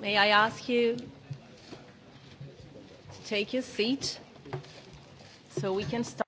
May I ask you to take your seat so we can start?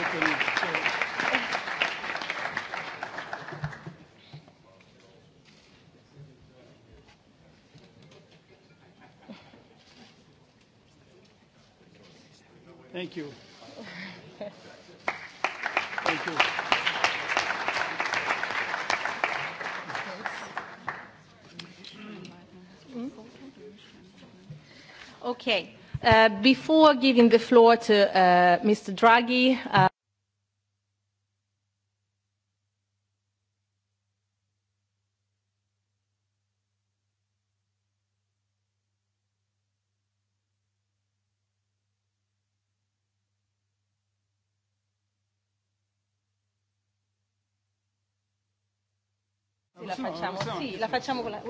Thank you. Thank you. Okay. Uh, before giving the floor to uh, Mr. Draghi, uh, la facciamo, sì, la facciamo con la...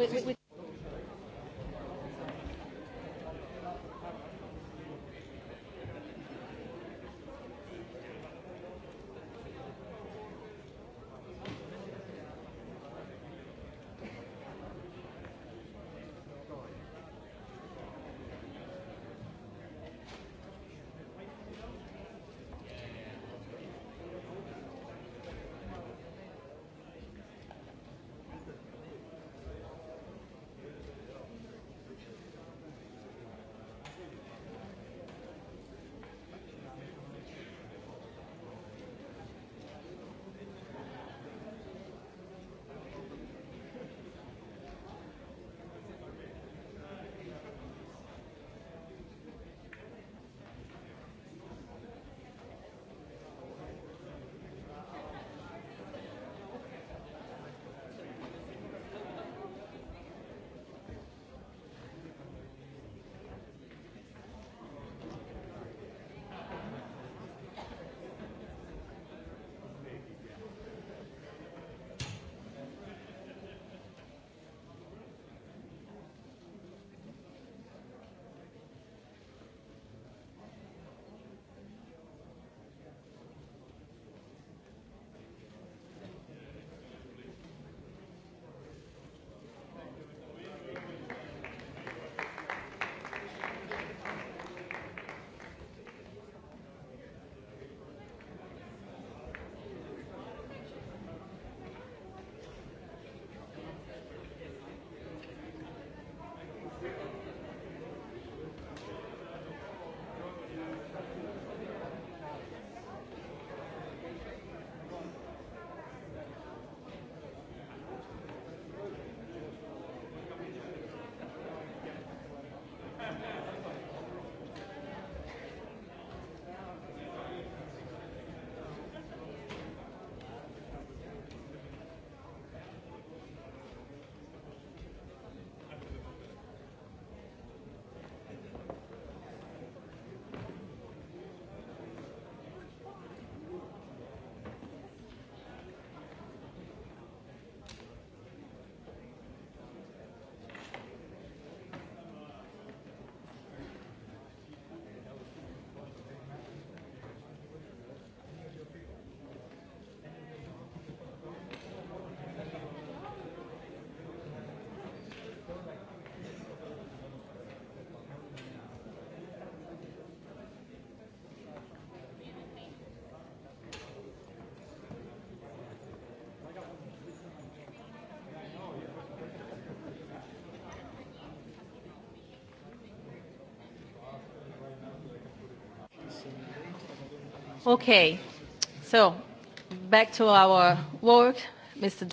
Okay, so back to our work, Mr.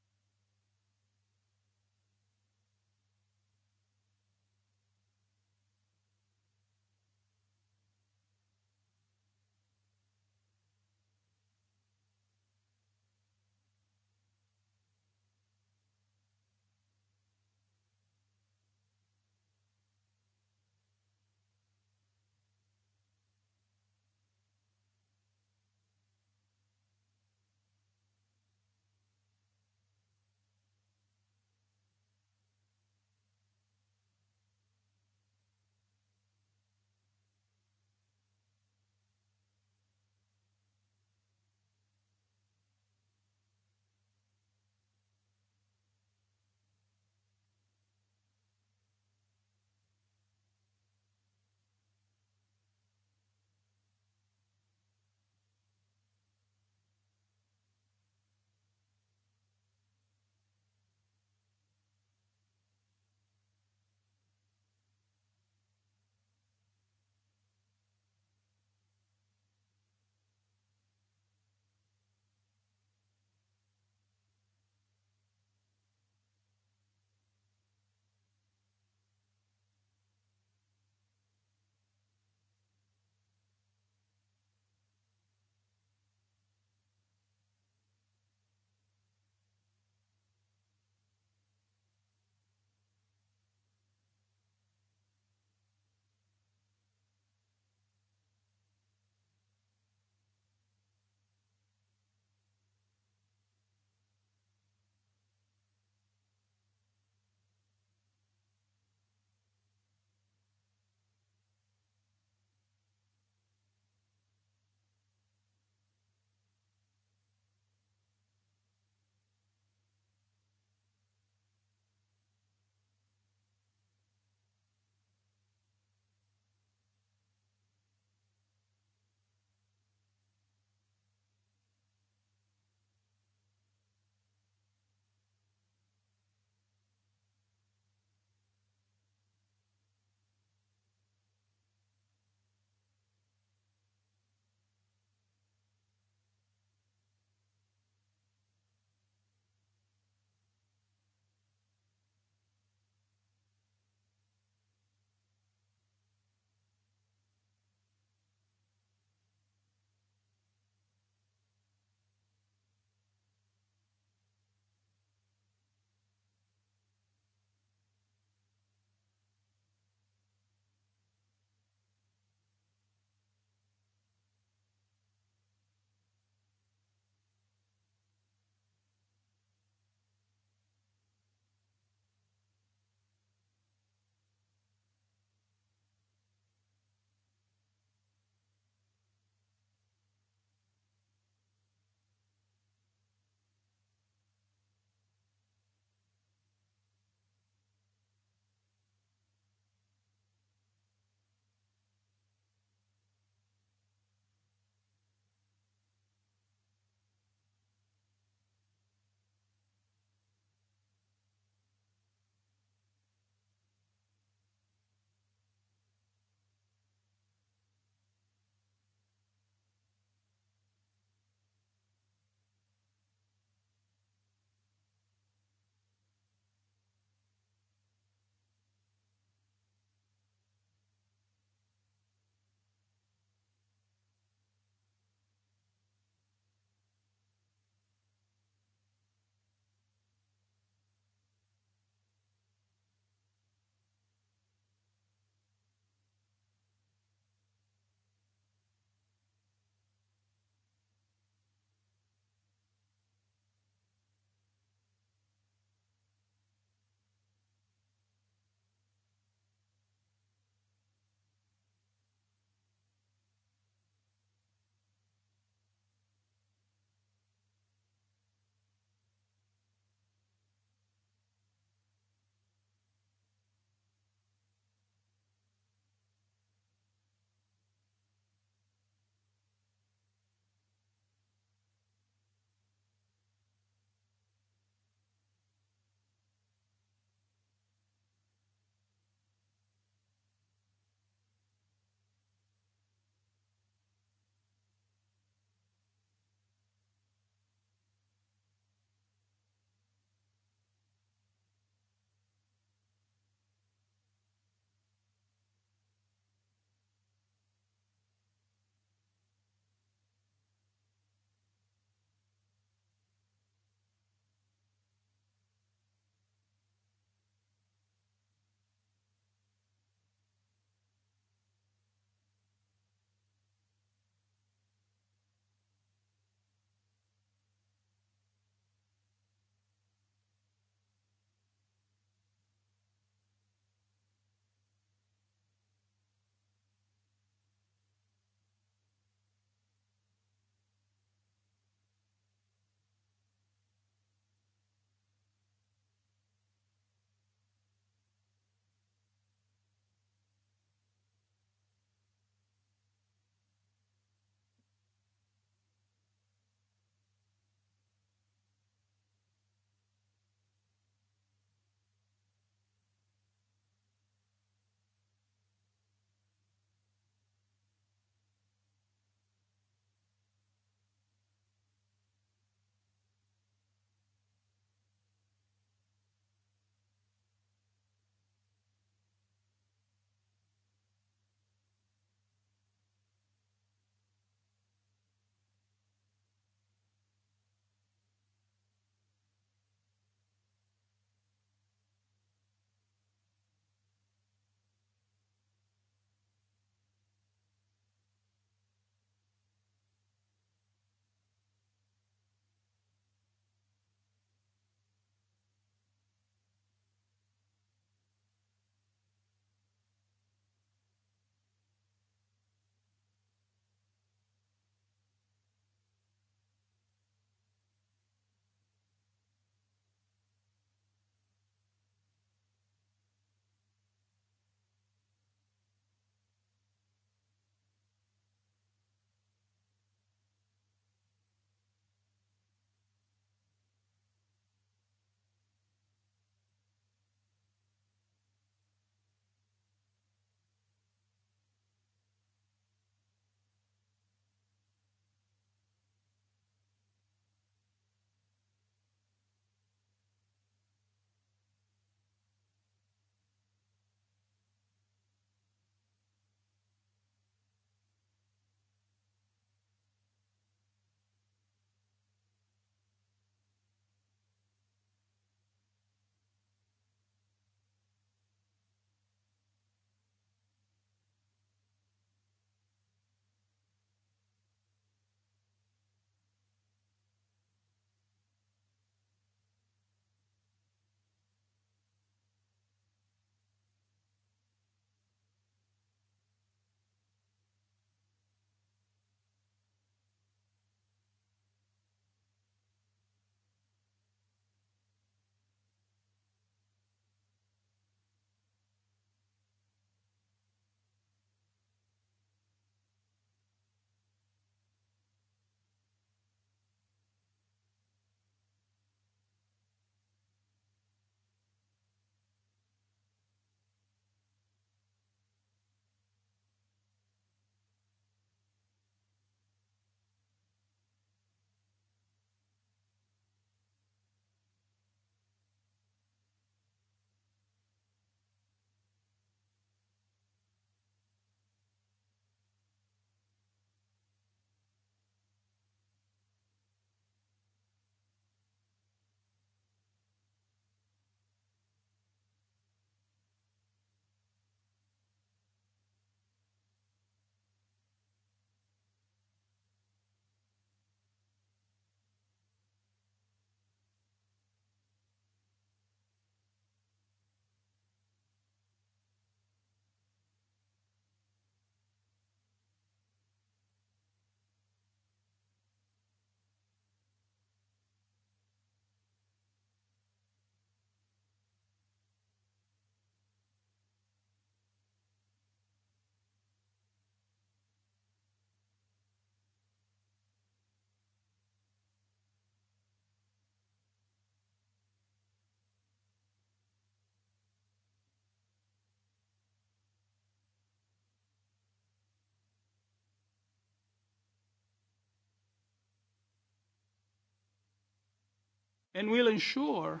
and we'll ensure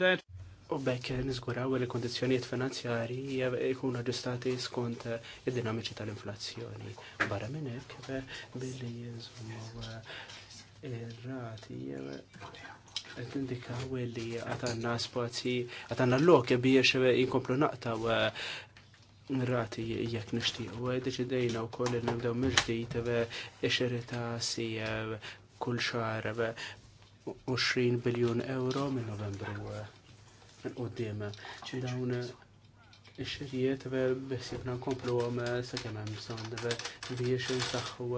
that U bekk nizguraw li kondizjoniet finanzjari jkunu ġustati skont id-dinamiċi tal-inflazzjoni. Barra minn hekk eh, billi jinżmu eh, ir-rati eh, qed indikaw li għatanna spazji għatanna l-lok biex jinkomplu naqtaw rati jekk nixtiequ deċidejna wkoll li nibdew mill-ġdid ix xerita si kull xar 20 biljun euro minn novembru minn qoddim. Dawn ix-xirijiet biex jibna nkomplu għom sa' kemm hemm sond biex nsaħħu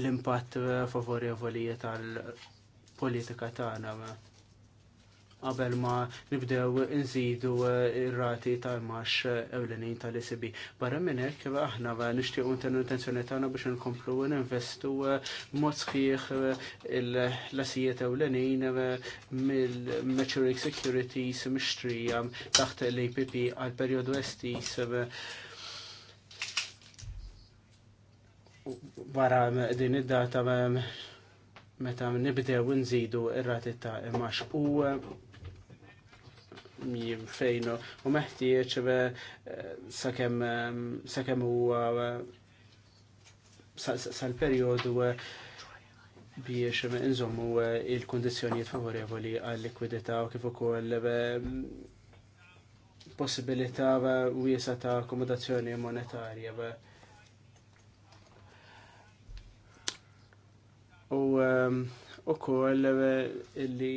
l-impatt favorevoli tal-politika tagħna qabel ma nibdew nżidu eh, ir-rati tal-max ewlenin tal-ECB. Barra minn hekk aħna nixtiequ intenzjoni tagħna biex nkomplu ninvestu eh, mod sħiħ eh, l-asijiet ewlenin mill-maturing securities mixtrija taħt l-APP għal perjodu estis wara din id-data meta nibdew nżidu ir-rati ta' imax u jinfejnu u meħtieċ eh, sakemm eh, u eh, sal periodu biex inżommu il-kondizjonijiet favorevoli għal likwidità u kif ukoll possibilità wiesa ta' akkomodazzjoni monetarja. U koll li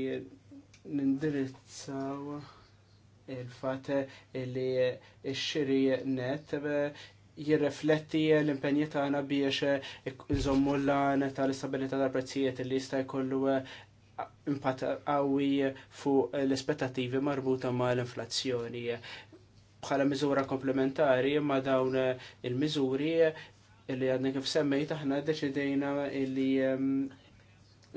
nindirizzaw il-fat li x-xiri net jirrefletti l-impenji tagħna biex nżommu l-lan tal-istabilità tal-prezzijiet li jista' jkollu eh, impatt qawwi fuq l-aspettativi marbuta ma' l-inflazzjoni. Bħala miżura komplementari ma' dawn il-miżuri li għadna kif semmejt aħna deċidejna li ehm,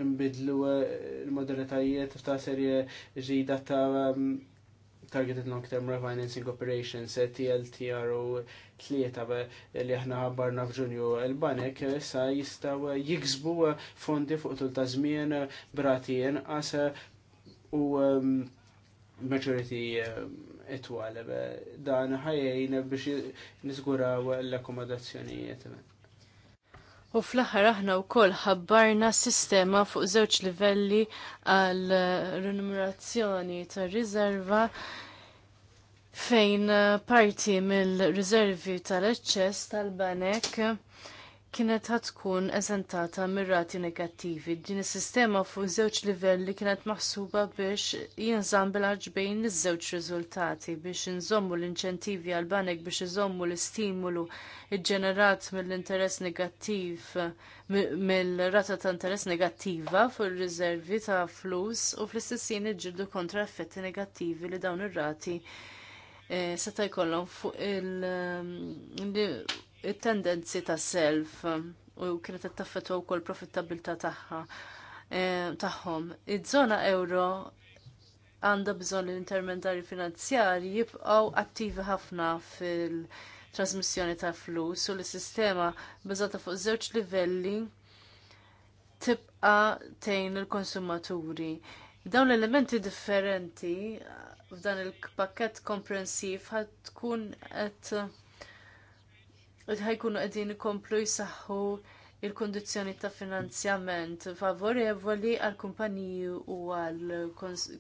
nbidlu eh, l-modalitajiet ta' serje ġida ta' ehm, Targeted Long Term Refinancing Operations, eh, TLTRO tlieta eh, li aħna ħabbarna f'Ġunju il-Banek eh, sa jistaw jiksbu fondi fuq tul ta' żmien brati inqas u ehm, maturity itwal dan ħajjin biex nisguraw l-akkomodazzjonijiet. U fl-aħħar aħna wkoll ħabbarna sistema fuq żewġ livelli għal renumerazzjoni tar-riserva fejn parti mill-riservi tal-eċċess tal-banek kienet ħatkun eżentata mir-rati negattivi. Din is-sistema fuq żewġ livelli kienet maħsuba biex jinżamm bil bejn iż-żewġ riżultati biex inżommu l-inċentivi għal banek biex iżommu l-istimulu ġenerat mill-interess negattiv mill-rata ta' interess negattiva fuq ir-riservi ta' flus u fl istess jien iġġieldu kontra effetti negattivi li dawn ir-rati eh, seta' jkollhom fuq il it-tendenzi ta' self u kienet taffetwa wkoll profittabilità tagħha e, tagħhom. Iż-żona euro għandha bżonn l intermendari finanzjarji jibqgħu attivi ħafna fil-trasmissjoni ta' flus u l-sistema bbażata fuq żewġ livelli tibqa tejn il-konsumaturi. Dawn l-elementi differenti f'dan il-pakket komprensiv ħad tkun qed ħajkunu qegħdin komplu jsaħħu il kundizzjoni ta' finanzjament favorevoli għall kumpaniji u għall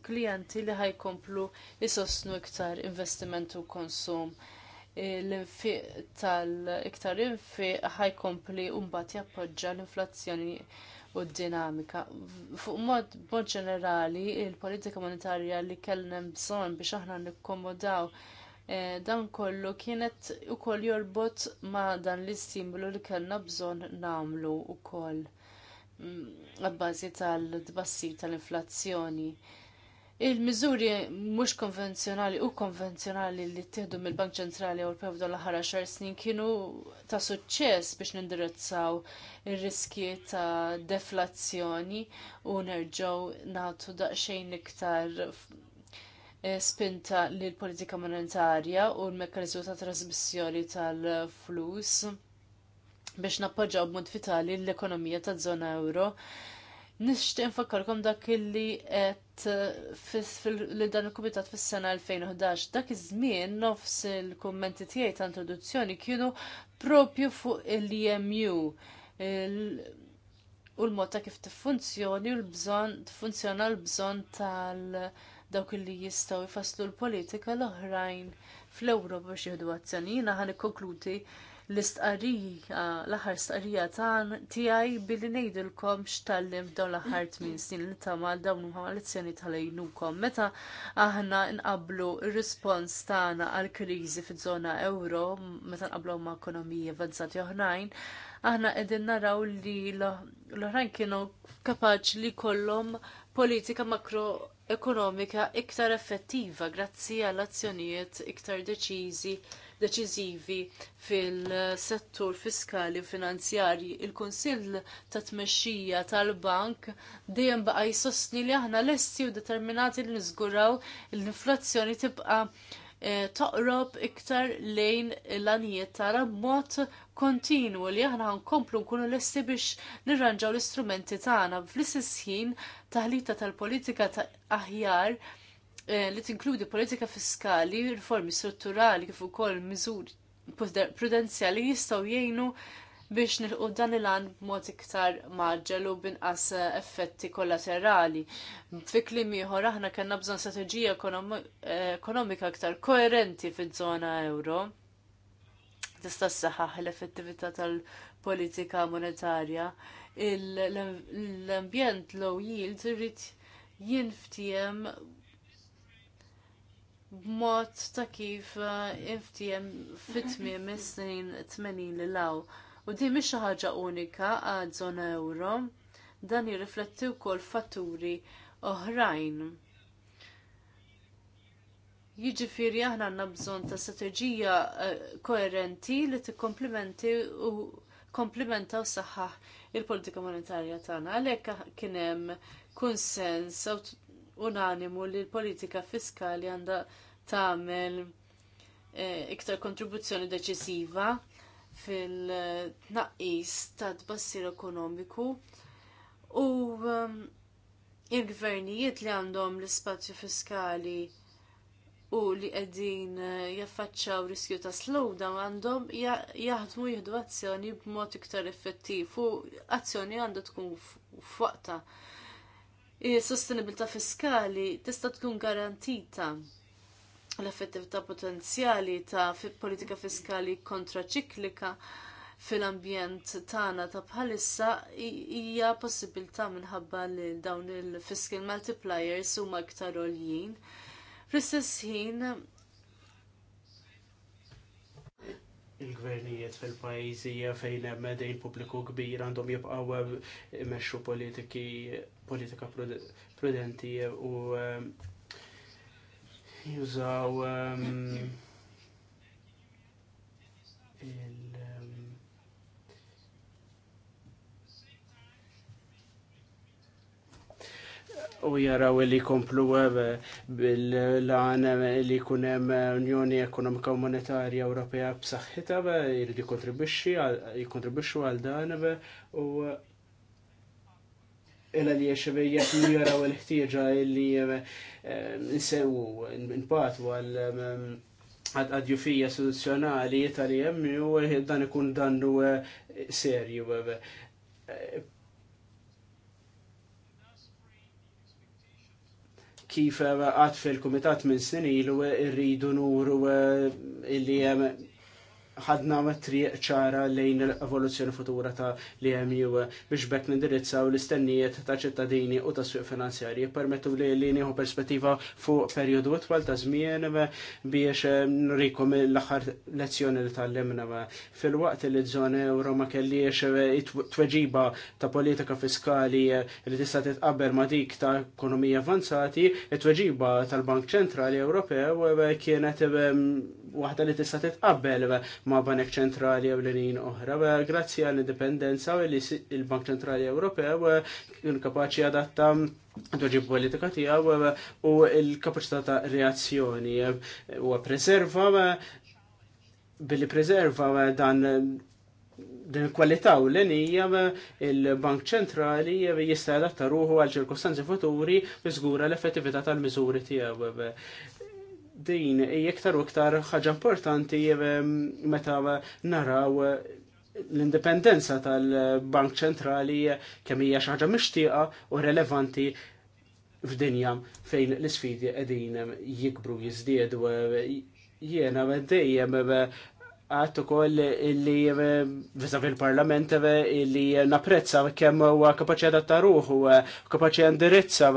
klijenti li ħajkomplu jisostnu iktar investiment u konsum l-infiq tal-iktar infiq ħajkompli mbagħad jappoġġa l-inflazzjoni u d-dinamika. Fuq mod ġenerali, il-politika monetarja li kellna bżonn biex aħna nikkomodaw Eh, dan kollu kienet ukoll jorbot ma' dan l-istimbulu li kellna bżonn nagħmlu wkoll mm, għabbażi tal-tbassi tal-inflazzjoni. Il-miżuri mhux konvenzjonali u konvenzjonali li ttieħdu mill-Bank Ċentrali Ewropew f'dan l-aħħar xar snin kienu ta' suċċess biex nindirizzaw ir-riski ta' deflazzjoni u nerġgħu nagħtu daqsxejn iktar E, spinta li l-politika monetarja u l-mekkanizmu ta' trasmissjoni tal-flus biex nappoġġaw b'mod vitali l-ekonomija ta' zona euro. Nixtieq nfakkarkom dak li qed li dan il-kumitat fis-sena 2011 dak iż-żmien nofs il-kummenti tiegħi ta' introduzzjoni kienu propju fuq il-EMU u l-mod ta' kif tiffunzjoni u l-bżonn tiffunzjona l-bżonn tal- dawk li jistgħu jfasslu l-politika l-oħrajn fl-Ewro biex jihdu azzjonina ħan ikkonkludi l-istqarrija, l-aħħar stqarrija tiegħi billi ngħidilkom x'tallim f'dawn l-aħħar tmien snin li tama dawn huma lezzjoni tal-għajnukom. Meta aħna nqablu r-rispons tagħna għall-kriżi fiż-żona euro, meta nqablu ma' ekonomija avvanzati oħrajn, aħna qegħdin naraw li l-oħrajn kienu kapaċi li jkollhom politika makro ekonomika iktar effettiva grazzi għall azzjonijiet iktar deċiżivi fil-settur fiskali u finanzjarji. Il-Kunsill ta' tmexxija tal-Bank dejjem baqa' jsostni li aħna lesti u determinati li niżguraw l-inflazzjoni tibqa' eh, toqrob iktar lejn l-anijiet tara b'mod kontinu li aħna nkomplu nkunu lesti biex nirranġaw l-istrumenti tagħna fl-istess ħin taħlita tal-politika ta' aħjar eh, li tinkludi politika fiskali, riformi strutturali kif ukoll miżuri prudenzjali jistgħu jgħinu biex nilqu dan il-għan b'mod iktar maġġel u binqas eh, effetti kollaterali. Fi klim aħna kellna bżonn strateġija eh, ekonomika iktar koerenti fiż-żona euro tista' ssaħħaħ l-effettività tal-politika monetarja. L-ambjent low yield irid jinftiem b'mod ta' kif eh, inftiem fit-tmiem is-snin 80 li law. U din mhix xi ħaġa unika għad żona euro, dan jirrifletti wkoll fatturi oħrajn. Jiġifieri aħna għandna bżonn ta' strateġija eh, koerenti li tikkomplimenti u komplimenta u saħħaħ il-politika monetarja tagħna. Għalhekk kien hemm kunsens unanimu li l-politika fiskali għandha tagħmel eh, iktar kontribuzzjoni deċisiva fil-tnaqqis ta' tbassir ekonomiku u ehm, l gvernijiet li għandhom l-ispazju fiskali u li qegħdin eh, jaffaċċaw riskju ta' slowdown għandhom jaħdmu jieħdu azzjoni b'mod iktar effettiv u azzjoni għandha tkun f'waqta. Is-sostenibilità eh, fiskali tista' tkun garantita l-effettività potenzjali ta' politika fiskali kontraċiklika fil-ambjent tagħna ta' bħalissa hija possibilità minħabba li dawn il-fiscal multipliers huma iktar għoljin Fl-istess ħin il-gvernijiet fil-pajzi fejn hemm dejn pubbliku kbir għandhom jibqgħu eh, imexxu politiki politika prudenti u eh, jużaw ehm, il u jaraw li komplu bil-lan li kunem Unjoni Ekonomika u Monetarja Ewropea b'saħħitha jridu jikontribwixxu għal dan u illa li li jaraw il-ħtieġa li eh, nsewu npatu għal għadju fija soluzzjonali tal jemmi u dan ikun dannu eh, serju kif eh, għad fil-komitat minn snin ilu eh, irridu nuru eh, illi ħadna triq ċara lejn l-evoluzzjoni futura ta' l-EMU biex bekk nindirizzaw l-istennijiet ta' ċittadini u ta' suq finanzjarji. Permettu li li nieħu perspettiva fuq periodu twal ta' żmien biex nrikom l-aħħar lezzjoni li tal-lemna fil-waqt li ż-żoni euro ma kellix tweġiba ta' politika fiskali li tista' titqabber ma' dik ta' ekonomija avanzati, it-tweġiba tal-Bank Ċentrali Ewropew kienet mm, waħda li tista' titqabbel ma' Banek Ċentrali u l-inin oħra. Grazzi għall-indipendenza u l bank Ċentrali Ewropew eh, kien kapaċi adatta doġib politika tiegħu eh, u l kapaċi ta' reazzjoni eh, u preserva billi preserva dan din kwalità u l-enija il-Bank Ċentrali jista' adatta ruħu għal ċirkostanzi futuri biżgura l-effettività tal-miżuri tiegħu din iktar u iktar ħaġa importanti eh, meta naraw eh, l-indipendenza tal-Bank Ċentrali eh, kemm hija xi ħaġa mixtieqa u relevanti f'dinja fejn l-isfidi qegħdin jikbru jiżdiedu jiena dejjem għattu koll illi viza fil parlament illi naprezza kemm huwa kapaċi adatta ruħu, kapaċi indirizza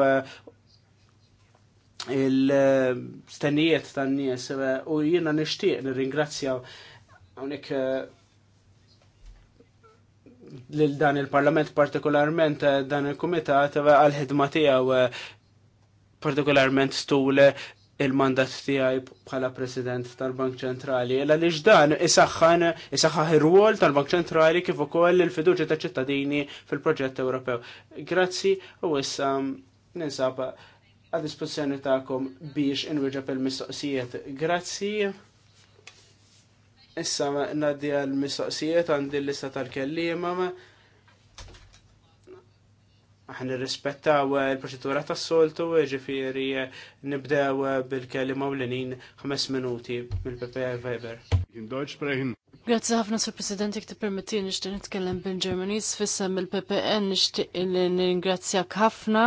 il-stennijiet tan-nies u jiena nixtieq ringrazzja hawnhekk eh, lil dan il-parlament partikolarment eh, dan il-kumitat eh, għal ħidma tiegħu partikolarment stule il-mandat tiegħi bħala President tal-Bank Ċentrali. Illa li ġdan isaħħan isaħħaħ ir-rwol tal-Bank Ċentrali kif ukoll il-fiduċja ta' ċittadini fil-proġett Ewropew. Grazzi u issa ninsab għad-dispozizjoni ta'kom biex inwiġa il-mistoqsijiet. Grazzi. Issa naddi għal-mistoqsijiet għandi l-lista tal-kellima. Aħna rispettaw il-proċedura tas soltu ġifiri nibdew bil kellima u l-inin 5 minuti mill-PPI Viber. Grazzi ħafna sur President jek tippermetti nixtieq nitkellem bil germanis fissa il-PPN nixtieq li ningrazzjak ħafna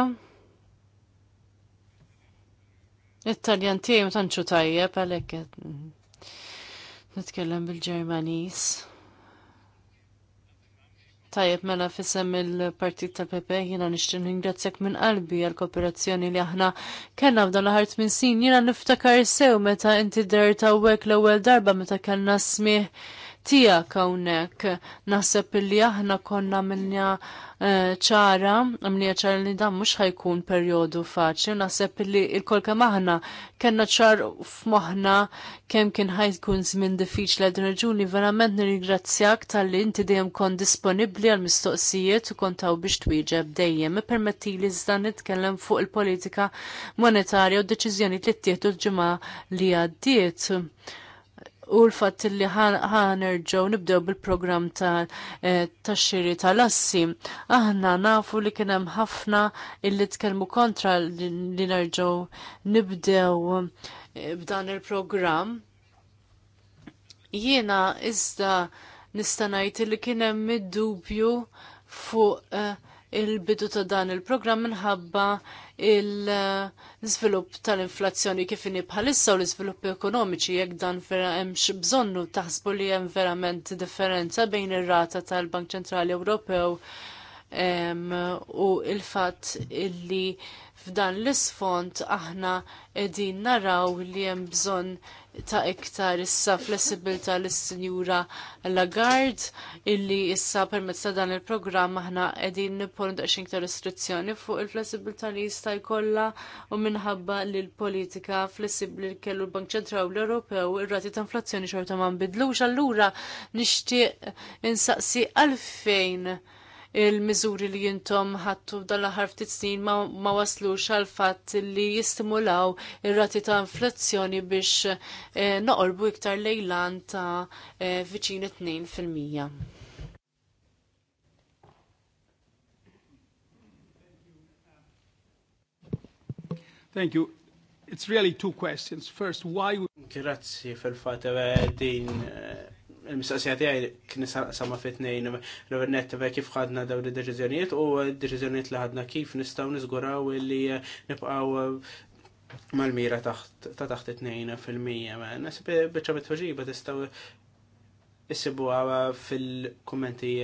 L-Italjan tiegħi tantxu tajjeb għalhekk nitkellem bil-Ġermaniż. Tajjeb mela fissem il-partit tal pepe jina nishtin ringrazzjak minn qalbi għal-kooperazzjoni li aħna kellna f'dan l-ħart minn sin jina niftakar sew meta inti derta għek l-ewwel darba meta kellna smih tiegħek hawnhekk. Naħseb illi aħna konna minnja ċara, mnija ċara li dan mux ħajkun periodu faċli, naħseb li il-kol kem aħna kena ċar f-moħna kem kien ħajkun zmin diffiċ li għadin raġuni, verament nirigrazzjak tal-li inti dejjem kon disponibli għal-mistoqsijiet u kontaw biex twieġeb dejjem. Permetti li zdan nitkellem fuq il-politika monetarja u d-deċizjoni li t-tieħdu l-ġimgħa li għaddiet u l-fatt li ħanerġaw nibdew bil-programm ta' eh, xiri tal-assi. Aħna nafu li kien hemm ħafna illi tkellmu kontra li nerġaw nibdew eh, b'dan il-programm. Jiena iżda nista' ngħid li kien hemm dubju fuq eh, il-bidu ta' dan il-programm minħabba il-żvilupp tal-inflazzjoni kif inhi bħalissa u l-iżvilupp ekonomiċi jekk dan vera hemmx bżonnu taħsbu li hemm verament differenza bejn ir-rata tal-Bank Ċentrali Ewropew u il-fatt illi f'dan l isfond aħna qegħdin naraw li hemm bżonn ta' iktar issa flessibilta l-Sinjura Lagarde illi issa permezz ta' dan il-programm aħna qegħdin nipponu daqsxejn iktar restrizzjoni fuq il flessibilità li jista' jkollha u minħabba li l-politika flessibbli li kellu l-Bank Ċentrali Ewropew ir-rati ta' inflazzjoni xorta ma nbidlux allura nixtieq insaqsi għalfejn il-miżuri li jintom ħattu dan aħar ftit snin ma, ma waslux għal fatt li jistimulaw ir-rati ta' inflazzjoni biex eh, noqorbu iktar lejlan ta' eh, viċin 2%. Thank you. It's really two questions. First, why would... Grazzi fil-fat eh, din eh, il mistaqsijati għaj kni sama fitnejn l-vernet kif ħadna daw id-deċiżjonijiet u d-deċiżjonijiet li ħadna kif nistaw nizguraw li nibqgħu mal-mira ta' taħt it-tnejn fil-mija. Nasib biċċa bitħoġiba issibu issibuha fil kommenti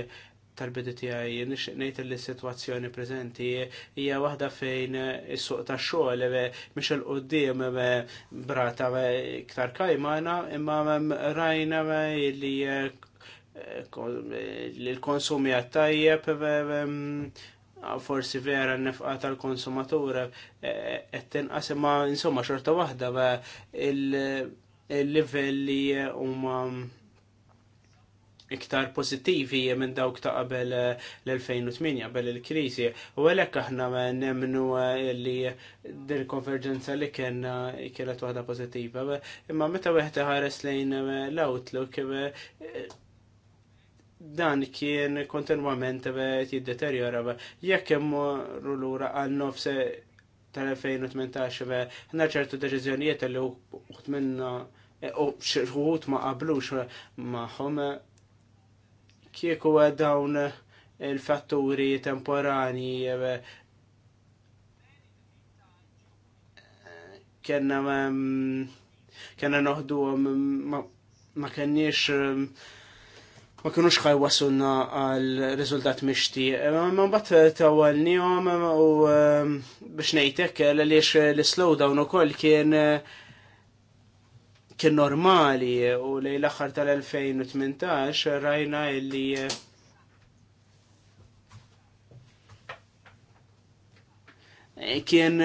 tal-bidu tiegħi nixtieq ngħid li s-sitwazzjoni preżenti hija waħda fejn is-suq tax-xogħol eh, mhix il qudiem eh, brata eh, iktar kajmana imma rajna li l-konsumi għattajjeb mm, forsi vera n-nefqa tal-konsumatura etten ma insomma xorta wahda il-level li huma mm, iktar pozittivi minn dawk ta' qabel eh, l-2008, qabel il-krizi. U għalek aħna nemnu eh, li dil-konverġenza li kien kienet waħda pozittiva. Imma meta weħta ħares lejn eh, l-outlook, dan kien kontinwament deteriora Jekk hemm lura għal nofs tal-2018, ħna ċertu deċiżjonijiet li minna u xħut ma qablux maħom kieku dawn il-fatturi temporani kena kena noħdu ma kenniex ma kienux ħaj wasunna għal rizultat mishti Ma mbatt tawalnijom u biex nejtek l-liex l-slowdown u kol kien kien normali u li l-axar tal-2018 rajna illi eh, kien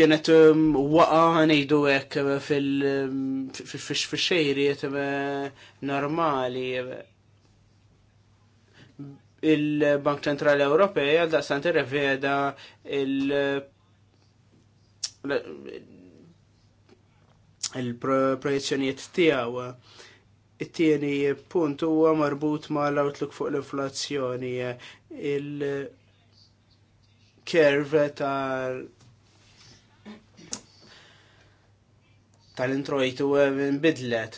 kienet waqa għanejdu għek fil-xejriet normali il-Bank Ċentrali Ewropej għal t-reveda il- il-projezzjonijiet tiegħu. It-tieni punt huwa marbut ma' l-outlook fuq l-inflazzjoni. Il-kerve tal tal-introjtu bidlet,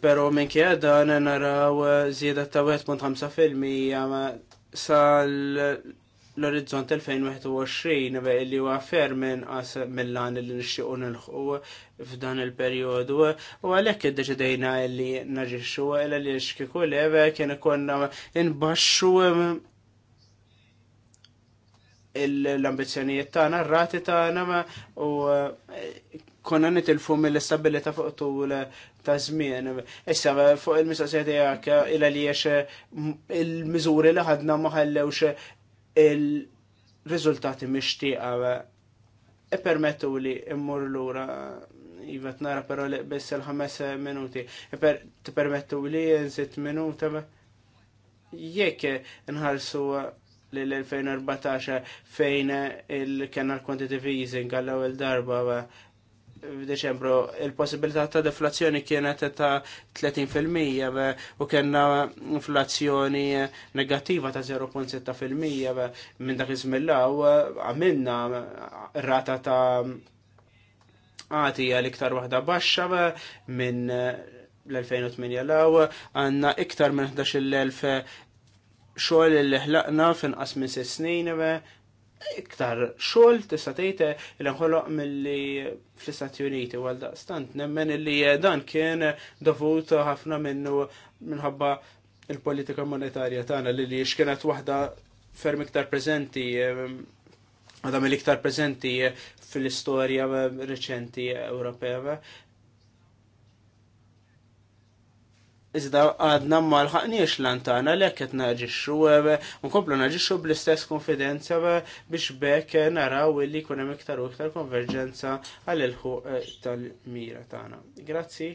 pero minn dan naraw zieda ta' 1.5% sal l-orizzont 2021 li huwa ferm inqas mill-lan li nixtiequ nilħu f'dan il-perjodu u għalhekk iddeċidejna li naġixxu illa li xkiku leve kien ikonna nbaxxu l-ambizzjonijiet tagħna, r-rati tagħna u eh, konna nitilfu mill-istabilita fuq tul ta' żmien. Issa fuq il-mistoqsija tiegħek il għaliex mm, il-miżuri li ħadna ma ħallewx il-riżultati mixtieqa e permettu li immur lura jivet nara pero li biss il-ħames minuti e ti permettu li jenzit minuta jekk nħarsu l-2014 fejn il kenna l-quantitative easing għall-ewwel darba f'Deċembru il-possibilità ta' deflazzjoni kienet ta' 30% u kena inflazzjoni negattiva ta' 0.7% minn dak iżmilla u għamilna rata ta' għati l-iktar waħda baxxa minn l-2008 law għanna iktar minn 11.000 xogħol l ħlaqna finqas minn 6 snin iktar xogħol tista' tgħid li nħoloq milli fl-Istati Uniti u stant nemmen li dan kien dovut ħafna minnu minħabba il-politika monetarja tagħna li li x'kienet waħda ferm iktar preżenti għadha mill-iktar preżenti fil-istorja reċenti Ewropea Iżda għadna ma l-ħaqniex lantana li għeket naġiċu, unkomplu naġiċu bl-istess konfidenza biex bekk naraw li kunem iktar u iktar konverġenza għall-ilħu eh, tal-mira tana. Grazzi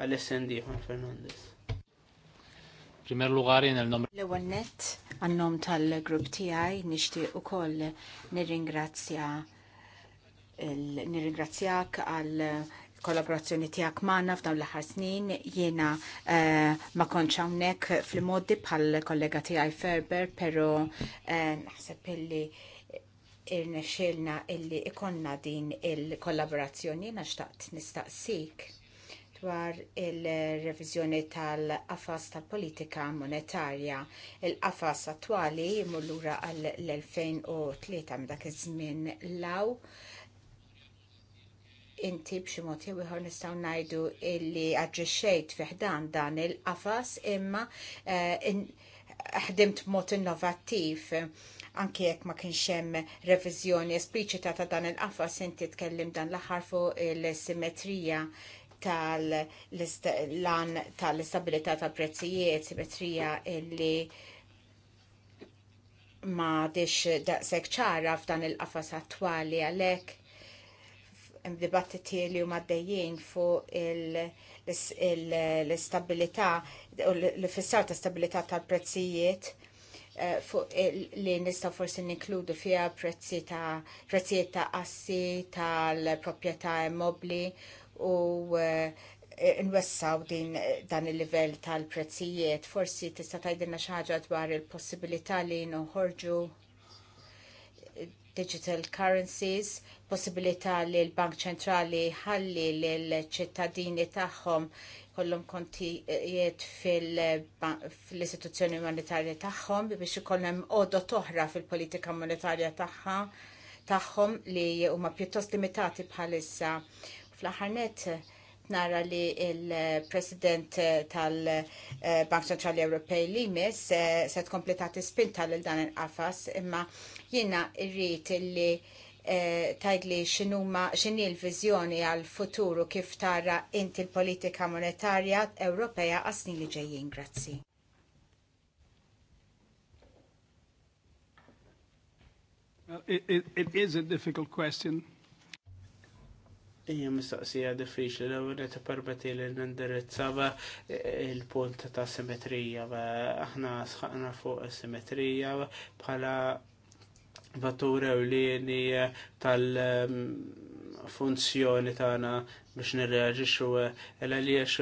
għall-SND, Juan Fernandez. Primer lugar in il-nom. L-ewel net, għannom tal-grupp tijaj, nixtieq u koll nirringrazzja nirringrazzjak għal kollaborazzjoni tijak maħna f'dawn l-ħar snin jiena eh, ma konċ hawnhekk fil-modi bħal kollega tiegħi Ferber, pero eh, naħseb illi irnexxilna illi ikonna din il-kollaborazzjoni xtaqt nistaqsik dwar il-reviżjoni tal-qafas tal-politika monetarja. Il-qafas attwali jimullura lura għall-2003 m'dak dak iż-żmien law inti b'xi mod jew ieħor nistgħu ngħidu illi aġġixxejt fiħdan dan il-qafas imma eh, ħdimt mod innovattiv anke jekk ma kienx hemm reviżjoni espliċita ta' dan il-qafas inti tkellim dan l-aħħar fuq il-simmetrija tal-lan tal-istabilità tal-prezzijiet, simmetrija illi ma dix daqshekk ċara f'dan il-qafas attwali għalhekk dibattiti li huma dejjin fuq l-istabilità u l-fissar ta' stabilità tal-prezzijiet eh, fuq li nistgħu forsi ninkludu fiha prezzi ta' prezzijiet ta' assi tal-proprjetà immobli u eh, eh, nwessaw din dan il-livell tal-prezzijiet. Forsi tista' tgħidilna xi ħaġa dwar il-possibilità li noħorġu digital currencies, possibilità li l-Bank ċentrali ħalli l-ċittadini tagħhom kollhom kontijiet fil-istituzzjoni monetarja tagħhom biex ikollhom għodu toħra fil-politika monetarja tagħha tagħhom li huma pjuttost limitati bħalissa. Fl-aħħar net nara li il-President tal-Bank Centrali Ewropej li mis eh, se tkompli tagħti tal lil dan il-qafas imma jiena rrid li eh, tajdli xinuma xini l-vizjoni għal futuru kif tara inti l-politika monetarja Ewropea għasni li ġejjin. Grazzi. Well, it, it, it is a difficult question. Ija mistaqsija diffiċli l ewwel qed permetti li nindirizza il-punt ta' simetrija. Aħna sħaqna fuq simetrija bħala vatur lini tal-funzjoni tagħna biex nirreaġixxu illa li għax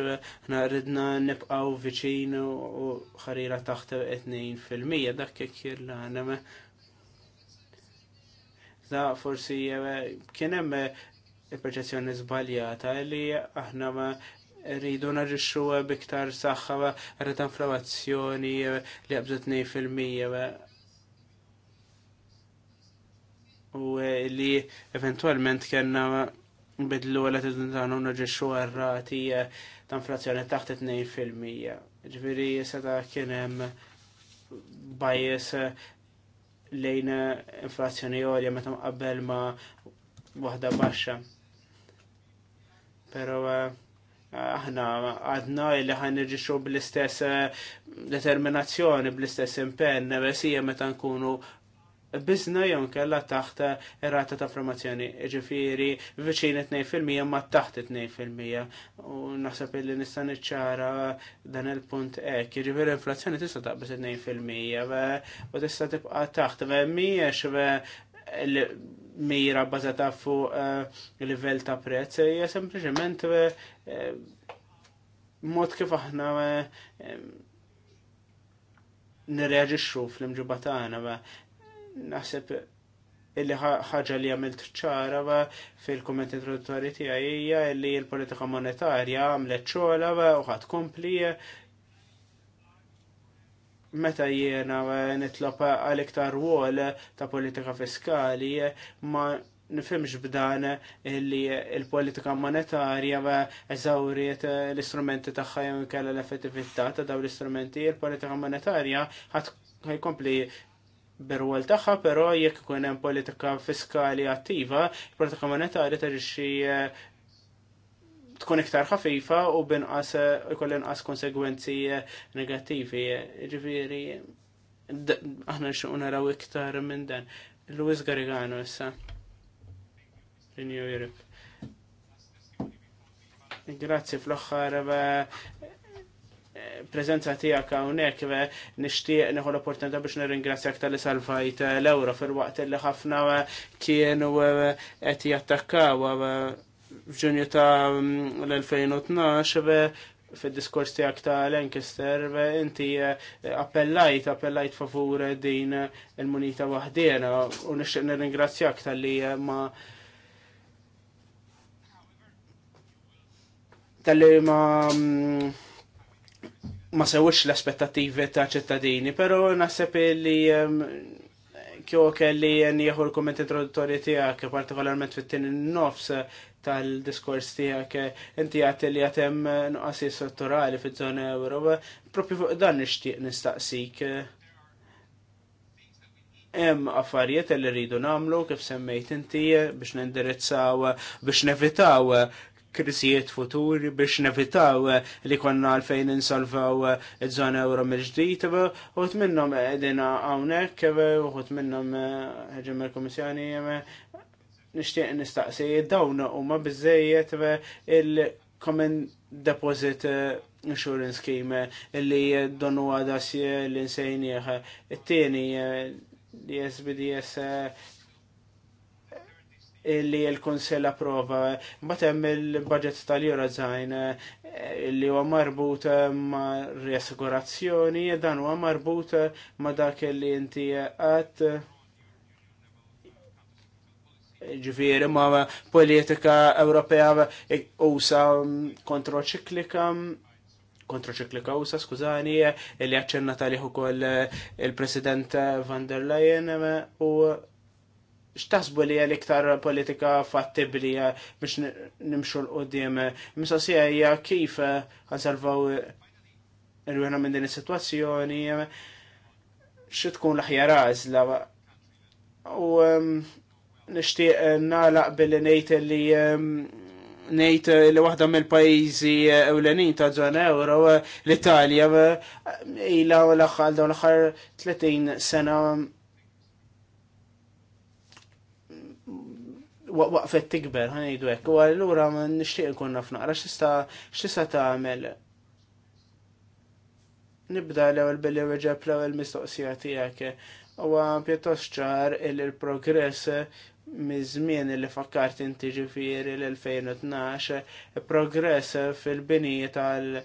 ridna nibqgħu viċinu u ħarira taħt 2% dak kif jirlana. Da forsi kien hemm il-perċezzjoni zbaljata li aħna ma rridu narġixxu biktar saħħa rata inflawazzjoni li qabżet fil-mija u li eventualment kena bidlu għala ta' dintanu narġixxu għarrati ta' inflazzjoni taħt 2%. Ġviri, seta kienem bajes lejn inflazzjoni għolja meta mqabbel ma' waħda baxxa. Pero eh, eh, aħna għadna li ħan irġiċu bl-istess eh, determinazzjoni, bl-istess impenn, sija meta nkunu bizna jonkella taħt irrata ta' formazzjoni, ġifiri viċin 2% ma taħt 2%. U naħseb illi nista' niċċara dan il-punt hekk, ġifiri inflazzjoni tista' taqbis 2% u tista' tibqa' taħt, mhijiex mira bazata fuq eh, il-livell ta' prezz, hija sempliċement eh, mod kif aħna eh, nirreġixxu fl-imġiba tagħna naħseb illi ħaġa li għamilt ċara fil-komment introduttori tiegħi hija li l-politika monetarja għamlet xogħla u ħadd kompli meta jiena eh, nitlob għal iktar wol ta' politika fiskali eh, ma nifhimx b'dan eh, li l-politika monetarja eżawriet l-istrumenti tagħha jew inkella l-effettività ta' dawn l-istrumenti, il-politika monetarja ħajkompli berwol tagħha, però jekk ikun hemm politika fiskali attiva, il-politika monetarja tarixxi tkun iktar ħafifa u binqas eh, ikoll inqas konsegwenzi eh, negattivi. Ġifieri aħna nxuq naraw iktar minn dan. Luis Garigano issa. Europe. Grazzi fl aħħar eh, prezenza tijak hawnhekk nishtiq neħu l-opportunità biex nirringrazzjak tal-li salvajt l-euro fil-waqt li ħafna kienu għet jattakkaw f'ġunju ta' l-2012 fil-diskors tijak ta' Lancaster, inti eh, appellajt, appellajt favur din il-munita wahdina, u nixtieq nirringrazzjak tal-li eh, ma tal-li ma mm, ma sewix l-aspettativi ta' ċittadini, pero naħseb li eh, kjo kelli jieħu l-komment introduttorji tiegħek partikolarment fit-tieni nofs tal-diskors tijak eh, inti għat li għatem eh, nuqqasi sottorali fil żona euro, eh, propju fuq dan nishtiq nistaqsik. Hemm affarijiet li rridu namlu kif semmejt inti biex nindirizzaw biex nevitaw krisijiet futuri biex nevitaw li konna għalfejn insolvaw iż-żona euro mill-ġdid u t minnhom qegħdin hawnhekk u t minnhom ħeġem il-Kummissjoni nishtiq nistaqsi dawn huma biżejjed eh, il-common deposit eh, insurance scheme eh, li donu għadas l-insejnieħ. It-tieni li SBDS li l-Konsell approva. Batem il-budget tal-jura zajn li huwa marbut ma' riassigurazzjoni, dan huwa marbut ma' dak li inti għat ġifiri ma politika Ewropea usa kontroċiklika kontroċiklika usa, skużani, li għacċenna talih u koll il-President van der Leyen u xtasbu li għal iktar politika fattibli biex nimxu l-qoddim. si għajja kif għansalvaw irwina minn din is-sitwazzjoni xitkun tkun l-aħjar għażla. U um, nishtiq eh, nalaq billi nejt li ehm, nejt eh, li waħda mill pajjiżi eh, ewlenin ta' zona euro l-Italja ila u l-axħal dawn l-axħar 30 sena waqfet tikber ħanejdu hekk u allura nixtieq nkun naf naqra xista ta' tagħmel. Nibda l-ewwel billi weġeb l-ewwel mistoqsija tiegħek huwa pjuttost ċar il-progress mizmien li fakkart inti ġifiri l-2012 progress fil-bini tal-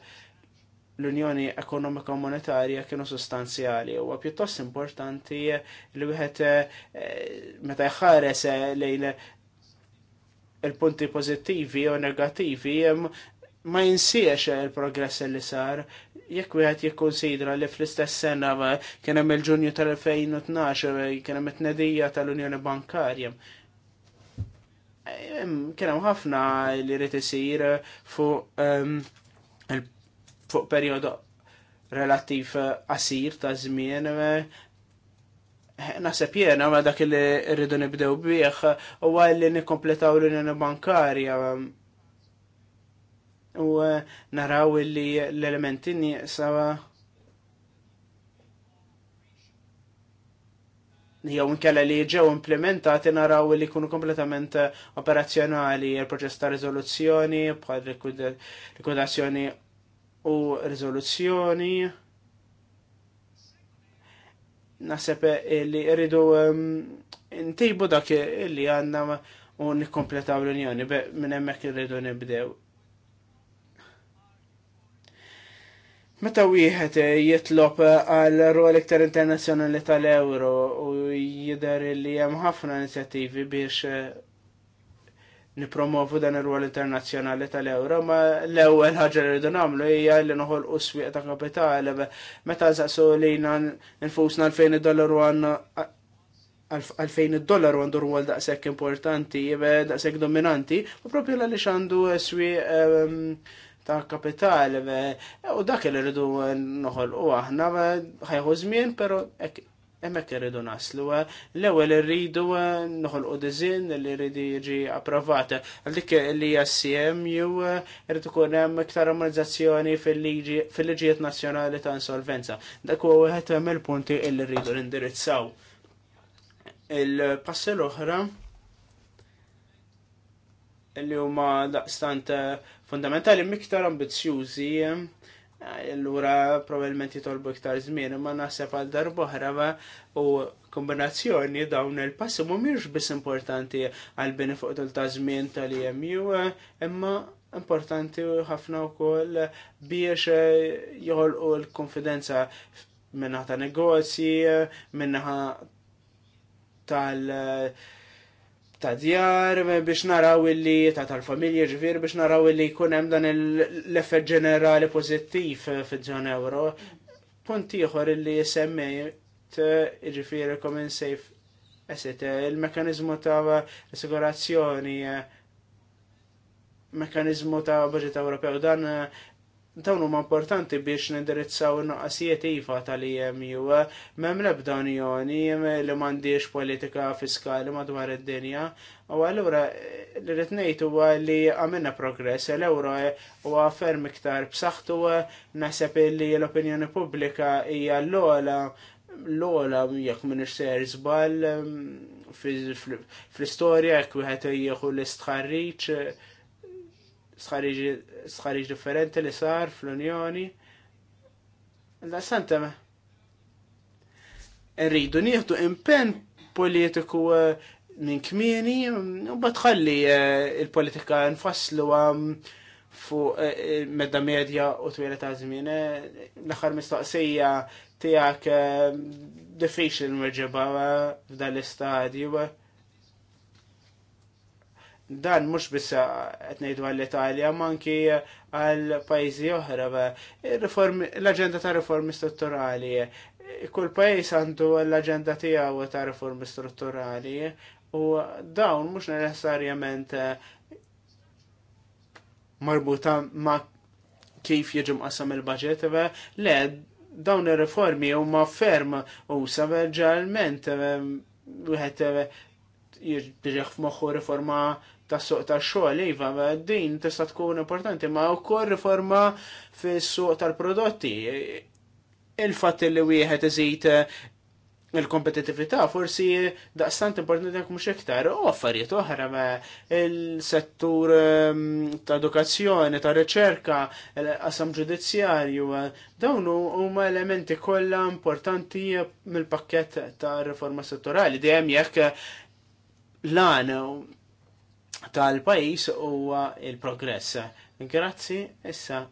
l-Unjoni Ekonomika Monetarja kienu sostanzjali u pjuttost importanti li wieħed eh, meta jħares eh, lejn il-punti pożittivi u negattivi ma jinsiex il-progress li sar jekk wieħed jikkonsidra li fl-istess sena kien hemm il-Ġunju tal-2012 kien hemm it-tnedija tal-Unjoni Bankarja. Eh, kien hemm ħafna li rid isir fuq fuq perjodu relattiv qasir ta' żmien eh, Nasab jena ma dak li rridu nibdew bih u li nikkompletaw l-Unjoni Bankarja u eh, naraw li l-elementi sawa jew inkella li ġew implementati naraw li jkunu kompletament eh, operazzjonali il-proċess ta' riżoluzzjoni bħal rekodazzjoni u riżoluzzjoni naħseb li rridu intibu eh, dak li għandna u nikkompletaw l-Unjoni, minn hemmhekk irridu nibdew. Meta wieħed eh, jitlob eh, għal rol iktar internazzjonali tal-euro u jidher li hemm ħafna inizjattivi biex eh, nipromovu dan ir rwol internazzjonali tal-euro, ma l-ewwel ħaġa li rridu nagħmlu hija li noħolqu swieq ta' kapitali meta żaqsu lejna nfusna l-fejn id-dollaru għandna għalfejn id-dollaru għandu rwol daqshekk importanti, daqshekk dominanti, u propju għaliex għandu swi ehm, ta' kapitali u dak li rridu noħol u aħna ħajħu żmien però hemmhekk irridu naslu. Eh. L-ewwel irridu eh, noħol u dizin li rridi jiġi approvat. Dik li jassiem ju eh, irid ikun hemm iktar armonizzazzjoni fil-liġijiet nazzjonali ta' insolvenza. Dak huwa wieħed mill-punti li rridu nindirizzaw. Il-passi l-oħra li huma daqstant eh, fundamentali miktar ambizzjużi eh, allura probabbilment jitolbu iktar żmien imma naħseb għal darbohra u kombinazzjoni dawn il-passi mhumiex biss importanti għal bini fuq ta' żmien tal-EMU eh, imma importanti ħafna wkoll biex joħolqu l-konfidenza minnaħa ta' negozji, minna tal- uh, ta' djar biex naraw illi ta' tal-familja ġvir biex naraw illi jkun hemm dan l-effett ġenerali pożittiv fiż-żon euro. Punt ieħor illi semmejt jiġifieri komin sejf asset il-mekanizmu ta' assigurazzjoni mekanizmu ta' budget Ewropew dan dawn huma importanti biex nindirizzaw in-noqqasijiet iva tal-EMU m'hemm l-ebda unjoni li m'għandix politika fiskali madwar id-dinja. U allura li rrid ngħid huwa li għamilna progress l-ewro huwa ferm iktar b'saħħtu naħseb li l-opinjoni pubblika hija l-ogħla l-ogħla jekk m'iniex ser żball fl-istorja jekk wieħed jieħu l-istħarriġ sħariġ differenti li sar fl-Unjoni. Da santem, rridu nieħdu impen politiku eh, minn kmieni u batħalli eh, il-politika nfasslu eh, fuq medda medja u twila ta' żmien. L-aħħar mistoqsija tiegħek diffiċli nweġġeba f'dan l-istadju dan mhux biss qed għall-Italja manki għall pajjiżi oħra l-aġenda ta' riformi strutturali. Kull pajjiż għandu l-aġenda tiegħu ta' riformi strutturali u dawn mhux necessarjament marbuta ma' kif jiġu qasam il-budget, le dawn ir-riformi huma ferm u saberġalment wieħed jiġriħ f'moħħu riforma tas-suq tax-xogħol iva, din tista' tkun importanti, ma wkoll riforma fis-suq tal-prodotti. Il-fatt li wieħed iżid eh, il-kompetitività forsi daqstant importanti jekk mhux iktar u affarijiet oħra il-settur ehm, ta' edukazzjoni, ta' riċerka, qasam ġudizzjarju, dawn huma elementi kollha importanti mill-pakkett ta' riforma settorali dejjem jekk eh, lan tal-pajis huwa il-progress. Grazzi issa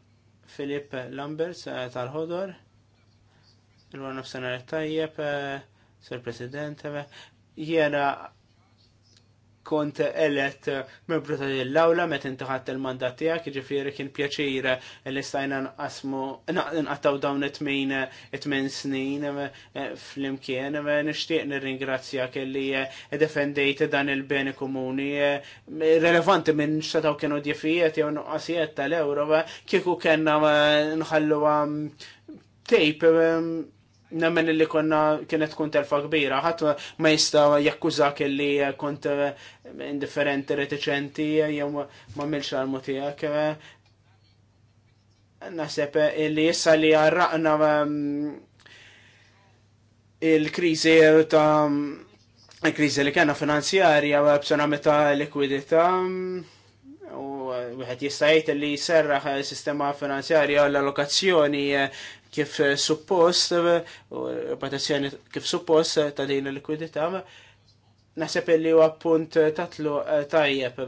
Filip Lambert, eh, tal-ħodor, il-għan nofsenar tajjeb, eh, Sir President, eh, jena kont elett membru ta' l-awla met intaħat il-mandat tijak, ġifiri kien pjaċir li stajna nqasmu, nqattaw dawn it-tmin it-tmin snin eh, fl-imkien, nishtiq nir-ringrazzja kelli eh, defendejt dan il-beni komuni, eh, relevanti minn xtataw kienu djefijiet jew n-qasijiet tal-euro, kieku kena nħallu tape nemmen li konna kienet kun telfa kbira, ħat ma jista jakkużak li kont eh, indifferenti, reticenti, jew ma milx għalmu tijak. Nasib li jissa li għarraqna ehm, il-krizi ta' il-krizi li kena finanzjarja u b'sena meta likwidita u għed jista' jgħid li serraħ sistema finanzjarja l-allokazzjoni kif suppost, patazzjoni kif suppost ta' din il-likwidità, naħseb li huwa punt tatlu eh, tajjeb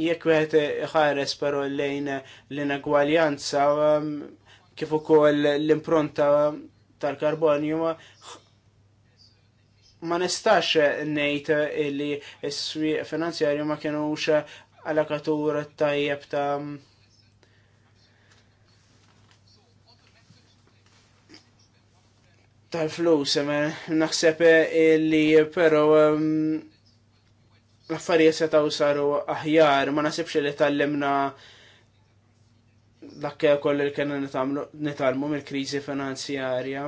jekk wieħed ħares però lejn l-inegwaljanza um, kif ukoll l-impronta tal-karbonju ma nistax ngħid li s-swieq finanzjarju ma kinux allakatur tajjeb ta' tal-flus, naħseb li pero l-affarijiet setaw saru aħjar, ma nasibx li tallimna dakke koll li kena nitalmu mill-krizi finanzjarja.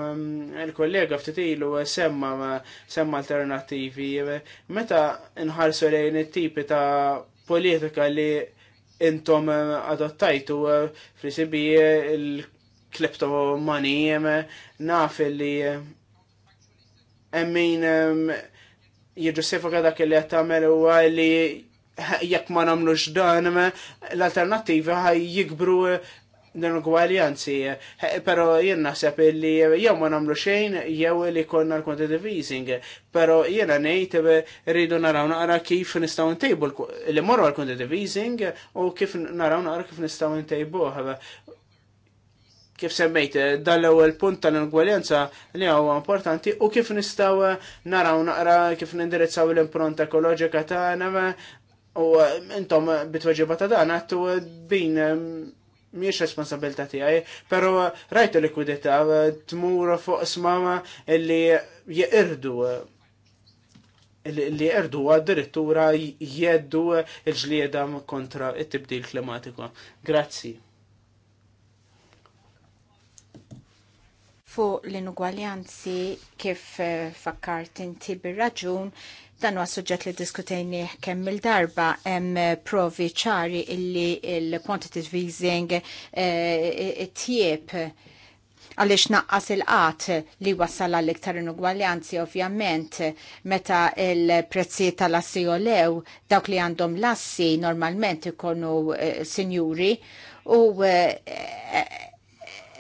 Il-kollega ilu semma semma alternativi. Meta nħarsu lejn it-tipi ta' politika li intom adottajtu eh, fl-sibi il klepto jem naf li emmin jirġustifika dak li qed tagħmel u għalli jek eh, eh, eh, ma namlu ġdan l alternativa għaj jikbru din għanzi pero jien sepp illi jew ma nagħmlu xejn jew li konna l konti easing. pero jiena nejt rridu naraw naqra kif nistgħu tejbu li morru l konti easing u kif naraw naqra kif nistgħu tejbu kif semmejt, eh, dal-ewwel punt tal ingwaljenza li huwa importanti u kif nistgħu eh, naraw naqra kif nindirizzaw l-impronta ekoloġika tagħna eh, u intom bitwaġiba ta' dan għattu bin miex responsabilta tiegħi, però rajtu likwidità tmur fuq smama li jeqirdu li erdu addirittura jeddu il-ġlieda kontra it-tibdil klimatiku. Grazzi. fuq l-inugwaljanzi kif eh, fakkart inti bir-raġun dan huwa suġġett li diskutejni kemm il-darba hemm eh, provi ċari illi il-quantitative easing eh, tjieb għaliex naqqas il-qat li wassal għall iktar inugwaljanzi ovvjament meta il-prezzi tal-assi lew dawk li għandhom lassi normalment ikonu sinjuri u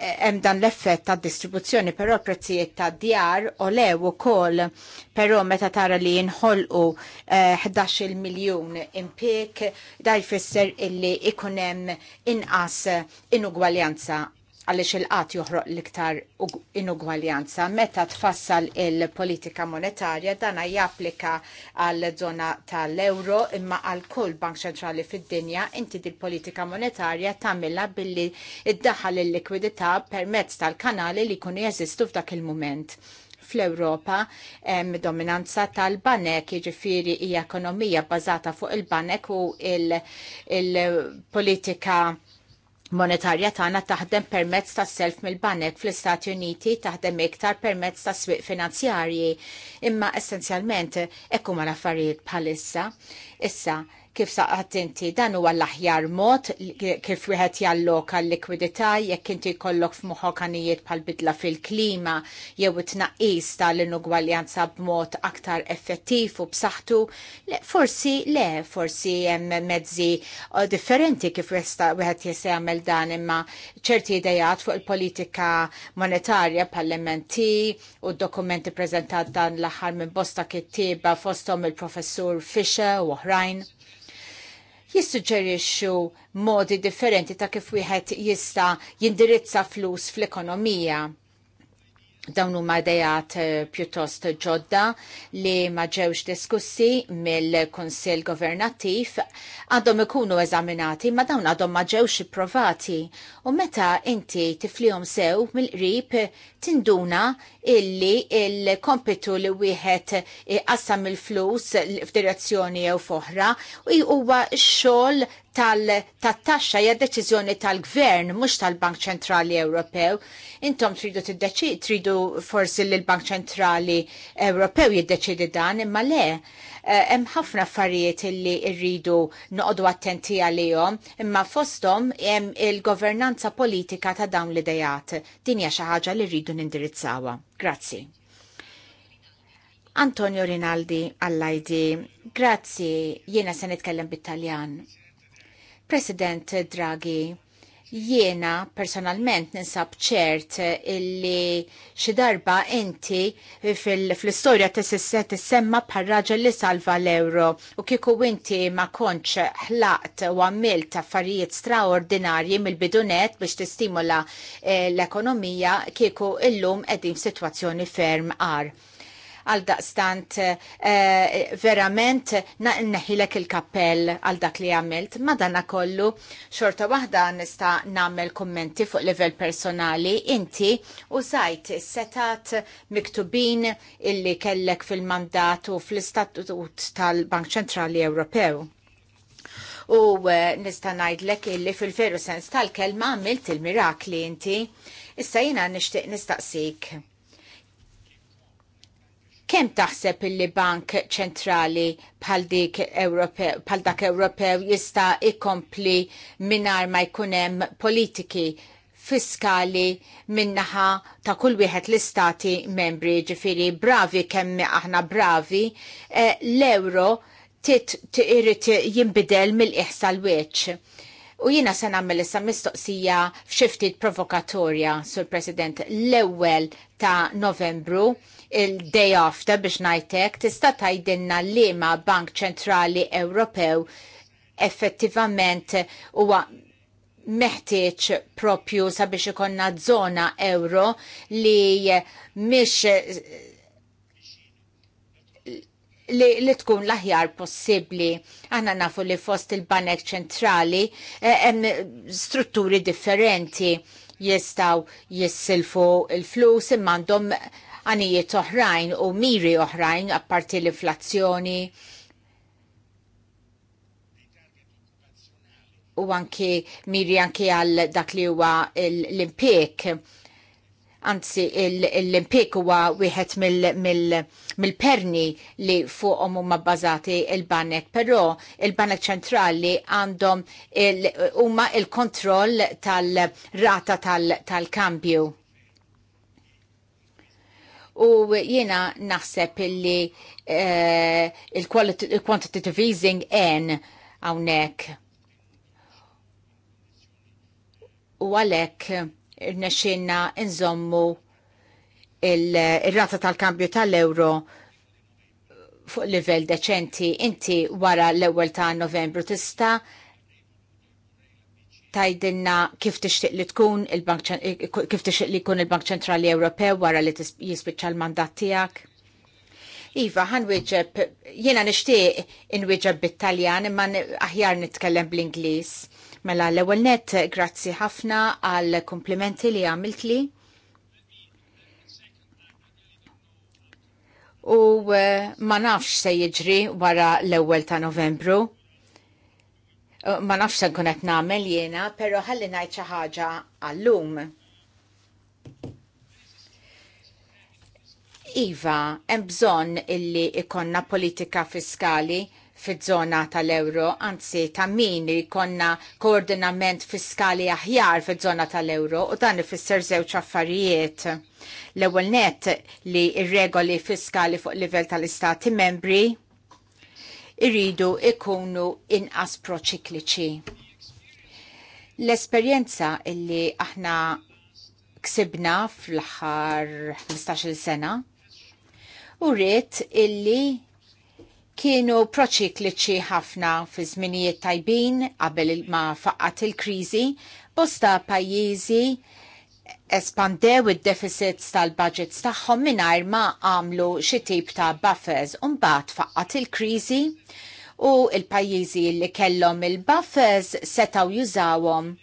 hemm dan l-effett ta' distribuzzjoni però prezzijiet ta' djar u lew ukoll però meta tara li jinħolqu 11 eh, miljun impik da jfisser illi ikun hemm inqas inugwaljanza għalli il-qat joħroq l-iktar inugwaljanza. Meta tfassal il-politika monetarja dana japplika għal zona tal-euro imma għal kull bank ċentrali fid-dinja inti di politika monetarja tamilla billi iddaħal il-likwidità permezz tal-kanali li kunu jeżistu f'dak il-moment fl-Europa hemm dominanza tal-banek, jiġifieri hija ekonomija bbażata fuq il-banek u il-politika il politika monetarja tagħna taħdem permezz tas self mill-banek fl-Istati Uniti taħdem iktar permezz ta' swieq finanzjarji, imma essenzjalment hekk huma l-affarijiet bħalissa. Issa, kif saqat inti dan huwa l-aħjar mod kif wieħed jalloka l-likwidità jekk inti jkollok f'moħħok għanijiet bħal bidla fil-klima jew it-tnaqqis tal-inugwaljanza b'mod aktar effettiv u b'saħħtu, forsi le, forsi hemm mezzi uh, differenti kif wieħed jista' jagħmel dan imma ċerti idejat fuq il-politika monetarja bħall u d-dokumenti preżentat dan l-aħħar minn bosta kittieba fosthom il-professur Fisher u oħrajn jissuġġerixxu modi differenti ta' kif wieħed jista' jindirizza flus fl-ekonomija dawn huma dejat eh, pjuttost ġodda li ma ġewx diskussi mill-Kunsill Governattiv għadhom ikunu eżaminati ma dawn għadhom ma ġewx ipprovati u meta inti tiflihom sew mill-qrib tinduna illi il-kompitu li wieħed qassam il-flus f'direzzjoni jew foħra u huwa x-xogħol tal-taxxa hija deċiżjoni tal-Gvern mhux tal-Bank Ċentrali Ewropew. Intom tridu tiddeċid tridu forsi li l-Bank Ċentrali Ewropew jiddeċidi dan, imma le eh, hemm ħafna affarijiet li rridu noqogħdu attenti għalihom, imma fosthom hemm il-governanza politika ta' dawn l-idejat. Din hija xi ħaġa li rridu nindirizzawha. Grazzi. Antonio Rinaldi għall-ID. Grazzi, jiena se nitkellem bit-Taljan President Draghi, jiena personalment ninsab ċert illi xi darba inti fl-istorja tisset tissemma bħal raġel li salva l-euro u kieku inti ma kontx ħlaqt u għamilt affarijiet straordinarji mill-bidunet biex tistimula eh, l-ekonomija kieku illum qegħdin f'sitwazzjoni ferm għar għal daqstant eh, eh, verament naħilek il-kappell għal dak li għamilt. Madana kollu, xorta wahda nista namel kommenti fuq level personali, inti u sajt setat miktubin illi kellek fil-mandat u fl-istatut tal-Bank Ċentrali Ewropew u eh, nista' ngħidlek illi fil-veru sens tal-kelma għamilt il-mirakli inti. Issa jiena nixtieq nistaqsik. Kem taħseb illi bank ċentrali bħal dik bħal dak Ewropew jista' ikompli minar ma jkunem politiki fiskali minnaħa ta' kull wieħed l-istati membri ġifiri bravi kemm aħna bravi eh, l-euro tit irrit jimbidel mill-iħsa l-weċ U jina se nagħmel issa mistoqsija f'xiftit provokatorja sur President l-ewwel ta' Novembru il-day after biex ngħidlek tista' tgħidilna liema Bank Ċentrali Ewropew effettivament huwa meħtieġ propju sabiex ikonna żona euro li mhix li, li tkun l-aħjar possibbli. Aħna nafu li fost il-banek ċentrali eh, hemm strutturi differenti jistaw jissilfu il-flus imma għandhom għanijiet oħrajn u miri oħrajn apparti l-inflazzjoni u anki miri anki għal dak li huwa l-impjek anzi l-impik huwa wieħed mill-perni li fuqhom huma bbażati il-banek, però il-banek ċentrali għandhom huma il-kontroll tal-rata tal-kambju. U jiena naħseb li eh, il-quantitative easing en hawnhekk. U għalhekk Rnexxinna nżommu il-rata tal-kambju tal-euro fuq livell deċenti. Inti wara l-ewwel ta' Novembru tista' tajdinna kif tixtieq li tkun il-Bank eh, kif tixtieq li jkun il-Bank Ċentrali Ewropew wara li jispiċċa l-mandat tiegħek? Iva, ħan wieġeb, jiena nixtieq inwieġeb bit-Taljan, imma aħjar nitkellem bl ingliż Mela l-ewwel net grazzi ħafna għal komplimenti li għamiltli. U eh, ma nafx se jiġri wara l-ewwel ta' Novembru. Eh, ma nafx se nkun qed nagħmel jiena, però ħalli ngħid xi ħaġa għallum. Iva, hemm bżonn illi ikonna politika fiskali fiż-żona tal-euro, anzi ta' min li konna koordinament fiskali aħjar fil żona tal-euro u dan ifisser żewġ affarijiet. L-ewwel net li r-regoli fiskali fuq livell tal-istati membri irridu ikunu inqas proċikliċi. L-esperjenza illi aħna ksibna fl-aħħar 15-il sena u rrit illi kienu proċikliċi ħafna fi żminijiet tajbin qabel ma faqqat il-kriżi, bosta pajjiżi espandew id-deficits tal-budgets tagħhom mingħajr ma għamlu xi tip ta' buffers u mbagħad faqqat il-kriżi u l-pajjiżi li kellhom il-buffers setgħu jużawhom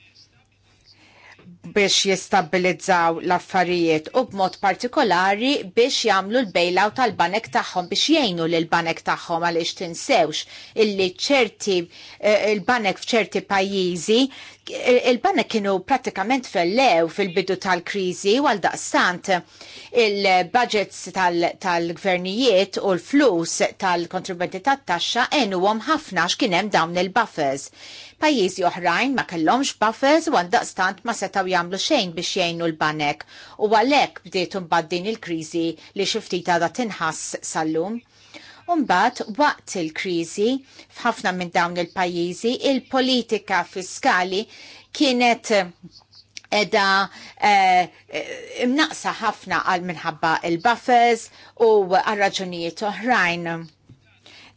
biex jistabilizzaw l-affarijiet u b'mod partikolari biex jagħmlu l-bejlaw tal-banek tagħhom biex jgħinu l banek tagħhom għaliex tinsewx illi ċerti eh, l banek f'ċerti pajjiżi eh, il-banek kienu pratikament fellew fil-bidu tal-kriżi u għal daqstant il-budgets tal-gvernijiet u l-flus tal kontribuenti tat-taxxa għenuhom ħafna x'kien hemm dawn il-buffers. Pajjiżi oħrajn ma kellhomx buffers u għandaqstant ma setgħu jagħmlu xejn biex jgħinu l-banek u għalhekk bdiet imbaddin il-kriżi li xi ftit għadha tinħass sal-lum. Umbat, waqt il kriżi f'ħafna minn dawn il-pajjiżi, il-politika fiskali kienet eh, edha eh, imnaqsa ħafna għal minħabba il-buffers u għal raġunijiet oħrajn.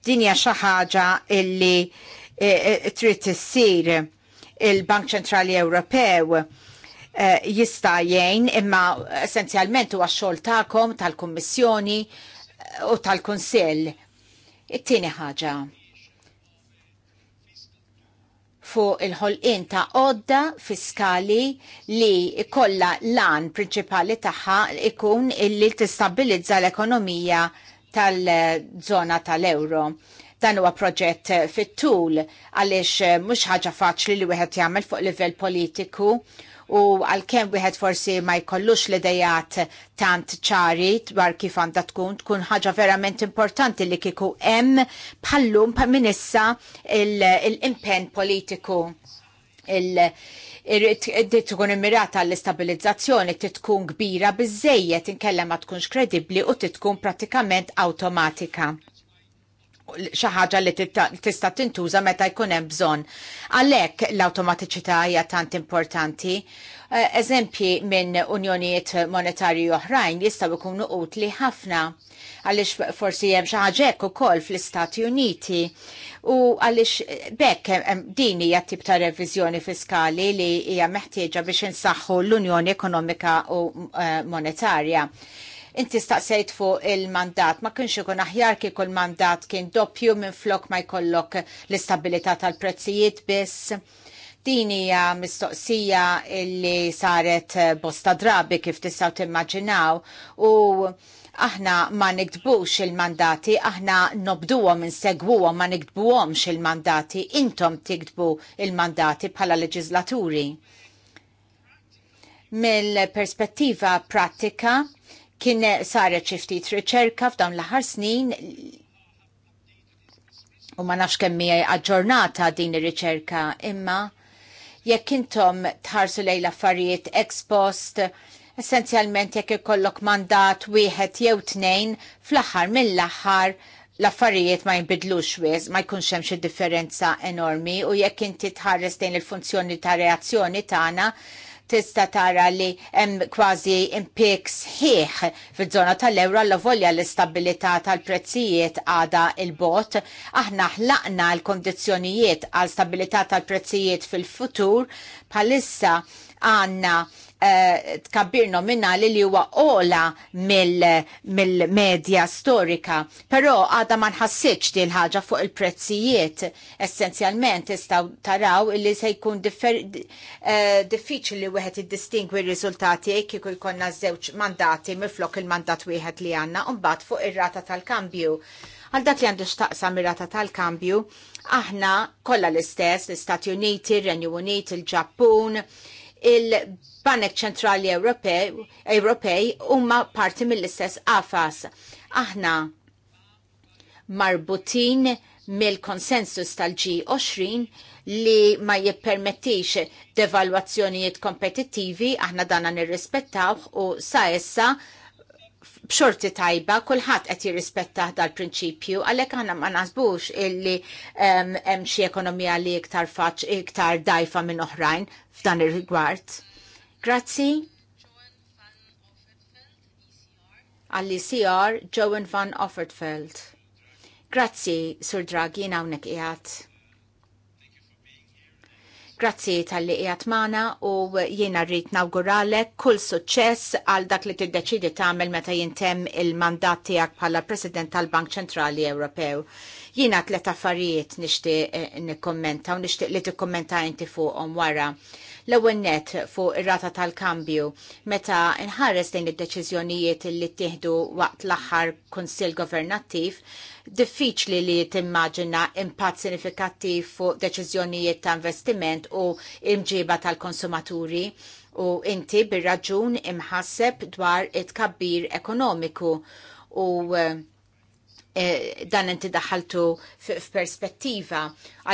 Dinja xi ħaġa illi E, e, trid issir il-Bank Ċentrali Ewropew e, jista' jgħin imma essenzjalment huwa x-xogħol tagħkom tal-Kummissjoni u tal-Kunsill. It-tieni ħaġa fuq il-ħolqien ta' odda fiskali li kollha lan prinċipali tagħha ikun illi tistabilizza l-ekonomija tal-żona tal-euro. Dan huwa proġett eh, fit-tul għaliex eh, mhux ħaġa faċli li wieħed jagħmel fuq livell politiku u għalkemm wieħed forsi ma jkollux l-idejat tant ċari dwar kif għandha tkun tkun ħaġa verament importanti li kieku hemm bħallum pa minn issa l-impenn politiku irrid tkun immirata l-istabilizzazzjoni trid tkun kbira biżejjed inkella ma tkunx kredibbli u titkun tkun pratikament awtomatika xaħġa ħaġa li tista' tintuża meta jkun hemm bżonn. Għalhekk l-awtomatiċità hija tant importanti. Eh, eżempji minn unjonijiet monetarji oħrajn jistgħu jkunu utli ħafna għaliex forsi hemm xi u ukoll fl-Istati Uniti u għaliex eh, bekk din hija tip ta' reviżjoni fiskali li hija meħtieġa biex insaħħu l-Unjoni Ekonomika u eh, Monetarja. Inti staqsejt fuq il-mandat, ma kienx ikun aħjar kif il-mandat kien doppju minn flok ma jkollok l-istabilità tal-prezzijiet biss. Din hija mistoqsija li saret bosta drabi kif tistgħu timmaġinaw u aħna ma nikdbux il-mandati, aħna nobduhom insegwuhom ma nikdbuhomx il-mandati, intom tikdbu il-mandati bħala leġislaturi. Mill-perspettiva pratika, Kien saret xi ftit riċerka f'dawn l-aħħar snin u ma nafx kemm hija aġġornata din ir-riċerka imma jekk intom tħarsu lejn l-affarijiet ex post essenzjalment jekk ikollok mandat wieħed jew tnejn fl-aħħar mill-aħħar l-affarijiet ma jinbidlux wiz, ma jkunx hemm xi differenza enormi u jekk inti tħares din il-funzjoni ta' reazzjoni tagħna, tista tara li hemm kważi impik sħiħ fiż-żona tal-ewro l volja l-istabilità tal-prezzijiet għada il-bot. Aħna ħlaqna l-kondizzjonijiet għal stabilità tal-prezzijiet fil-futur bħalissa għanna Eh, tkabbir nominali li huwa ola mill-medja storika. Però għada ma nħassitx din ħaġa fuq il-prezzijiet. Essenzjalment istaw taraw li se jkun eh, diffiċli wieħed iddistingwi r-riżultati kieku jkollna żewġ mandati miflok il-mandat wieħed li għandna u mbagħad fuq ir-rata tal-kambju. Għal dak li għandu xtaqsam ir-rata tal-kambju, aħna kollha l-istess, l-Istati Uniti, ir-Renju Unit, il-Ġappun, il ġappun il-Banek Ċentrali Ewropej huma parti mill-istess qafas. Aħna marbutin mill-konsensus tal-G20 li ma jippermettix devalwazzjonijiet kompetittivi, aħna dana nirrispettaw u sa essa b'xorti tajba kulħadd qed jirrispetta dal-prinċipju għalhekk aħna ma nasbux illi hemm xi ekonomija li iktar faċ iktar dajfa minn oħrajn f'dan ir-rigward. Grazzi. Għalli CR Joan van Offertfeld. Grazzi, Sur Draghi, hawnhekk qiegħed. Grazzi tal-li qiegħed magħna u jiena rrid nawguralek kull suċċess għal dak li tiddeċidi tagħmel meta jintemm il-mandat tiegħek bħala President tal-Bank Ċentrali Ewropew. Jiena tliet affarijiet nixtieq eh, nikkommenta u nixtieq li tikkommenta inti fuqhom wara. L-ewwel net fuq ir-rata tal-kambju meta nħares din id-deċiżjonijiet li ttieħdu waqt l-aħħar Kunsill Governattiv, diffiċli li timmaġina impatt sinifikattiv fuq deċiżjonijiet ta' investiment u imġiba tal-konsumaturi u inti bir-raġun imħasseb dwar it-kabbir ekonomiku u uh, Eh, dan inti daħaltu f'perspettiva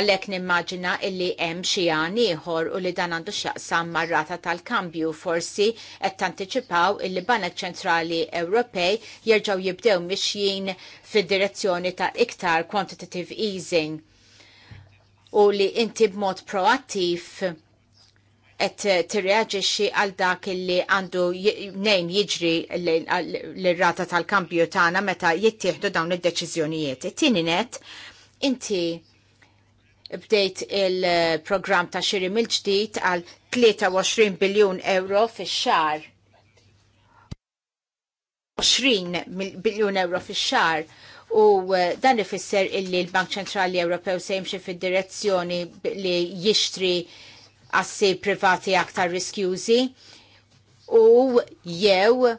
għalhekk nimmaġina illi hemm xi ieħor u li dan għandu x'jaqsam mar-rata tal-kambju forsi qed tantiċipaw illi Banek Ċentrali Ewropej jerġgħu jibdew mixjin fid-direzzjoni ta' iktar quantitative easing u li inti b'mod proattiv qed tirreaġixxi għal dak illi għandu nejn jiġri l-rata tal-kampju tagħna meta jittieħdu dawn id-deċiżjonijiet. It-tieni net inti bdejt il-programm ta' xirim il-ġdid għal 23 biljun euro fix-xar. 20 biljun euro fix-xar u eh, dan ifisser illi l-Bank Ċentrali Ewropew se jimxi fid-direzzjoni li jixtri assi privati aktar riskjużi u jew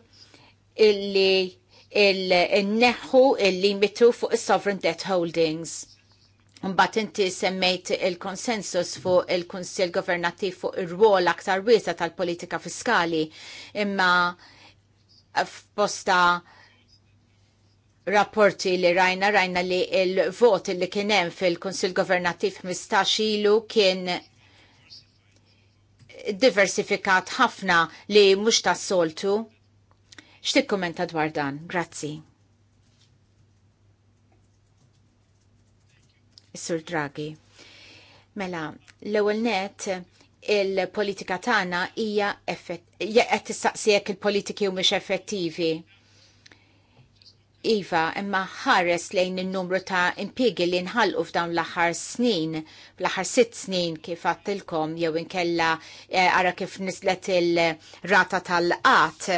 illi il-neħu il-limitu fuq il-sovereign debt holdings. Mbatt inti semmejt il-konsensus fuq il-Kunsil Governattiv fuq ir-rwol aktar wiesa tal-politika fiskali imma f'posta rapporti li rajna rajna li il-vot li kienem fil-Kunsil Governattiv 15 ilu kien diversifikat ħafna li mhux tas-soltu. X'tik kummenta dwar dan? Grazzi. sur Draghi. Mela, l-ewwel net il-politika tagħna hija qed tistaqsijek il-politiki u mhux effettivi. Iva, imma ħares lejn il-numru ta' impiegi li nħalqu f'dawn l-aħħar snin, l-aħħar sitt snin kif għattilkom, jew inkella għara eh, kif nislet il-rata tal-qat,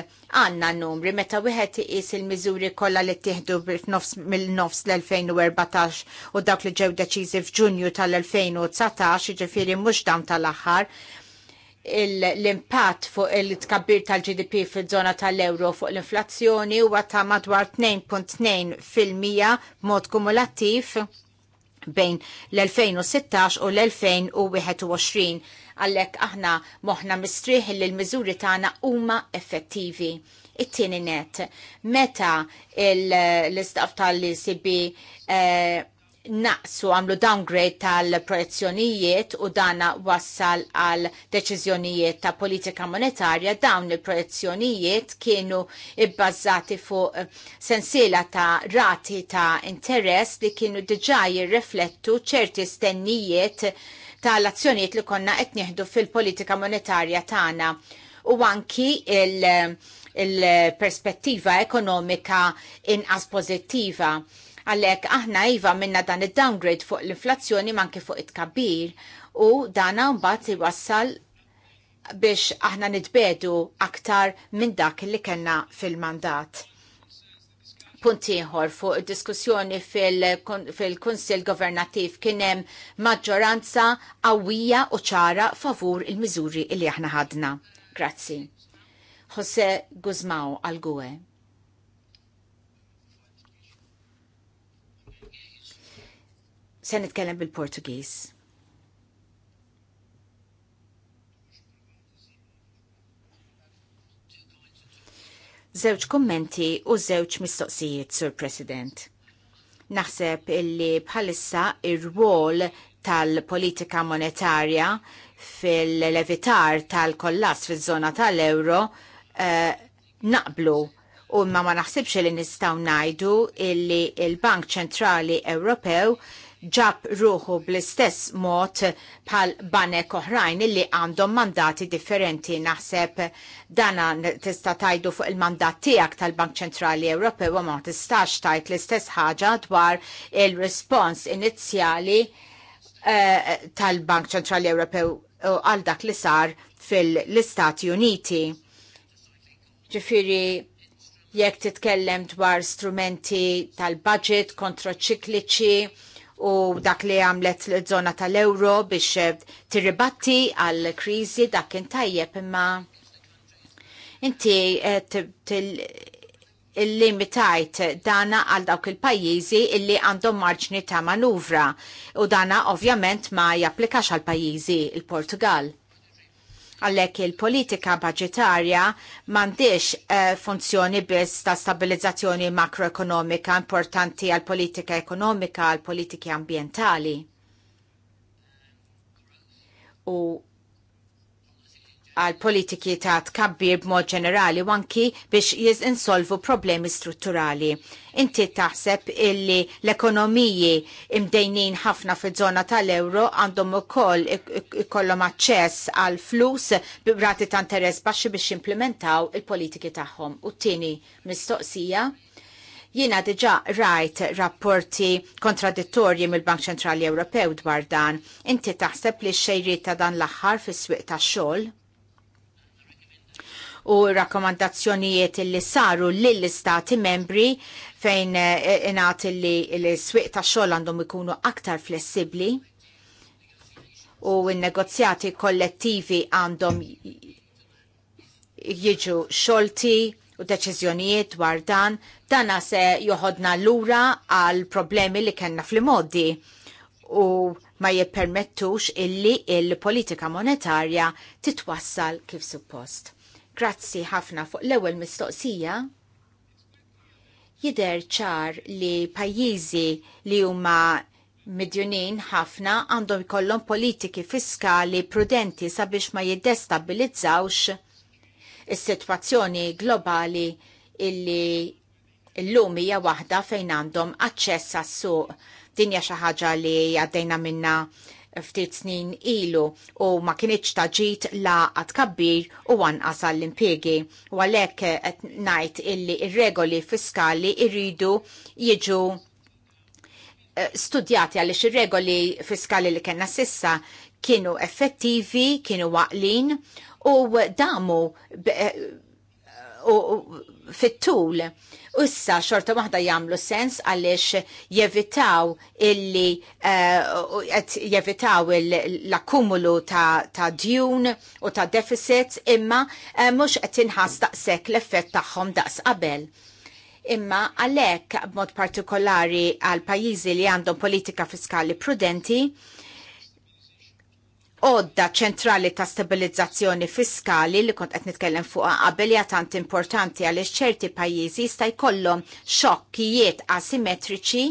għanna numri, meta wieħed iqis il-miżuri kollha li ttieħdu mill-nofs l-2014 u dawk li ġew deċiżi f'Ġunju tal-2019, ġifieri mhux dawn tal-aħħar, l-impatt fuq il-tkabbir tal-GDP fil-żona tal-euro fuq l-inflazzjoni huwa ta' madwar 2.2 fil-mija mod kumulattiv bejn l-2016 u l-2021 għallek aħna moħna mistriħ li l-mizuri tagħna huma effettivi. It-tieni net, meta l-istaf tal-ICB eh, naqsu għamlu downgrade tal-projezzjonijiet u dana wassal għal deċiżjonijiet ta' politika monetarja dawn il-projezzjonijiet kienu ibbażati fuq sensiela ta' rati ta' interess li kienu diġà jirriflettu ċerti stennijiet tal-azzjonijiet li konna qed nieħdu fil-politika monetarja tagħna u anki il-perspettiva ekonomika inqas pozittiva. Għallek, aħna iva minna dan id-downgrade fuq l-inflazzjoni manki fuq it-kabir u dana mbagħad iwassal biex aħna nitbedu aktar minn dak li kena fil-mandat. Puntiħor fuq diskussjoni fil-Kunsil fil Governativ kienem maġġoranza qawwija u ċara favur il-miżuri li aħna ħadna. Grazzi. Jose Guzmau għal-Gue. Se nitkellem bil-Portugiż. Żewġ kummenti u żewġ mistoqsijiet, Sur President. Naħseb illi bħalissa ir-rwol tal-politika monetarja fil-levitar tal-kollass fil-żona tal-euro uh, naqblu u ma ma naħsibx li nistaw najdu illi il-Bank Ċentrali Ewropew ġab ruħu bl-istess mod pal banek oħrajn illi għandhom mandati differenti naħseb dana tista' tajdu fuq il-mandat tiegħek tal-Bank Ċentrali Ewropew u ma tistax tajt l-istess ħaġa dwar il-respons inizjali eh, tal-Bank Ċentrali Ewropew għal dak li sar fil-Istati Uniti. Ġifiri, jekk titkellem dwar strumenti tal-budget kontraċikliċi, u dak li għamlet l-zona tal-euro biex eh, tirribatti għal-krizi dak kien tajjeb imma inti eh, il-limitajt dana għal dawk il-pajjiżi illi għandhom marġni ta' manuvra u dana ovvjament ma japplikax għal pajjiżi il-Portugal. Għalhekk il-politika budgetarja m'għandix eh, funzjoni biss ta' stabilizzazzjoni makroekonomika importanti għal politika ekonomika għal politiki ambjentali. U għal politiki ta' tkabbir b'mod ġenerali u anki biex insolvu problemi strutturali. Inti taħseb illi l-ekonomiji imdejnin ħafna fi zona tal-euro għandhom ukoll ikollhom aċċess għal flus rati ta' interess baxxi biex jimplementaw il-politiki tagħhom. U tieni mistoqsija jiena diġa rajt rapporti kontradittorji mill-Bank Ċentrali Ewropew dwar dan. Inti taħseb li x-xejriet ta' dan l-aħħar fis-swieq tax-xogħol? u rakkomandazzjonijiet li saru lill-istati membri fejn eh, inat li l-swiq ta' xogħol għandhom ikunu aktar flessibbli u n-negozjati kollettivi għandhom jiġu xolti u deċiżjonijiet dwar dan, dana se joħodna lura għal problemi li kellna fl-modi u ma jippermettux illi il-politika monetarja titwassal kif suppost. Grazzi ħafna fuq l-ewwel mistoqsija. Jider ċar li pajjiżi li huma midjunin ħafna għandhom jkollhom politiki fiskali prudenti sabiex ma jiddestabilizzawx is-sitwazzjoni globali illi l-lum hija waħda fejn għandhom aċċess għas-suq. Dinja xi ħaġa li għaddejna minna ftit snin ilu u ma kienieċ taġit la għad kabbir u għanqas għall-impiegi. U għalek qed ngħid illi ir-regoli fiskali irridu jiġu eh, studjati għalix ir-regoli fiskali li kena sissa kienu effettivi, kienu waqlin u damu eh, u fit-tul Issa xorta waħda jagħmlu sens għaliex jevitaw illi eh, jevitaw l-akkumulu ta', djun u ta' deficits imma eh, mhux qed inħass daqshekk l-effett tagħhom daqs qabel imma għalek b'mod partikolari għal pajjiżi li għandhom politika fiskali prudenti, odda ċentrali ta' stabilizzazzjoni fiskali li kont qed nitkellem fuqha qabel hija tant importanti għaliex ċerti pajjiżi jista' jkollhom xokkijiet asimetriċi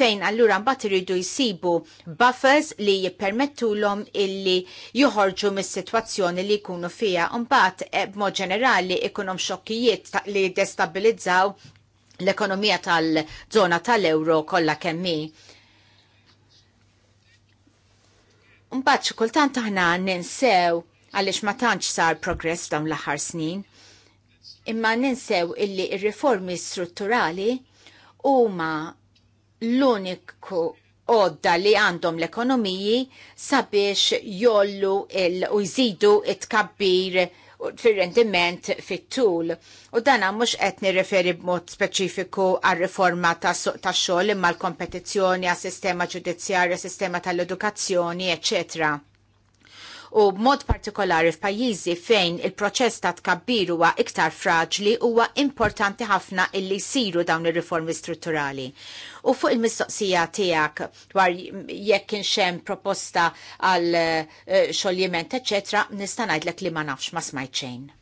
fejn allura mbagħad iridu jsibu buffers li jippermettulhom illi joħorġu mis-sitwazzjoni li jkunu fiha mbagħad eh, b'mod ġenerali ikunhom xokkijiet li destabilizzaw l-ekonomija tal-żona tal ewro kollha kemm Mbagħad xi kultant aħna ninsew għaliex ma tantx sar progress dawn l-aħħar snin. Imma ninsew illi ir-riformi strutturali huma l-uniku odda li għandhom l-ekonomiji sabiex jollu il u jżidu it-kabbir fir-rendiment fit-tul. U dana mhux qed nirreferi b'mod speċifiku għar riforma tax-xogħol imma l-kompetizzjoni għas sistema ġudizzjarja, sistema tal-edukazzjoni, eccetera u b'mod partikolari f'pajjiżi fejn il-proċess ta' tkabbir huwa iktar fraġli huwa importanti ħafna illi jsiru dawn ir-riformi strutturali. U fuq il-mistoqsija tiegħek dwar jekk inxem proposta għal eh, xogħliment eċetera, nista' ngħidlek li ma nafx ma smajt xejn.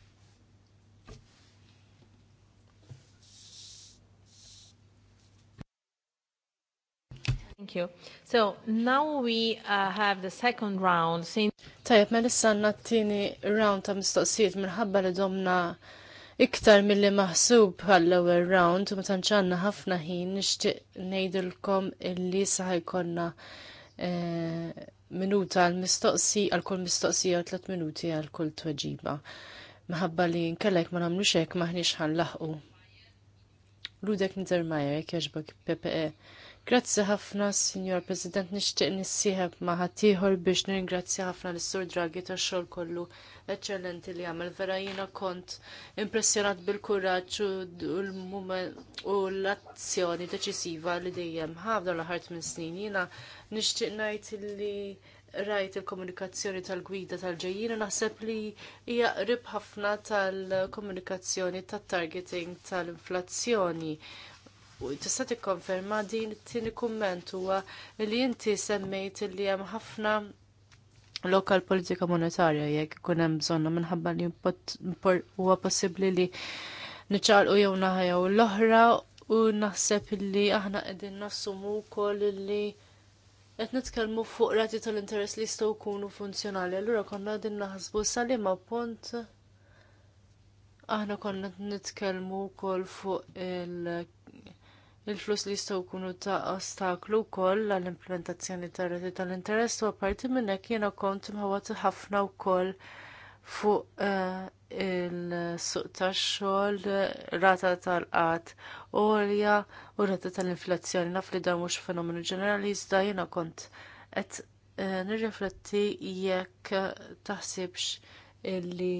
Thank you. So now we uh, have the second round. Tajab, ma nissa t round ta' mistoqsijiet minħabba li domna iktar mill-li maħsub għall-ewel round u ma tanċanna ħafna ħin nixtieq ngħidilkom illi saħi konna eh, minuta għal mistoqsi għal kull mistoqsija u tliet minuti għal kull tweġiba. Minħabba li nkellek ma nagħmlux hekk maħniex ħanlaħqu. Ludek Niedermayer, jekk jogħġbok PPE. Grazzi ħafna, Signor President, nixtieq nissieħeb ma' ħaddieħor biex nirringrazzja ħafna l sur Draghi tax-xogħol kollu eċċellenti li għamel. Vera jina kont impressjonat bil-kuraġġ u l-azzjoni deċisiva li dejjem ħafna l-ħart minn snin. jina nixtieq ngħid li rajt il-komunikazzjoni tal-gwida tal-ġejjin u naħseb li hija qrib ħafna tal-komunikazzjoni tat-targeting tal-inflazzjoni fuq. Tista' tikkonferma din it-tieni kumment huwa li inti semmejt li hemm ħafna lokal politika monetarja jekk ikun hemm bżonna minħabba li huwa possibbli li niċċarqu jew naħajaw l-oħra u naħseb li aħna qegħdin nassumu wkoll li qed nitkellmu fuq rati tal-interess li jistgħu jkunu funzjonali. Allura konna qegħdin naħsbu sali ma punt aħna konna nitkellmu wkoll fuq il il-flus li jistgħu jkunu ta' ostaklu wkoll għall implementazzjoni ta' reti tal-interess u apparti minn hekk jiena kont imħawat ħafna wkoll fuq eh, il-suq tax-xogħol rata tal-qat għolja u rata tal-inflazzjoni naf li dan mhux fenomenu ġenerali iżda jiena kont qed eh, nirrifletti jekk taħsibx illi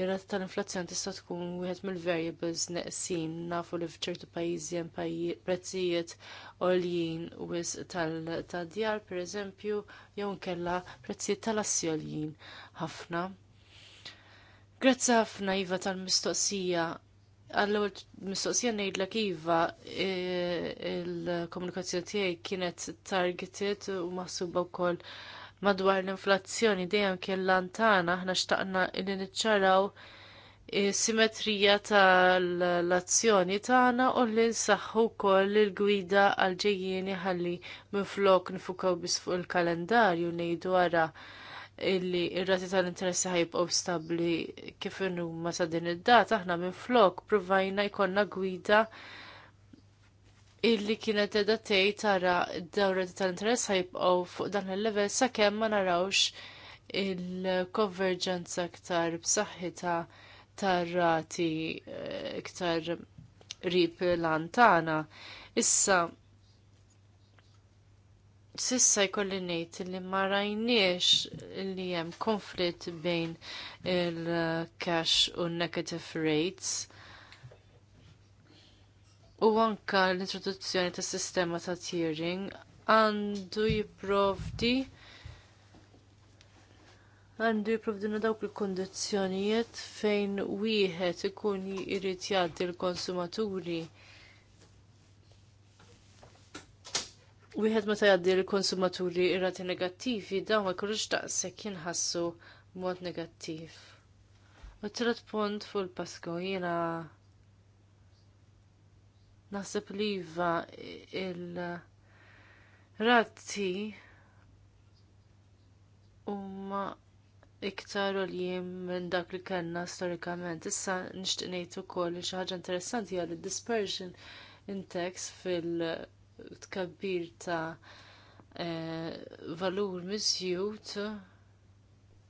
Ir-rata tal-inflazzjoni tista' tkun wieħed mill-variables neqsin nafu li f'ċertu pajjiżi hemm prezzijiet għoljin wis tal-djar pereżempju jew nkella prezzijiet tal-assi għoljin ħafna. Grazzi ħafna Iva tal-mistoqsija Allora, mistoqsija ngħidlek iva il-komunikazzjoni tiegħi kienet targeted u maħsuba wkoll madwar l-inflazzjoni dejjem kien lantana aħna xtaqna li niċċaraw simetrija tal-azzjoni tagħna u li nsaħħu wkoll il-gwida għal ġejjieni ħalli minflok nifukaw biss fuq il-kalendarju ngħidu wara illi ir-rati tal-interessi ħajbqgħu stabbli kif inhuma sa din id-data aħna minflok provajna jkollna gwida illi kienet edha tgħid tara d-dawra tal-interess ħajbqaw fuq dan il-level sakemm ma narawx il-konverġenza aktar b'saħħitha tar-rati eh, iktar qrib lantana. Issa sissa jkolli ngħid li ma rajniex li hemm konflitt bejn il-cash u negative rates u anka l-introduzzjoni tas sistema ta' tiering għandu jipprovdi għandu na dawk il-kondizjonijiet fejn wieħed ikun jrid jgħaddi l-konsumaturi. Wieħed meta jgħaddi l-konsumaturi irrati negattivi dawn ma jkunux daqshekk jinħassu b'mod negattiv. U tret punt fuq il-Pasko jiena Naħseb li iva il ratti huma iktar u minn dak li kellna storikament. Issa nixtieq ngħid ukoll li xi ħaġa interessanti għal li dispersion index fil-tkabbir ta' eh, valur miżjud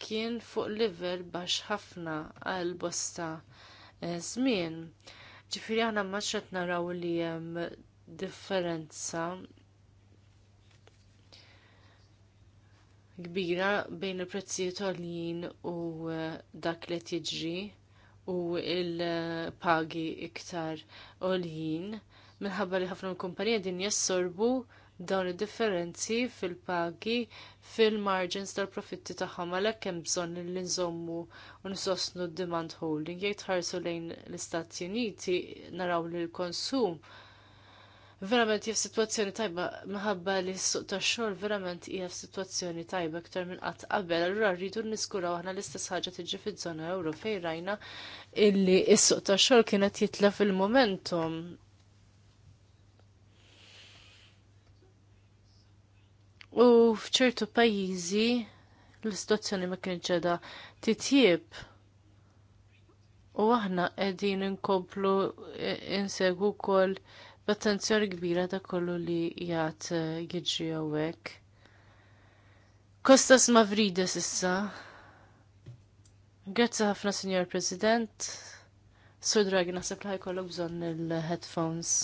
kien fuq livell baxħafna ħafna għal bosta eh, żmien. Ġifiri aħna maċċet naraw li jem differenza kbira bejn il-prezzijiet għoljin u eh, dak li jiġri u il-pagi iktar għoljin minħabba li ħafna l-kumpanija din jassorbu dawn id-differenzi fil-pagi fil-margins tal-profitti tagħhom għalhekk hemm bżonn li nżommu u nsostnu d-demand holding. Jekk tħarsu lejn l-Istati Uniti naraw li l-konsum verament hija situazzjoni tajba minħabba li s-suq tax xogħol verament hija f'sitwazzjoni tajba aktar minn qatt qabel, allura rridu niskuraw aħna l-istess ħaġa tiġi fiż-żona Ewro fejn rajna illi s-suq tax xogħol kienet jitla fil momentum U fċertu pajjiżi l-istazzjoni ma kienx ġeda titjib U aħna qegħdin inkomplu e, insegu wkoll b'attenzjoni kbira ta' kollu li jgħat e, jiġri hawnhekk. Kostas Mavrides issa. Grazzi ħafna, Signor President. Sur Draghi, nasib li ħajkollok bżonn il-headphones.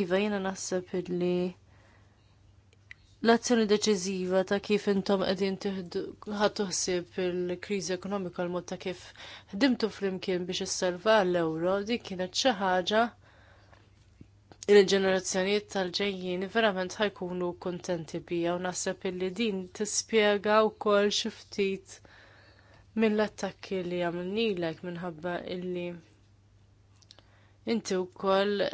Iva, jena naħseb illi l-azzjoni deċiżiva ta' kif intom qegħdin ħatuħsib il-kriżi ekonomika l mod ta' kif ħdimtu flimkien biex issalva l-euro dik kienet xi ħaġa il-ġenerazzjonijiet tal-ġejjin verament ħajkunu kuntenti bija u naħseb illi din tispjega wkoll xi ftit mill-attakki li għamilnilek minħabba illi inti wkoll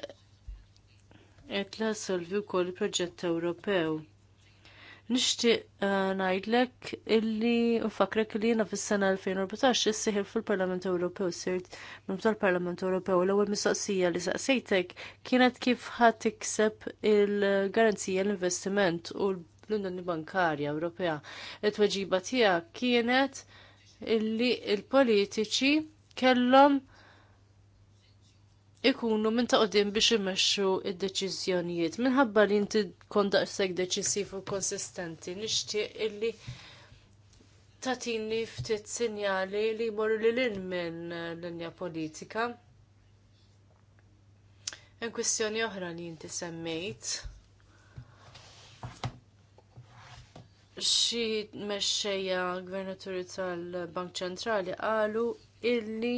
qed la solvi wkoll proġett Ewropew. Nixtieq eh, ngħidlek illi nfakrek li jiena fis-sena 2014 issieħel fil-Parlament Ewropew sirt minn tal-Parlament Ewropew l-ewwel mistoqsija li saqsejtek kienet kif ħadd tikseb il-garanzija l-investiment u l-Unjoni Bankarja Ewropea. It-tweġiba tiegħek kienet illi il-politiċi kellhom ikunu minn taqdim biex imexxu id-deċiżjonijiet. Minħabba li inti kondaqsek deċisiv u konsistenti, nixtieq illi tatini ftit sinjali li jmorru lil minn linja politika. Hemm kwistjoni oħra li inti semmejt. Xi mexxejja gvernaturi tal-Bank Ċentrali qalu illi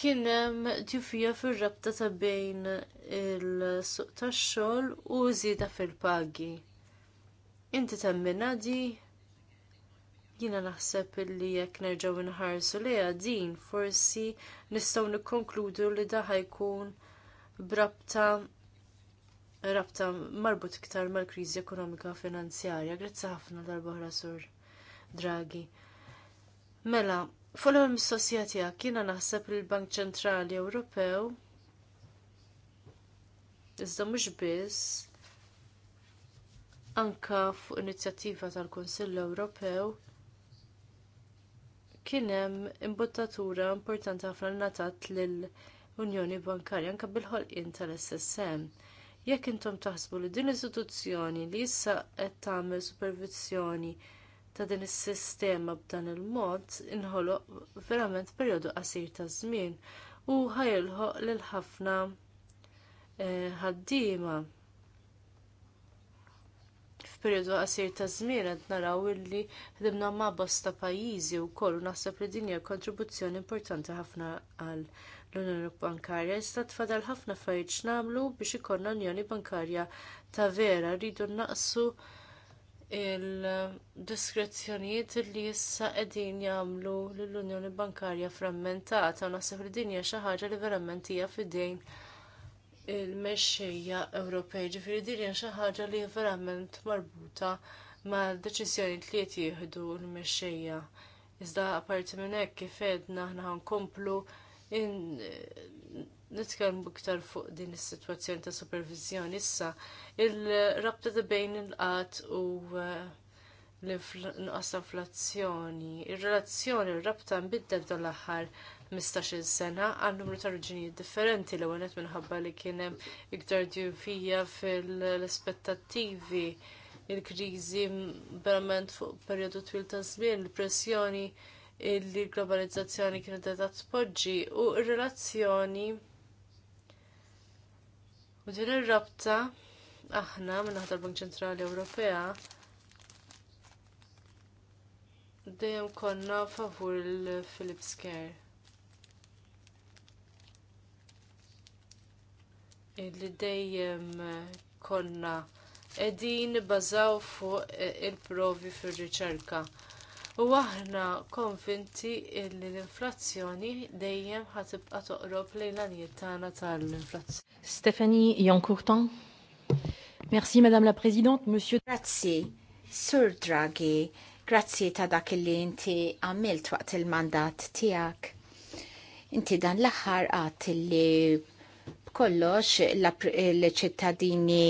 kien hemm ġufija fir-rabta ta' bejn il-suq tax-xogħol u żieda fil-pagi. Inti temmina di jiena naħseb li jekk nerġgħu nħarsu li din forsi nistgħu nikkonkludu li da jkun brabta rabta marbut iktar mal-kriżi ekonomika finanzjarja. Grazzi ħafna darba oħra sur Draghi. Mela, Follow mistoqsija tiegħek jiena naħseb il bank Ċentrali Ewropew iżda mhux biss anka fuq inizjattiva tal-Kunsill Ewropew kien hemm imbottatura importanti ħafna ngħatat lill-Unjoni Bankarja anke bil-ħolqien tal-SSM. Jekk intom taħsbu li din l-istituzzjoni li issa qed tagħmel supervizzjoni ta' din is-sistema b'dan il-mod inħoloq verament perjodu qasir ta' żmien u ħajilħoq lil ħafna eh, ħaddiema. F'perjodu qasir ta' żmien qed naraw illi ħdimna ma' bosta pajjiżi wkoll u naħseb li din hija kontribuzzjoni importanti ħafna għal l-Unjoni Bankarja jista' tfadal ħafna affarijiet nagħmlu biex ikollna Unjoni Bankarja ta' vera rridu naqsu il-diskrezzjonijiet li issa qegħdin jagħmlu lill-Unjoni Bankarja frammentata u naħseb li din hija xi ħaġa li verament hija f'idejn il-mexxejja Ewropej. Ġifieri din hija xi ħaġa li verament marbuta ma' deċiżjonijiet li qed jieħdu l-mexxejja. Iżda apparti minn hekk kif edna aħna nkomplu nitkellmu iktar fuq din is-sitwazzjoni ta' supervizjoni issa il-rabta ta' bejn il-qatt u eh, l-inqas inflazzjoni. Ir-relazzjoni r-rabta nbiddel dan l-aħħar 15-il sena għal numru ta' raġunijiet differenti li ewwel minħabba li kien hemm iktar djuvija fil aspettativi il-kriżi verament fuq perjodu twil ta' żmien, il-pressjoni il l-globalizzazzjoni kienet qed tpoġġi u r-relazzjoni U din ir-rabta aħna minn naħdar Bank Ċentrali Ewropea dejjem konna favur il-Philips Care. Illi dejjem konna edin bazaw fuq il-provi fir-riċerka. U aħna konvinti li l-inflazzjoni dejjem ħatibqa toqrob lejlanijiet tagħna tal-inflazzjoni. Stephanie Jancourtan. Merci Madame la Présidente, Monsieur Grazzi, Sur Draghi, grazzi ta' dak li inti għamilt waqt il-mandat tiegħek. Inti dan l-aħħar għat li kollox l-ċittadini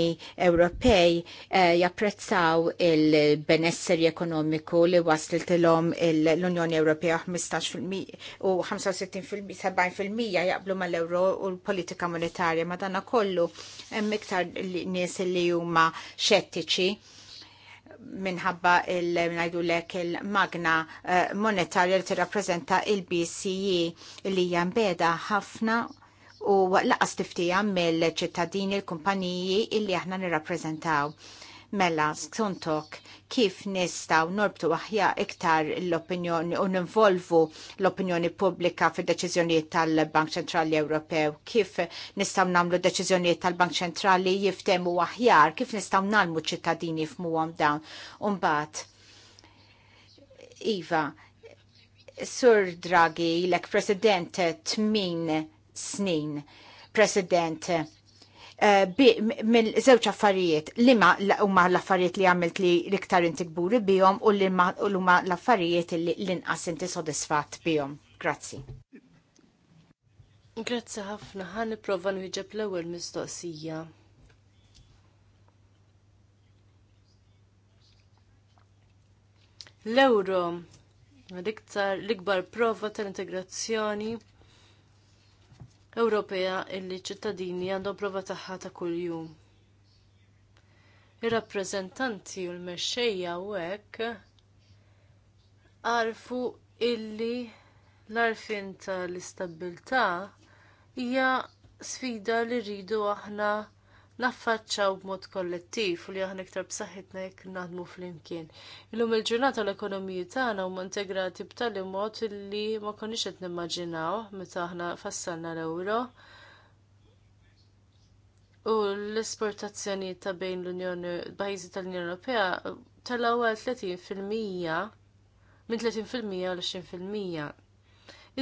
Ewropej eh, japprezzaw il-benesseri ekonomiku li wasliltilhom l-Unjoni Ewropea 15% u 65-70% jaqblu mal-euro u l-politika monetarja madana kollu hemm iktar nies li huma xettiċi minħabba il-najdu lek il-magna eh, monetarja li tirrappreżenta il-BCE li jambeda ħafna u laqas tiftija mill-ċittadini l-kumpaniji illi aħna nirrappreżentaw. Mela, skontok, kif nistaw norbtu aħja iktar l-opinjoni u ninvolvu l-opinjoni pubblika fid deċiżjonijiet tal-Bank Ċentrali Ewropew, kif nistaw namlu deċiżjonijiet tal-Bank Ċentrali jiftemu aħjar, kif nistaw nalmu ċittadini f'muhom dawn. Umbat, Iva, Sur Draghi, l-ek president tmin snin. President, eh, mill-żewġ affarijiet, li ma huma l-affarijiet li għamilt li l-iktar inti kburi bihom u li huma l-affarijiet li l-inqas inti sodisfatt bihom. Grazzi. Grazzi ħafna, ħan nipprova nħiġeb l-ewwel mistoqsija. L-euro, l-ikbar prova tal-integrazzjoni Ewropea illi ċittadini għandhom prova tagħha ta' kuljum. Ir-rappreżentanti u l-mexxejja u hekk għarfu illi l-arfin tal-istabilità hija sfida li rridu aħna naffaċċaw b'mod kollettiv u li aħna iktar b'saħħitna jekk naħdmu flimkien. Illum il-ġurnata l-ekonomiji tagħna huma integrati b'tali mod li ma konniex qed nimmaġinaw meta aħna fassalna l-ewro. U l-esportazzjoni ta' bejn l-Unjoni pajjiżi tal-Unjoni Ewropea tal-ewwel 30% minn 30% għal 20%.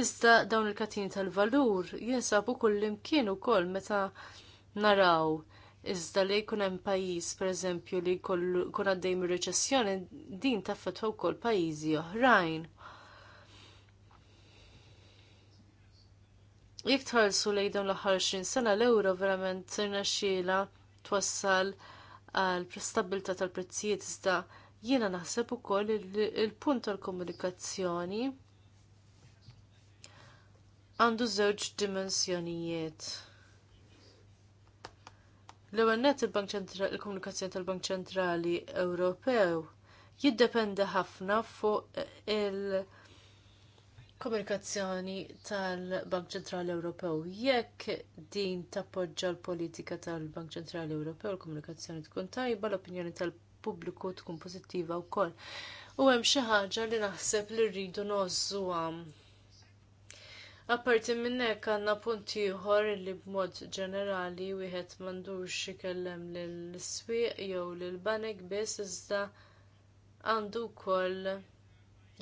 Iżda dawn il-katin tal-valur jinsabu kull imkien ukoll meta naraw Iżda li jkun hemm pajjiż pereżempju li jkun għaddej mir reċessjoni din taffetwa wkoll pajjiżi oħrajn. Jekk tħallsu lejn dawn l-aħħar 20 sena l-ewro verament sirna xiela twassal għal stabilta tal-prezzijiet iżda jiena naħseb ukoll il-punt tal-komunikazzjoni għandu żewġ dimensjonijiet. L-ewwel net il-komunikazzjoni tal-Bank Ċentrali Ewropew jiddependi ħafna fuq il- komunikazzjoni tal-Bank Ċentrali Ewropew. Jekk din tappoġġa l-politika tal-Bank Ċentrali Ewropew, l-komunikazzjoni tkun tajba, l-opinjoni tal-pubbliku tkun pożittiva wkoll. U hemm xi ħaġa li naħseb li rridu għam. Apparti minn hekk għandna punt ieħor li b'mod ġenerali wieħed m'għandux ikellem lill-iswieq jew lill-banek biss iżda għandu wkoll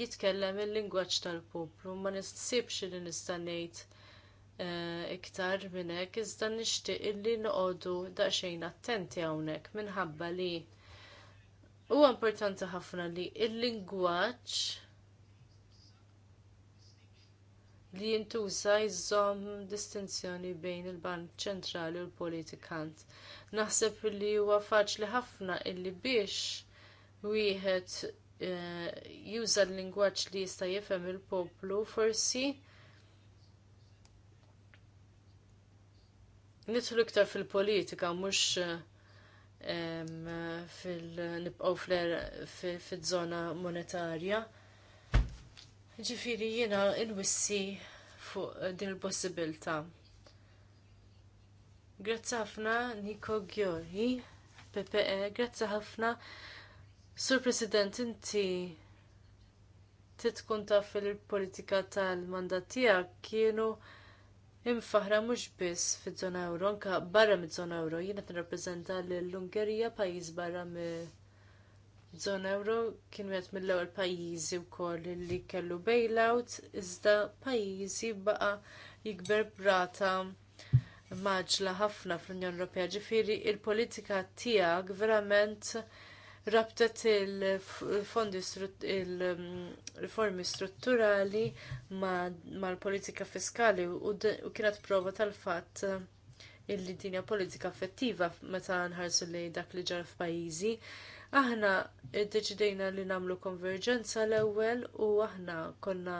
jitkellem il-lingwaġġ tal-poplu ma nisibx li nista' ngħid eh, iktar minn hekk iżda nixtieq illi noqogħdu daqsxejn attenti hawnhekk minħabba li huwa importanti ħafna li l lingwaġġ li jintuża jżomm distinzjoni bejn il-Bank Ċentrali u l-politikant. Naħseb li huwa faċli ħafna illi biex wieħed eh, juża l-lingwaġġ li jista' jifhem il-poplu forsi nidħlu iktar fil-politika mhux eh, fil-nibqgħu fil-żona monetarja. Ġifiri jiena inwissi fuq din il-possibilità. Grazzi ħafna Niko Gjori, PPE, eh, grazzi ħafna. Sur President, inti titkun taf fil-politika tal mandatija tiegħek kienu imfahra mhux biss fil-zona euro, anke barra miż zona euro, jiena nirrappreżenta lill-Ungerija pajjiż barra mill żona euro kien wieħed mill-ewwel pajjiżi wkoll li kellu bailout iżda pajjiżi baqa' jikber brata maġla ħafna fl-Unjoni Ewropea. Ġifieri l politika tiegħek verament rabtet il-fondi il-riformi strutturali mal-politika fiskali u, kienet prova tal-fatt illi dinja politika effettiva meta nħarsu lejn dak li ġara f'pajjiżi. Aħna iddeċidejna li nagħmlu konverġenza l-ewwel u aħna konna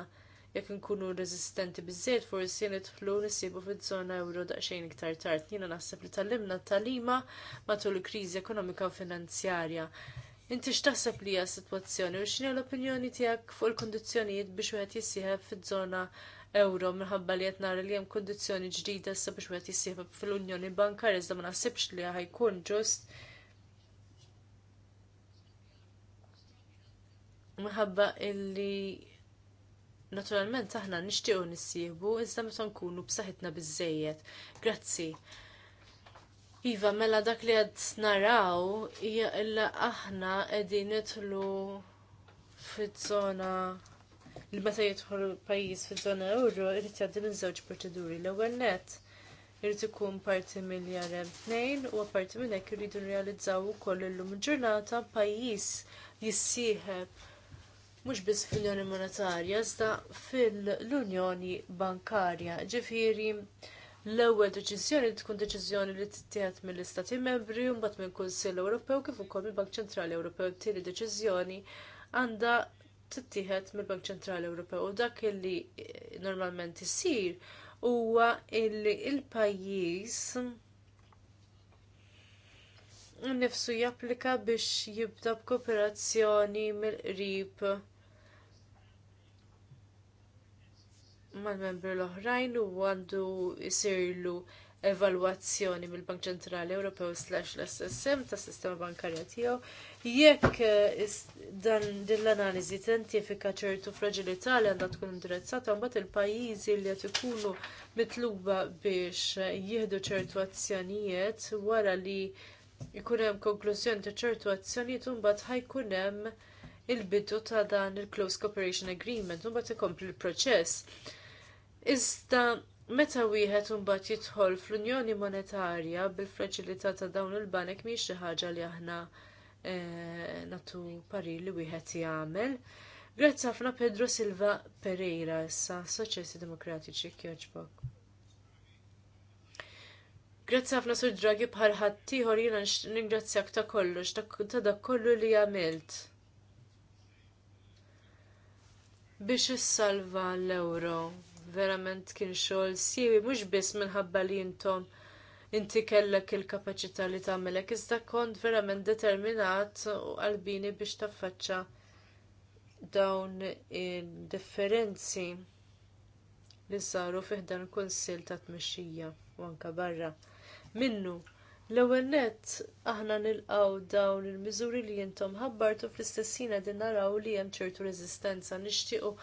jekk nkunu reżistenti biżżejjed forsi nidħlu nisibu fiż-żona euro daqsxejn iktar tard. Jiena naħseb li tallimna talima matul il-kriżi ekonomika u finanzjarja. Inti x'taħseb li hija sitwazzjoni u x'inhi l-opinjoni tiegħek fuq il-kondizzjonijiet biex wieħed jissieħeb fiż-żona euro minħabba li qed nara li hemm kundizzjoni ġdida issa biex wieħed jissieħeb fl-Unjoni Bankarja iżda ma naħsibx li ħajkun ġust Minħabba illi naturalment aħna nixtiequ nissieħbu iżda meta nkunu b'saħħitna biżejjed. Grazzi. Iva, mela dak li għad naraw hija illa aħna qegħdin nidħlu fiż-żona li meta jidħol pajjiż fiż zona euro irid jgħaddi minn żewġ proċeduri. L-ewwel nett irid ikun parti miljarem tnejn u apparti minn hekk iridu nrealizzaw ukoll illum il-ġurnata pajjiż jissieħeb mhux biss fil-Unjoni Monetarja, iżda fil-Unjoni Bankarja. Ġifieri l-ewwel deċiżjoni tkun deċiżjoni li tittieħed mill-Istati Membri u mbagħad mill-Kunsill Ewropew kif ukoll mill-Bank Ċentrali Ewropew tieni deċiżjoni għandha tittieħed mill-Bank Ċentrali Ewropew u dak illi eh, normalment jisir huwa illi il-pajjiż nifsu japplika biex jibda b'kooperazzjoni mill-qrib mal-membri l-oħrajn u għandu jisirlu evalwazzjoni mill-Bank Ċentrali Ewropew slash l-SSM tas sistema bankarja tiegħu. Jekk eh, dan din l-analiżi tentifika ċertu fragilità li għandha tkun indirizzata mbagħad il-pajjiżi li qed ikunu mitluba biex jieħdu ċertu azzjonijiet wara li jkun hemm konklużjoni ta' ċertu azzjonijiet u mbagħad ħajkun hemm il-bidu ta' dan il-Close Cooperation Agreement u mbagħad ikompli l-proċess. Iżda meta wieħed imbagħad jidħol fl-Unjoni Monetarja bil faċilità ta' dawn il-banek mhix xi ħaġa li aħna eh, natu parir li wieħed jagħmel. Grazzi ħafna Pedro Silva Pereira issa Soċjesti Demokratiċi kjoġbok. Grazzi ħafna Sur Draghi bħal ħaddieħor jiena ningrazzjak ta' kollox ta' dak kollu li għamilt. biex issalva l ewro verament kien xogħol siewi mhux biss minħabba li intom inti kellek il-kapaċità li tagħmelek iżda kont verament determinat u qalbini biex taffaċċa dawn il-differenzi li saru fiħdan il-Kunsill ta' tmexxija u anke barra. Minnu, L-ewwel nett aħna nilqgħu dawn il-miżuri li intom ħabbartu fl-istess ħin din naraw li hemm ċertu reżistenza nixtiequ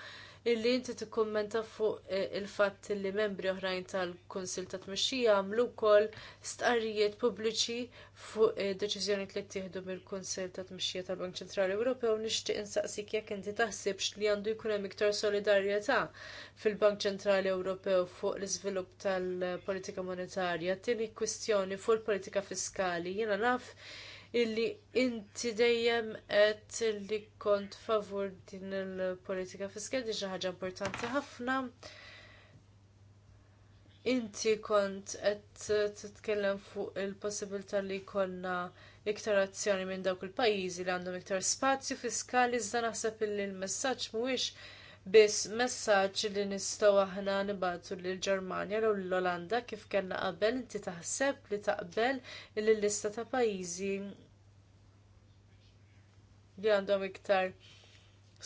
illi inti tikkummenta fuq eh, il-fatt li membri oħrajn tal-Kunsil ta' Tmexxija għamlu wkoll stqarrijiet pubbliċi fuq eh, deċiżjoni li ttieħdu mill-Kunsil ta' Tmexxija tal-Bank Ċentrali Ewropew nixtieq insaqsik jekk inti taħsibx li għandu jkun hemm iktar solidarjetà fil-Bank Ċentrali Ewropew fuq l-iżvilupp tal-politika monetarja. Tieni kwistjoni fuq il-politika fiskali jiena naf illi inti dejjem qed illi kont favur din il-politika fiskali xi ħaġa importanti ħafna. Inti kont qed titkellem fuq il-possibilità li jkollna iktar azzjoni minn dawk il-pajjiżi li għandhom iktar spazju fiskali iżda naħseb illi l-messaġġ mhuwiex biss messaġġ li nistgħu aħna nibgħatu lill ġermanja jew l-Olanda kif kellna qabel inti taħseb li taqbel li lista ta' pajjiżi li għandhom iktar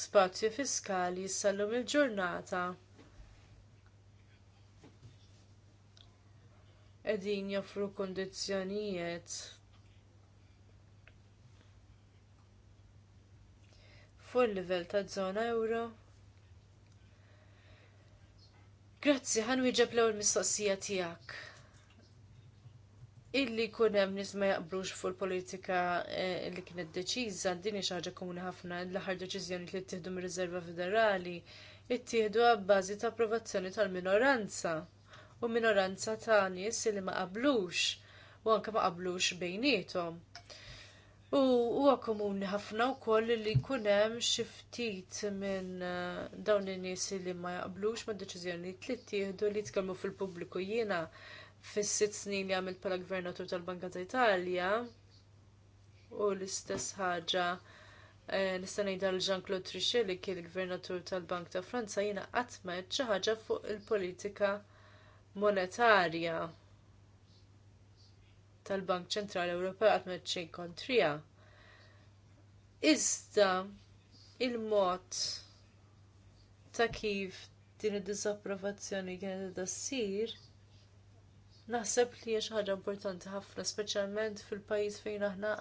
spazju fiskali sallum il-ġurnata. Qegħdin joffru kundizzjonijiet fuq il livell taż żona euro. Grazzi, ħan wieġeb l-ewwel mistoqsija tiegħek. Illi jkun hemm nies ma jaqblux fuq il-politika eh, li kienet deċiża, din hi xi ħaġa komuni ħafna l-aħħar deċiżjoni li ttieħdu mir-Riserva Federali ittieħdu għabbażi ta' approvazzjoni tal-minoranza u minoranza ta' nies li ma qablux u anke ma qablux bejnietom. U huwa komuni ħafna wkoll li jkun hemm xi ftit minn eh, dawn in-nies li ma jaqblux ma' deċiżjonijiet li ttieħdu li jitkellmu fil-pubbliku jiena fis-sitt snin li għamilt bħala Gvernatur tal-Banka ta' Italja u l-istess ħaġa eh, nista' ngħidha l Jean-Claude Trichet li kien Gvernatur tal-Bank ta' Franza jiena qatt ma xi ħaġa fuq il-politika monetarja tal-Bank Ċentrali Ewropew qatt ma xejn kontrija. Iżda il-mod ta' kif din id-disapprovazzjoni kienet da ssir, naħseb li hija xi ħaġa importanti ħafna, speċjalment fil-pajjiż fejn aħna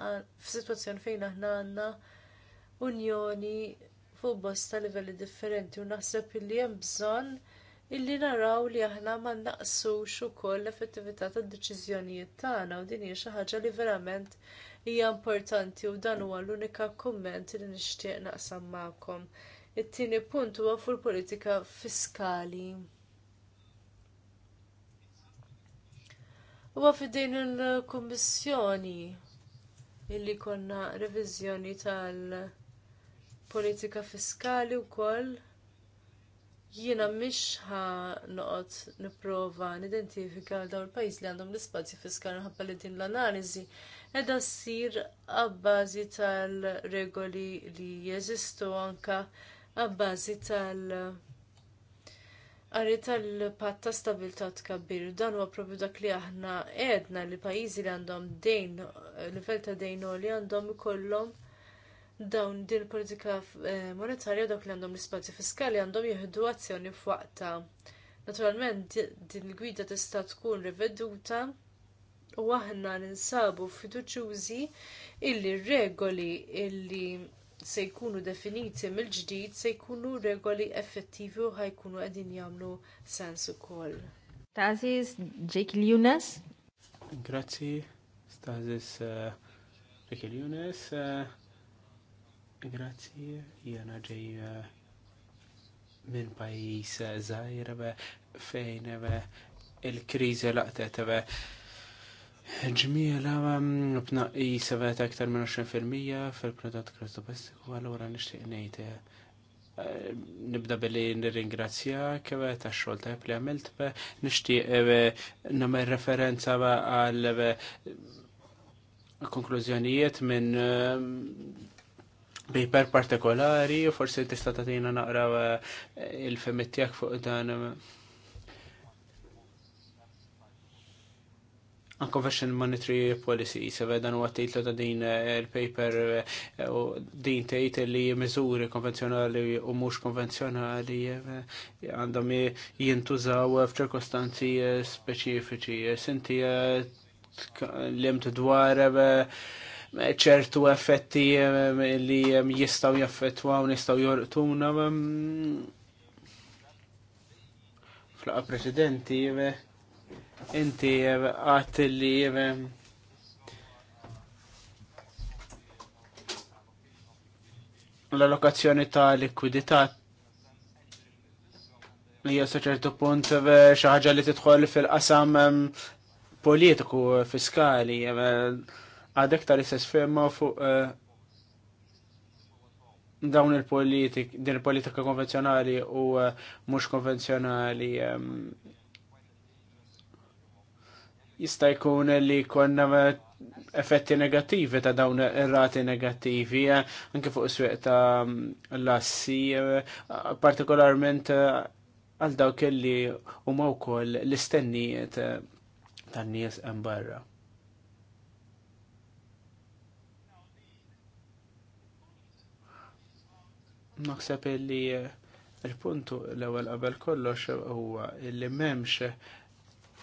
f'sitwazzjoni fejn aħna għandna unjoni fuq bosta livelli differenti u naħseb li hemm bżonn illi naraw li aħna ma naqsux ukoll l-effettività tad-deċiżjonijiet tagħna u din hija xi ħaġa li verament hija importanti u dan huwa l-unika kumment li nixtieq naqsam magħkom. It-tieni punt huwa fuq politika fiskali. Huwa fidejn il-Kummissjoni illi konna reviżjoni tal-politika fiskali wkoll jiena mish ha noqot niprova nidentifika daw il-pajis li għandhom l-ispazju fiskali nħabba li din l-analizi edha ssir għabbażi tal-regoli li jeżistu anka għabbażi tal- Għarri tal-pat ta' stabilta tkabbir, dan huwa propju dak li aħna edna li pajjiżi li għandhom dejn, livell ta' dejn li għandhom ikollhom dawn din politika eh, monetarja dawk li għandhom l-ispazju fiskali għandhom jihdu azzjoni f'waqta. Naturalment din il-gwida tista' tkun riveduta u aħna ninsabu fiduċjużi illi regoli illi se jkunu definiti mill-ġdid se jkunu regoli effettivi u ħajkunu qegħdin jagħmlu sens ukoll. Tazis Jake Lunas. Grazzi, Stazis eh, Jake Lunas. Grazzi, jena ġej minn pajis zaħir fejn il-krizi laqtet ġmiela b'naqis vet aktar minn 20% fil-prodott gross domestiku, allura nixtieq ngħid eh, nibda billi nir-ingrazzja nirringrazzjak ta' xogħol tajb li għamilt nixtieq nagħmel referenza għal konklużjonijiet minn bejper partikolari, u forsi tista' tagħtina naqra eh, il femittijak fuq dan eh, Anko Fashion Monetary Policy, se vedan u għattejtlu ta' din eh, il-paper u din tejt li mizuri konvenzjonali u mux konvenzjonali għandhom jintużaw f'ċirkostanzi speċifiċi. Sinti l-jem dwar ċertu effetti eh, li eh, jistaw jaffettwaw, nistaw jorqtuna. Eh, flaqa preċedenti, inti għat li l-allokazzjoni ta' likwidità li hija ċertu punt xi ħaġa li tidħol fil-qasam politiku fiskali għadek tal-istess ferma fuq eh, dawn il-politik, din il-politika konvenzjonali u eh, mhux konvenzjonali eh, jista' jkun li konna effetti negattivi ta' dawn ir-rati negattivi anke fuq is-swieq ta' lassi, partikolarment għal dawk li huma wkoll l-istennijiet tan-nies hemm barra. Naħseb li eh, il-puntu l-ewwel qabel kollox huwa li m'hemmx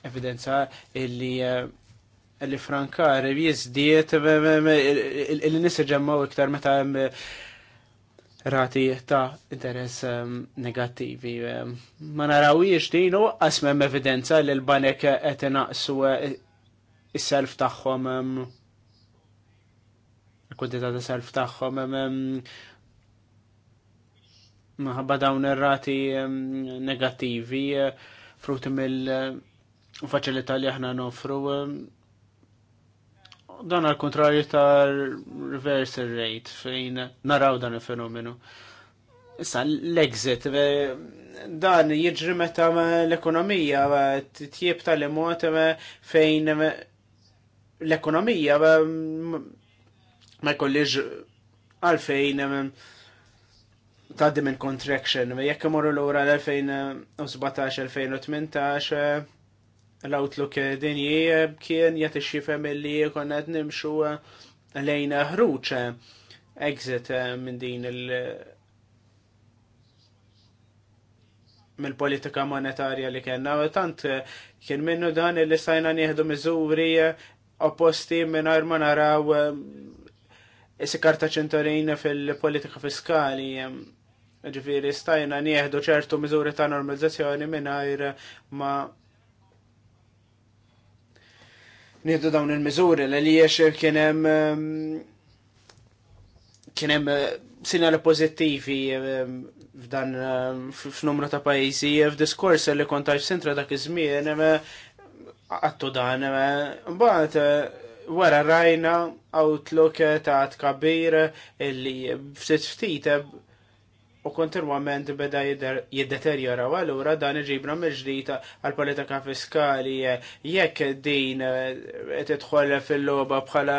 evidenza li eh, li frankar jizdiet li nis ġemmaw iktar meta hemm eh, rati ta' interess negattivi. Ma narawiex din u għasmem evidenza li l-banek qed naqsu is-self tagħhom il-kwantità ta' self tagħhom Maħabba dawn errati negativi negattivi eh, mill-faċilità eh, li aħna nofru dan għal kontrarju ta' reverse rate fejn naraw dan il-fenomenu. Issa l-exit, dan jiġri meta l-ekonomija tjieb tal-imot fejn l-ekonomija ma jkollix għalfejn tgħaddi minn contraction, jekk imorru lura l-2017-2018 l-outlook dinji kien jagħti xi li konna qed nimxu lejn ħruċ exit minn din il- mill-politika monetarja li kena, tant kien minnu dan li sajna nieħdu miżuri opposti minn ma naraw is sikarta ċentorin fil-politika fiskali Ġifiri, stajna nieħdu ċertu miżuri ta' normalizzazzjoni mingħajr ma nieħdu dawn il-miżuri li jiex kien hemm ehm, ehm, sinjali pożittivi ehm, f'dan f'numru ta' pajjiżi f'diskors li kontaġ sintra dak iż-żmien għattu dan mbagħad wara rajna outlook ta' tkabbir illi ftit ftit u kontinwament beda jiddeterjoraw allura dan iġibna mill għal-politika fiskali jekk din eh, tidħol fil-logħba bħala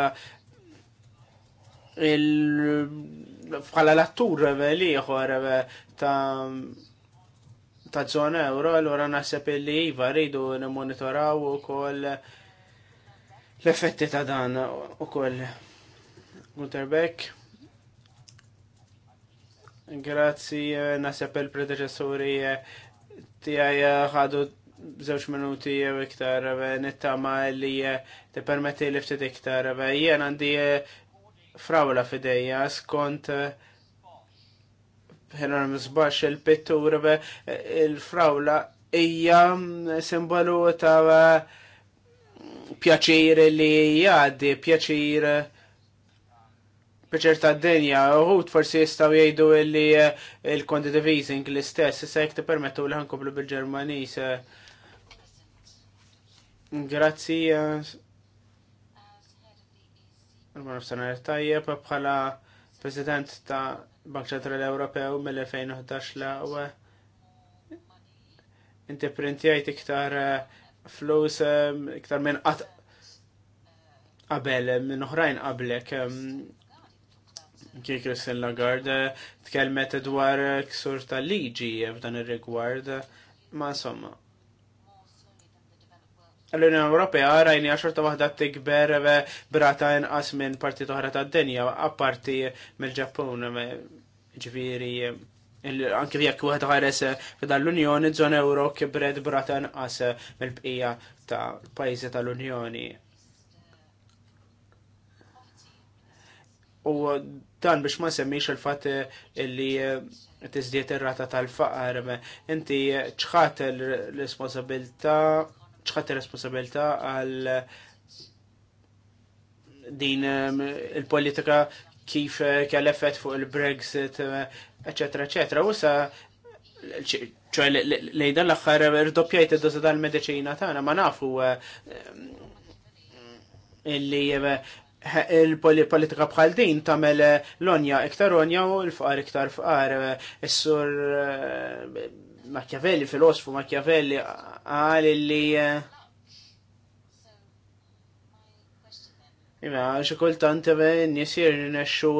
bħala l-attur liħor eh, ta' ta' zona euro, allora naħseb li jiva rridu nimmonitoraw u koll l-effetti ta' dan u koll Gunterbeck. Grazzi, nasib il-predeċessuri eh, tijaj eh, ħadu zewċ minuti eh, iktar, nittama li te permetti li ftit iktar. Jien għandi frawla fideja skont ħenar mizbax il-pittur il-frawla ija mm, simbolu ta' pjaċir li jgħaddi, pjaċir b'ċerta d-denja, uħut forsi jistaw jgħidu li eh, il-quantitative easing l-istess, issa jek permettu li ħankoblu bil-Ġermanis. Eh. Grazzi. Eh. Maruf Sanar Tajjeb, bħala President ta' Bank Ċentrali Ewropew mill-2011 l inti printjajt iktar flus, iktar minn qabel, minn oħrajn qablek. Kik Kristin Lagarde tkellmet dwar ksur ta' liġi f'dan ir-rigward, ma insomma. L-Unjoni Ewropea rajni xorta waħda tikber brata inqas minn parti oħra tad-dinja, apparti mill-Ġappun, ġviri, anke jekk waħda ħares f'dan l-Unjoni, żon euro kibred brata inqas mill-bqija ta' pajjiżi tal-Unjoni. U dan biex ma semmix il-fat li eh, tizdiet ir-rata tal-faqar. Inti ċħat l-responsabilta ċħat il-responsabilta għal din eh, il-politika kif eh, kell effett fuq il-Brexit, eccetera, eccetera. U sa ċoj lejdan l-axħar irdoppjajt id-doza tal-medicina tagħna ma nafu illi il-politika bħal din tamel eh, l-onja iktar onja u l-fqar iktar fqar. Eh, is-sur eh, Machiavelli, filosofu Machiavelli, għal li Ima, xikultant nisir nesċu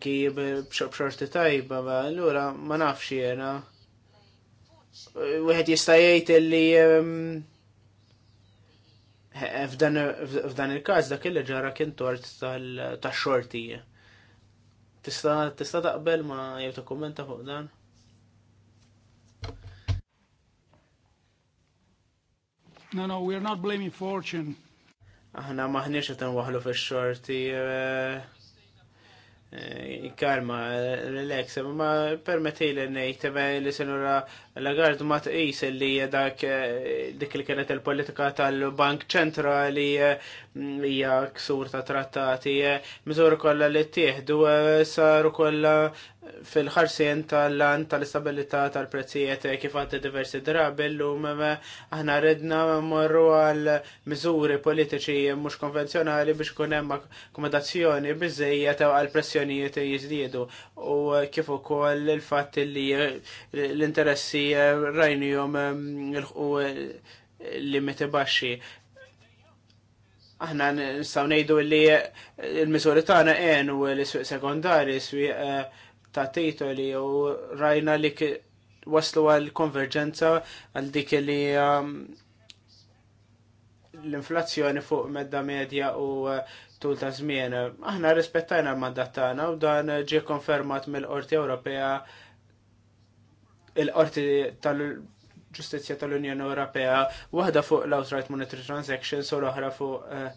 ki bxorti tajba, l-ura ma nafx jena. Wieħed jista' jgħid li F'dan il-każ dak il ġara kien tort tax-xorti. Tista' tista' taqbel ma jew ta' fuq dan? No, no, we are not blaming fortune. Aħna maħniex qed nwaħlu fix-xorti. Eh, Eh, karma, relax, ma permetti li nejt li senura Lagarde ma tqis li dak eh, dik li kienet il-politika tal-Bank ċentrali eh, hija ksur ta' trattati, miżur kollha li ttieħdu saru kollha fil-ħarsien tal-lan tal-istabilità tal-prezzijiet kif għaddi diversi drabi l-lum aħna redna morru għal miżuri politiċi mhux konvenzjonali biex kun hemm akkomodazzjoni ta' għal pressjonijiet jiżdiedu u kif ukoll il-fatt li l-interessi rajnijom mm, u limiti baxxi aħna nistaw nejdu li l miżuri tagħna u l-iswiq sekondari, iswiq eh, ta' titoli u rajna li waslu għal konverġenza għal dik li um, l-inflazzjoni fuq medda medja u uh, tul ta' żmien. Aħna rispettajna l-mandat tagħna u dan ġie konfermat mill-Qorti Ewropea il-Qorti tal-Ġustizzja tal-Unjoni Ewropea, waħda fuq l-outright monetary transactions u l-oħra fuq uh,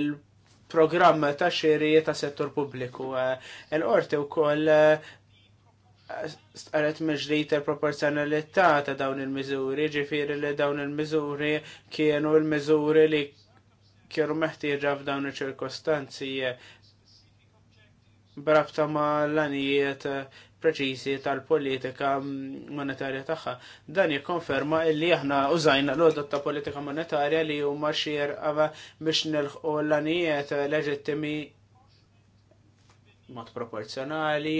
il- programm ta' xiri ta' settur pubbliku. Eh, il-qorti wkoll għalet eh, meġrit il-proporzjonalità ta' dawn il-miżuri, ġifiri li dawn il-miżuri kienu il-miżuri li kienu meħtieġa f'dawn il ċirkostanzi eh, brabta ma l-anijiet preċiżi tal-politika monetarja tagħha. Dan jikkonferma li aħna użajna l-għodot ta' politika monetarja li huma xier għava biex nilħqu l-anijiet leġittimi mod proporzjonali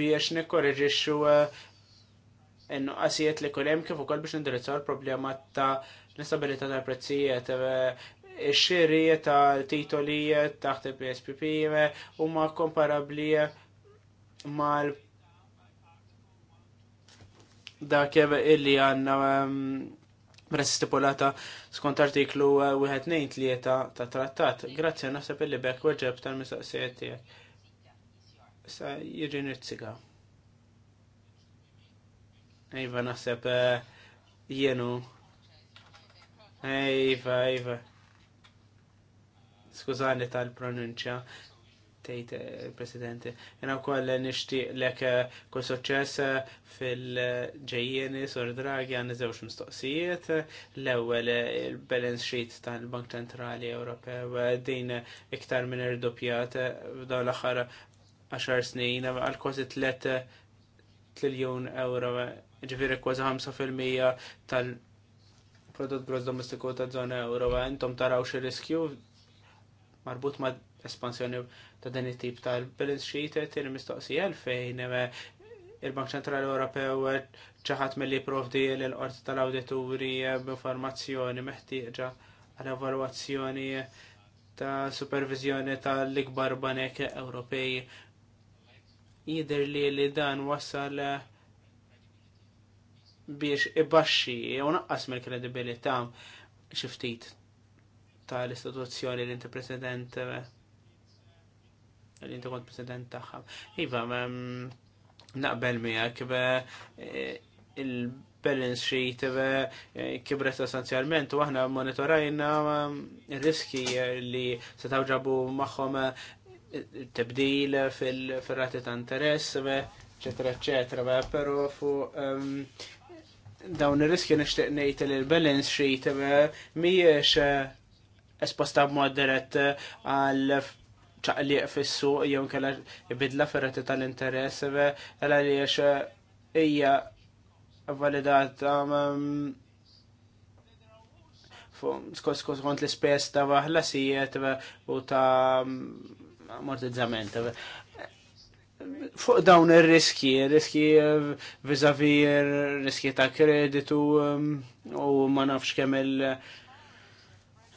biex nikkorreġixxu eh, in-nuqqasijiet li kulem kif ukoll biex nindirizzaw l problema ta' l instabilità tal-prezzijiet eh, ix-xiri tal-titoli eh, taħt il-PSPP huma komparabbli mal dak illi għanna um, mres stipulata skont artiklu 1.2 uh, ta' trattat. Grazzi, naħseb illi bekk weġeb tal-mistaqsijiet tiegħek. Sa jiġi nirtsiga. Ejva, naħseb uh, jenu. Ejva, iva. Skużani tal-pronunċja tejt eh, Presidenti. Jena u wkoll nixtieq lek eh, kull suċċess eh, fil-ġejjeni sur Draghi għandna zewx mistoqsijiet. L-ewwel il-balance sheet tal-Bank Centrali Ewropew din iktar minn irdupjat da l axar 10 snin għal kważi 3 triljon euro, ġifiri kważi 5% tal-prodott gross domestiku ta' zona euro. għentom taraw xe riskju marbut ma' espansjoni ta' dan it-tip tal-balance sheet tieni mistoqsija fejn eh, il-Bank Ċentrali Ewropew eh, ċaħat mill-li provdi l-qorti tal-awdituri eh, b'informazzjoni meħtieġa għal evalwazzjoni ta' supervizjoni tal-ikbar banek Ewropej. Jider li li dan wassal biex ibaxxi u naqqas mill-kredibilità xiftit tal-istituzzjoni l-inti president tal-inti kont president taħħa. Iva, naqbel miegħek eh, il-balance sheet eh, kibret essenzjalment u aħna monitorajna eh, riski li se tawġabu magħhom tibdil fil-rati ta' interess, eccetera, eccetera, pero fu ehm, dawn ir-riski nixtieq ngħid li balance sheet mhijiex espostab b'mod għal ċaqli fis-suq jew kella bidla ferreti tal-interess għal għax eh, ija validata mm, skos skont l-ispess ta' sijiet u ta' mm, mortizzament. Fuq dawn ir-riski, riski eh, viżavi riski ta' kreditu mm, u ma nafx kemm il-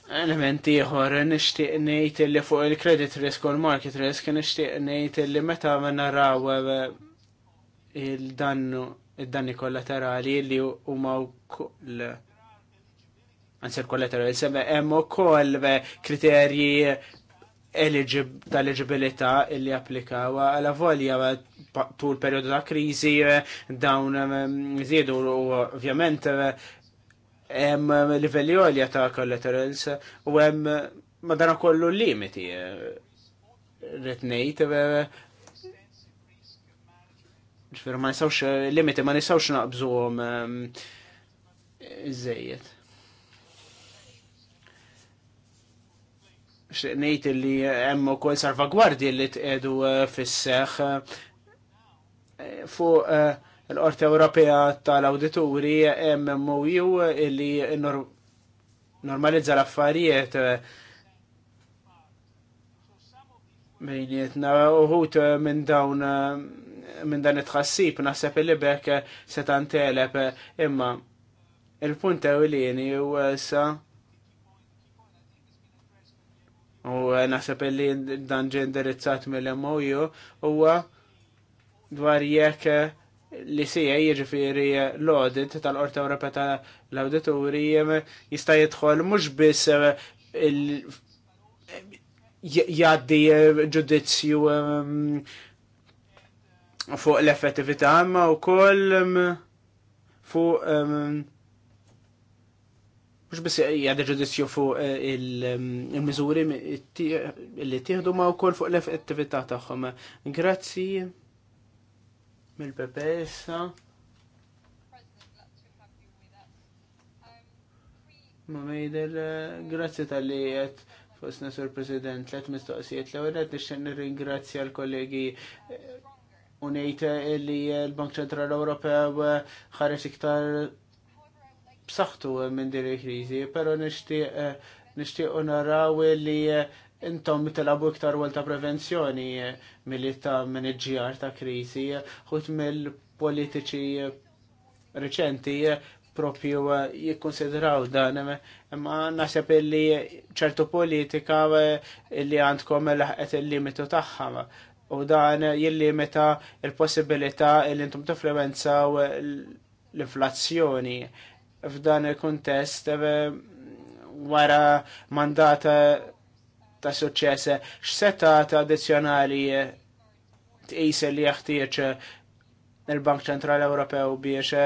elementi ieħor nixtieq ngħid li fuq il-credit risk u l-market risk nixtieq ngħid li meta naraw eh, il-dannu id-danni kollaterali li huma wkoll anzi l-kollaterali sebe hemm ukoll eh, kriterji tal-eligibilità li applikaw għala volja tul periodu ta' kriżi eh, dawn zidu u ovvjament hemm eh, livelli għolja ta' collaterals u hemm eh, madana kollu limiti eh, ritnejt ġifir ma nisawx limiti ma nisawx naqbżu zzejiet nejt li hemm ukoll salvagwardji li tqedu fis-seħħ fuq l-Qorti Ewropea tal-Awdituri MMOU illi normalizza l-affarijiet eh, bejnietna uħut eh, minn dawn eh, minn dan it-tħassib naħseb illi bekk se tantelep imma il-punt ewlieni u sa u naħseb illi dan ġendirizzat mill-MOU huwa dwar jekk li sija jiġifieri l-audit tal-Qorti Ewropea tal auditori jista' jidħol mhux biss jgħaddi ġudizzju fuq l-effettività eh, ma wkoll fuq mhux biss jgħaddi ġudizzju fuq il-miżuri li tieħdu ma wkoll fuq l-effettività tagħhom. Grazzi mill-PPS. Ma mejder, eh, grazzi tal-li għet fosna sur President, let mistoqsijiet l għonet nixen ringrazzja l-kollegi eh, unajt eh, li l-Bank Ċentral Ewropew ħareġ iktar b'saħħtu minn din il-kriżi, però nixtieq naraw li intom telabu iktar għal ta' prevenzjoni eh, mill ta' manager ta' krizi, xut eh, mill-politiċi eh, reċenti propju jikkonsidraw dan, imma nasib li ċertu politika li għandkom laħqet il-limitu tagħha. U dan jillimita il-possibilità li intom tifluenzaw l-inflazzjoni. F'dan il-kontest wara mandata ta' suċċess x'setat addizzjonali tqisel li jaħtieġ il-Bank Ċentrali Ewropew biex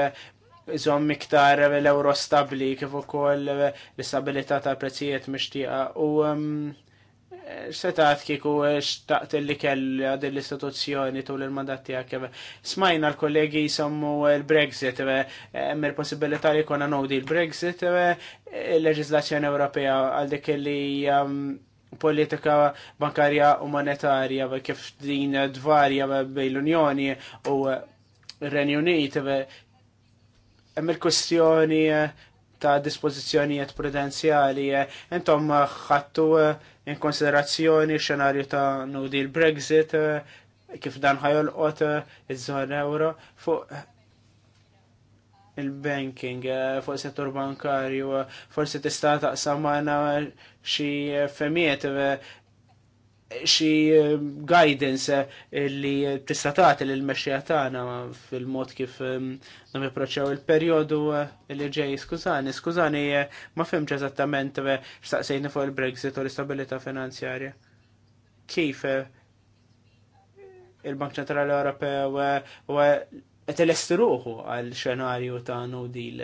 iżomm iktar l-euro stabli kif ukoll l-istabilità tal prezzijiet mixtieqa u um, setat kiku xtaqt li kell għadil l-istituzzjoni tul il-mandat tiegħek. Smajna l-kollegi jisemmu l-Brexit, hemm il-possibilità li jkun no l Brexit, il-leġislazzjoni Ewropea għal dik li um, politika bankarja u monetarja kif din dvarja bejn l-Unjoni u r-Renju Unit hemm il-kwestjoni ta' dispożizzjonijiet prudenzjali intom ħattu in konsiderazzjoni xenarju ta' nudi l Brexit kif dan ħajolqot iż-żona euro fuq il-banking eh, fuq settur bankarju, eh, forsi tista' taqsam maħna xi femiet, eh, xi guidance li tista' tagħti lil mexxija tagħna fil-mod kif nam ipproċċew il-perjodu li ġej. Skużani, skużani ma fimx eżattament x'taqsejni fuq il-Brexit u l-istabilità finanzjarja. Kif il-Bank Ċentrali Ewropew u qed elestruħu għal xenarju ta' no deal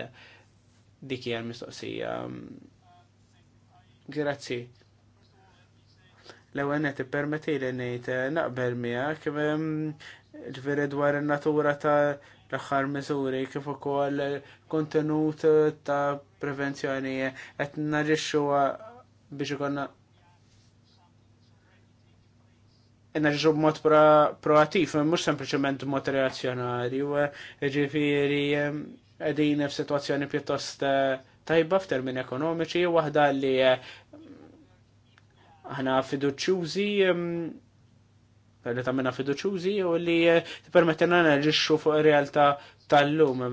dik hija l-mistoqsija. Grazzi. L-ewwel qed ippermetti li ngħid eh, naqbel miegħek ġifieri dwar in-natura ta' l aħħar miżuri kif ukoll kontenut ta' prevenzjoni eh, qed naġixxu biex ikonna naġġu b'mod proattiv, mod reazzjonari, u eh, reazzjonarju, edin eh, qegħdin f'sitwazzjoni pjuttost eh, tajba f'termini ekonomiċi, waħda li aħna fiduċjużi mm, li ta' minna u li t-permettina nerġiċu fuq realtà tal-lum.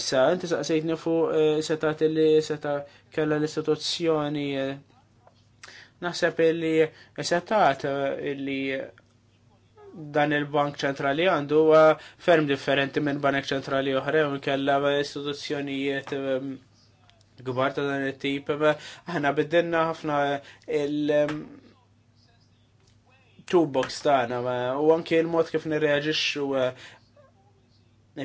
Issa, inti saqsejtni fuq setat li seta kella l-istituzzjoni Naħseb illi esetat eh, illi dan il-Bank ċentrali għandu ferm differenti minn Bank ċentrali oħra u kella istituzzjonijiet gbar eh, ta' dan it-tip. Aħna bidilna ħafna il- eh, toolbox tagħna u anke il-mod kif nirreaġixxu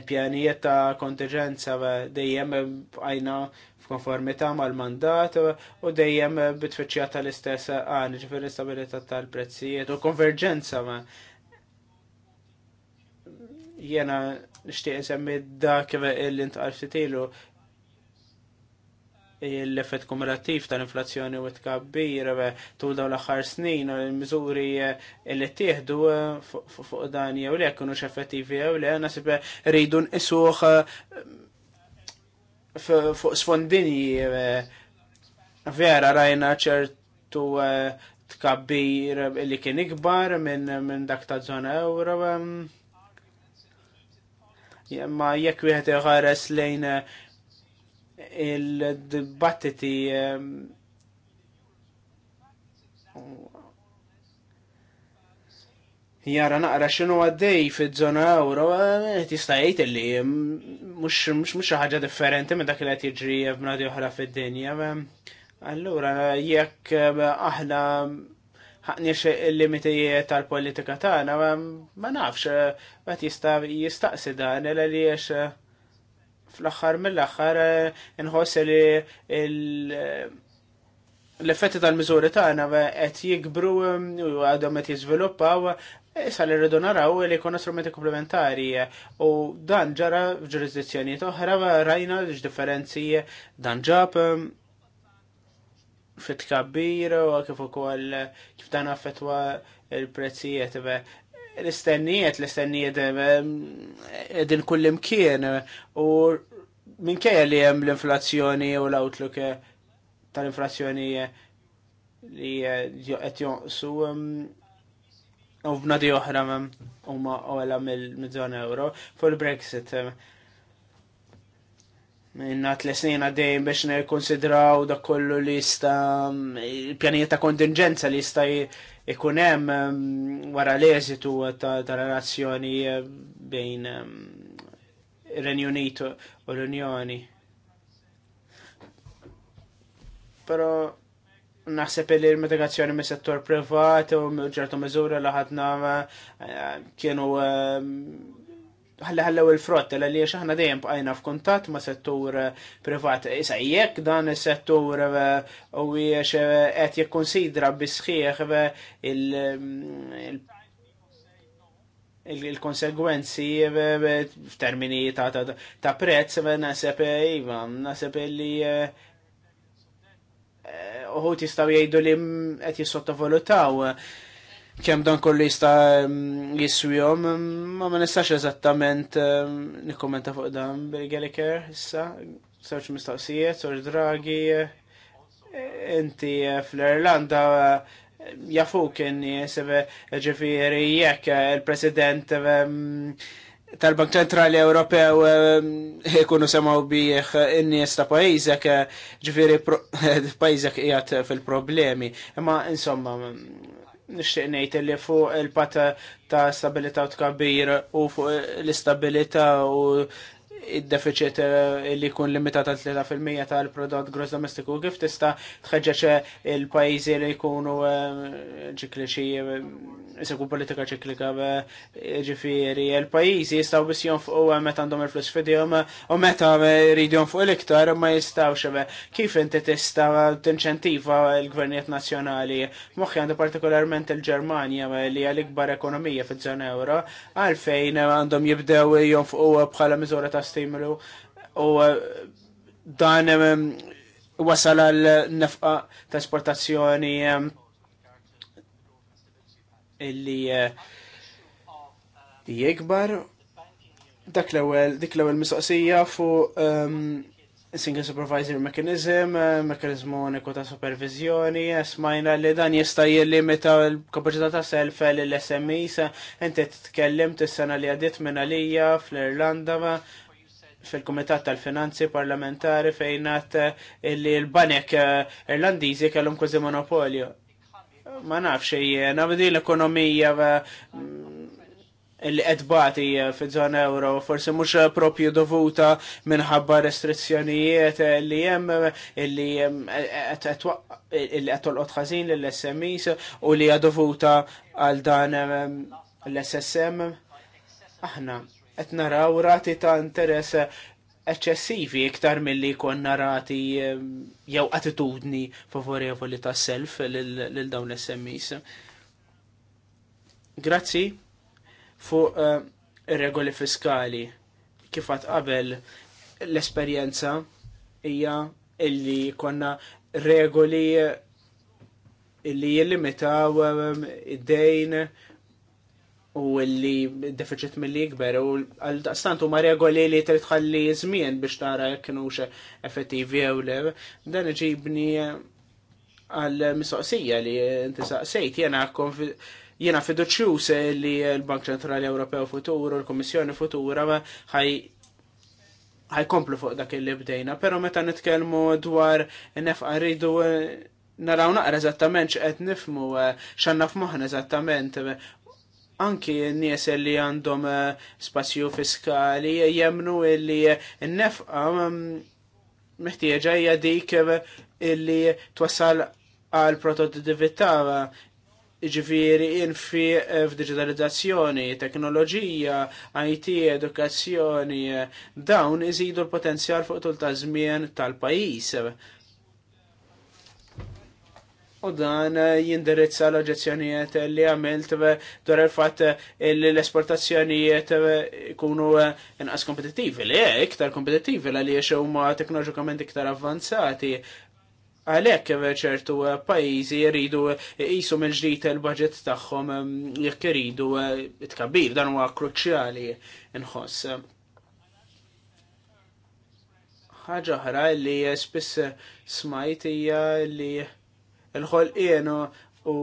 pjanijiet ta' kontingenza dejjem għajna konformità mal-mandat u dejjem bitfittxija tal-istess għan, ġifir istabilità tal-prezzijiet u konverġenza ma. Jena nishtiq nsemmi dak il-intqal fitilu l-effett kumulattiv tal-inflazzjoni u tkabbir tul daw l-axar snin u l-mizuri li tieħdu fuq dan jew li kienu effettivi jew le nasib rridu nqisuh fuq sfondini eh, vera rajna ċertu eh, tkabbir li kien ikbar minn dak ta' zona euro. Ma jekk wieħed iħares lejn eh, il-dibattiti jara naqra xinu għaddej fil-zona euro, eh, tista' jgħid li mm, mhux mhux ħaġa differenti minn dak li qed f'nadi uħra oħra fid-dinja. Allura jekk eh, aħna ħaqniex il-limitijiet tal-politika tagħna, ma nafx qed eh, jista' jistaqsi dan li fl-aħħar mill-aħħar inħoss li l- l-effetti tal-miżuri tagħna qed jikbru um, u għadhom qed jiżviluppaw Issa e li rridu naraw li jkun strumenti komplementari u dan ġara f'ġurisdizzjoni oħra rajna differenzi dan ġab um, fit kabbir u kif ukoll kif dan affettwa l-prezzijiet l-istennijiet l-istennijiet um, din kullimkien u minn li hemm l-inflazzjoni u l-outlook tal-infrazzjoni eh, li eh, qed jonqsu mm, u b'nadi oħra mm, huma ola mill-żona euro fuq il-Brexit. Eh, minna t snin għaddejn biex nikkonsidraw dak kollu li sta mm, il-pjanijiet ta' kontingenza li sta ikun hemm wara l-eżitu ta' relazzjoni bejn ir-Renju Unit u l-Unjoni. Pero naħseb li l-mitigazzjoni mis settur privat u ġertu miżura li ħadna eh, kienu eh, ħallew il-frott l li xaħna dejjem bqajna f'kuntatt ma' settur eh, privat. Issa jekk dan is-settur u qed jikkonsidra bisħieħ il-konsegwenzi f'termini ta' prezz, naħseb iva, naħseb li uħut tistaw jajdu li qed jissottovalutaw eh, kem dan kollu jista' jiswijom, ma ma nistax eżattament eh, nikkommenta fuq dan bil-Gallagher issa, sewġ mistaqsijiet, sewġ dragi, eh, inti fl-Irlanda jafu kien sebe ġifiri jek il-president tal-Bank Ċentrali Ewropew ikunu semaw biħ in-nies ta' pajjiżek, ġifieri pajjiżek qiegħed fil-problemi. Imma insomma, nixtieq ngħid li fuq il-pata ta' stabilità u tkabir u fuq l-istabilità u id-deficit eh, li jkun limitat għal 3% tal-prodott gross domestiku kif tista' tħeġġeġ eh, il-pajjiżi li jkunu eh, ċikliċi isegu politika ċiklika ġifieri il-pajjiżi jistgħu biss jonfqu meta għandhom il-flus fidejhom u meta jridu jonfqu l-iktar ma jistgħux kif inti tista' tinċentiva l-gvernijiet nazzjonali moħħi għandu partikolarment il-Ġermanja li hija l-ikbar ekonomija fiż-żona euro għalfejn għandhom jibdew jonfqu bħala miżura ta' stimulu u uh, dan um, wasal għal nefqa ta' esportazzjoni um, illi uh, jikbar dak l-ewwel dik l-ewwel mistoqsija fuq um, single supervisor mechanism, uh, mekanizmu uniku ta' supervizjoni, smajna li dan jista' jillimita l-kapaċità ta' self l-SMEs, inti t-tkellim t sena li għadiet minn għalija fl-Irlanda fil-Kumitat tal-Finanzi Parlamentari fejn eh, li l-banek eh, irlandiżi kellhom kważi monopolju. Ma nafx jiena bdi l-ekonomija eh, li edbati fi zona euro, forse mux propju dovuta minħabba restrizzjonijiet li jem, li tolqod ħażin l-SMIs u li għadovuta għal dan l-SSM. Aħna, qed naraw rati ta' interess eċċessivi iktar milli kon rati jew attitudni favorevoli ta' self lil dawn SMEs. Grazzi fuq eh, regoli fiskali kif qabel l-esperjenza hija illi konna regoli eh, illi jillimitaw id-dejn u li deficit mill-li jikber u għal-daqstant ma regoli li tritħalli zmin biex tara jekk kienux effettivi u le. Dan iġibni għal-mistoqsija li inti saqsejt jena jena se li l-Bank Ċentrali Ewropew futur u l komissjoni futura ħaj ħajkomplu fuq dak li bdejna, pero meta nitkellmu dwar nefqa rridu eh, naraw naqra eżattament x'qed nifmu eh, x'għandna f'moħħna eżattament anki n-nies li għandhom eh, spazju fiskali jemnu illi n-nefqa mm, meħtieġa hija dik eh, illi twassal għal produttività eh, ġifiri infi f'digitalizzazzjoni, teknoloġija, IT, edukazzjoni, dawn iżidu l-potenzjal fuq tul ta' żmien tal-pajjiż U dan eh, jindirizza l-oġezzjonijiet li għamilt eh, dwar il-fatt eh, li l-esportazzjonijiet kunu inqas kompetittivi li iktar kompetittivi l għaliex huma teknoloġikament iktar avanzati. Għalhekk ċertu pajjiżi jridu jisum mill-ġdid il-budget tagħhom jekk iridu tkabbir dan huwa kruċjali nħoss. Ħaġa ħra li spiss smajt hija li il-ħol ienu u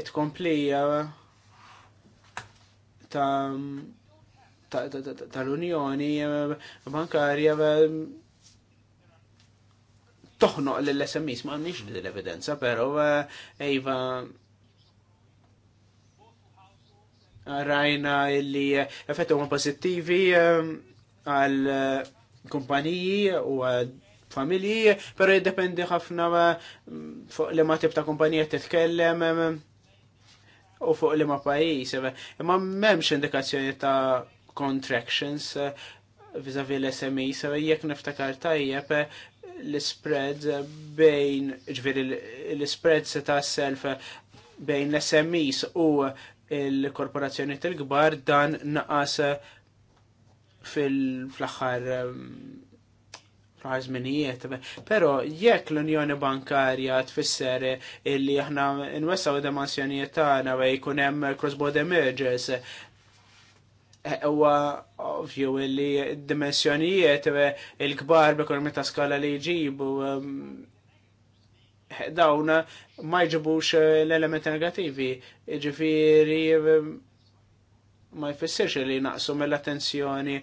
it-komplija tal-Unjoni bankarja toħnoq l-SMIs, ma' nix l-evidenza, pero Eva rajna illi effettu huma pozittivi eh, għal kumpaniji u għal familji, pero jiddependi ħafna mm, fuq li ma tip ta' kumpanija titkellem mm, u fuq li ma pajis. Ma memx indikazzjoni ta' contractions eh, vizavi l-SMI, sewe jek niftakar tajjeb l-spread bejn, ġviri l-spread se ta' self bejn l-SMIs u il-korporazzjoni til gbar dan naqas fil-flaħħar mm, razminijiet. Pero jekk l-Unjoni Bankarja tfisser illi aħna nwessaw dimensjonijiet tagħna u jkun hemm cross-border mergers, e, huwa ovvju illi dimensjonijiet il-kbar b'ekonomi ta' skala li jġibu um, dawn ma jġibux l-elementi negativi. Ġifiri um, ma jfissirx li naqsu mill-attenzjoni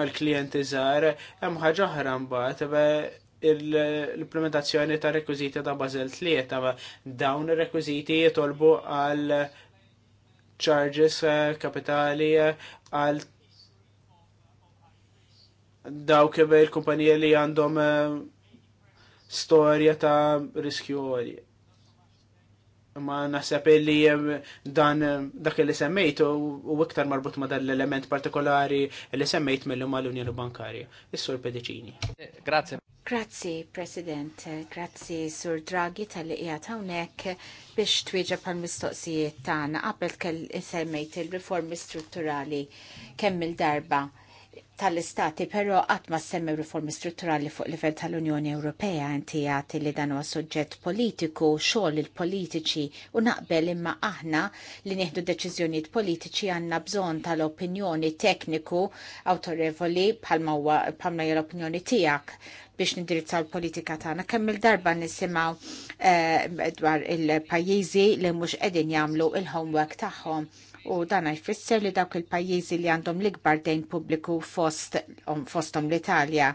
għal-klienti żgħar, hemm ħaġa oħra mbagħad l-implementazzjoni ta' rekwiziti ta' Basel 3 dawn ir-rekwiżiti jitolbu għal charges eh, kapitali eh, għal daw il-kumpanija li għandhom eh, storja ta' riskju għolja ma naħseb li dan dak li semmejt u iktar marbut ma dan l-element partikolari li semmejt mill ma l-Unjoni Bankarja. Is-Sur Pedicini. Grazie. Grazzi, President. Grazzi, Sur Draghi, tal-li hawnhekk biex twieġeb għal mistoqsijiet tagħna qabel kell semmejt il-riformi strutturali kemm il-darba. il darba tal-istati, però qatt ma semmi riformi strutturali fuq livell tal-Unjoni Ewropea inti għati li dan huwa suġġett politiku, xogħol il-politiċi u naqbel imma aħna li nieħdu deċiżjonijiet politiċi għandna bżonn tal-opinjoni tekniku awtorevoli bħalma huwa bħalma hija l-opinjoni tiegħek biex nindirizzaw l-politika tagħna. Kemm il-darba nisimgħu eh, dwar il-pajjiżi li mhux qegħdin jagħmlu il-homework tagħhom u dan jfisser li dawk il-pajjiżi li għandhom l-ikbar dejn pubbliku fost um, fostom l-Italja.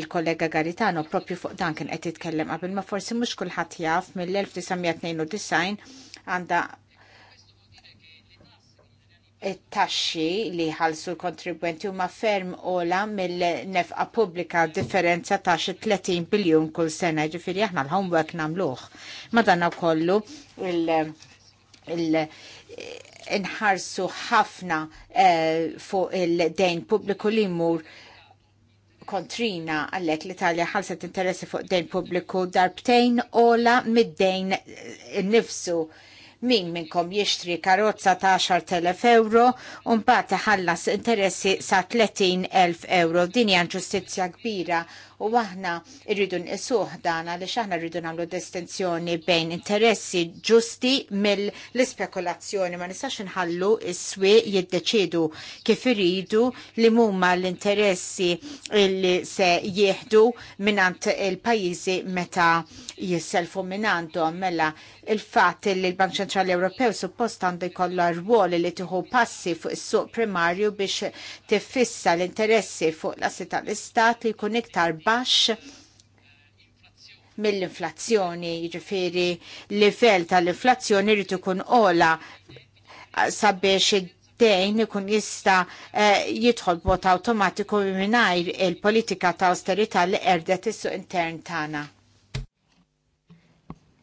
Il-kollega Garitano propju fuq dan kien qed jitkellem qabel ma forsi mhux kulħadd jaf mill-1992 għandha it-taxxi li ħalsu l-kontribwenti huma ferm ola mill-nefqa pubblika differenza ta' xi 30 biljun kull sena, jiġifieri aħna l-homework nagħmluh. Madana kollu il- inħarsu ħafna eh, fuq il-dejn pubbliku li mur kontrina għallek l-Italja ħalset interessi fuq dejn pubbliku darbtejn ola mid-dejn eh, nifsu min minnkom jixtri karozza ta' 10.000 euro un bat ħallas interessi sa' 30.000 euro. Din hija ġustizzja kbira u aħna rridu nqisuh dan għaliex aħna rridu nagħmlu distinzjoni bejn interessi ġusti mill-ispekulazzjoni ma nistax inħallu s-swieq jiddeċidu kif iridu li huma l-interessi li se jieħdu minant il-pajjiżi meta jisselfu minn għandhom mela il-fatt li l-Bank Ċentrali Ewropew suppost għandu jkollha rwol li tieħu passi fuq is-suq primarju biex tiffissa l-interessi fuq l-assi tal-istat li jkun iktar baxx mill-inflazzjoni, jiġifieri level tal-inflazzjoni rrid ikun ola sabiex id-dejn ikun jista eh, jidħol bot awtomatiku mingħajr il-politika ta' austerità li erdet is-suq intern tagħna.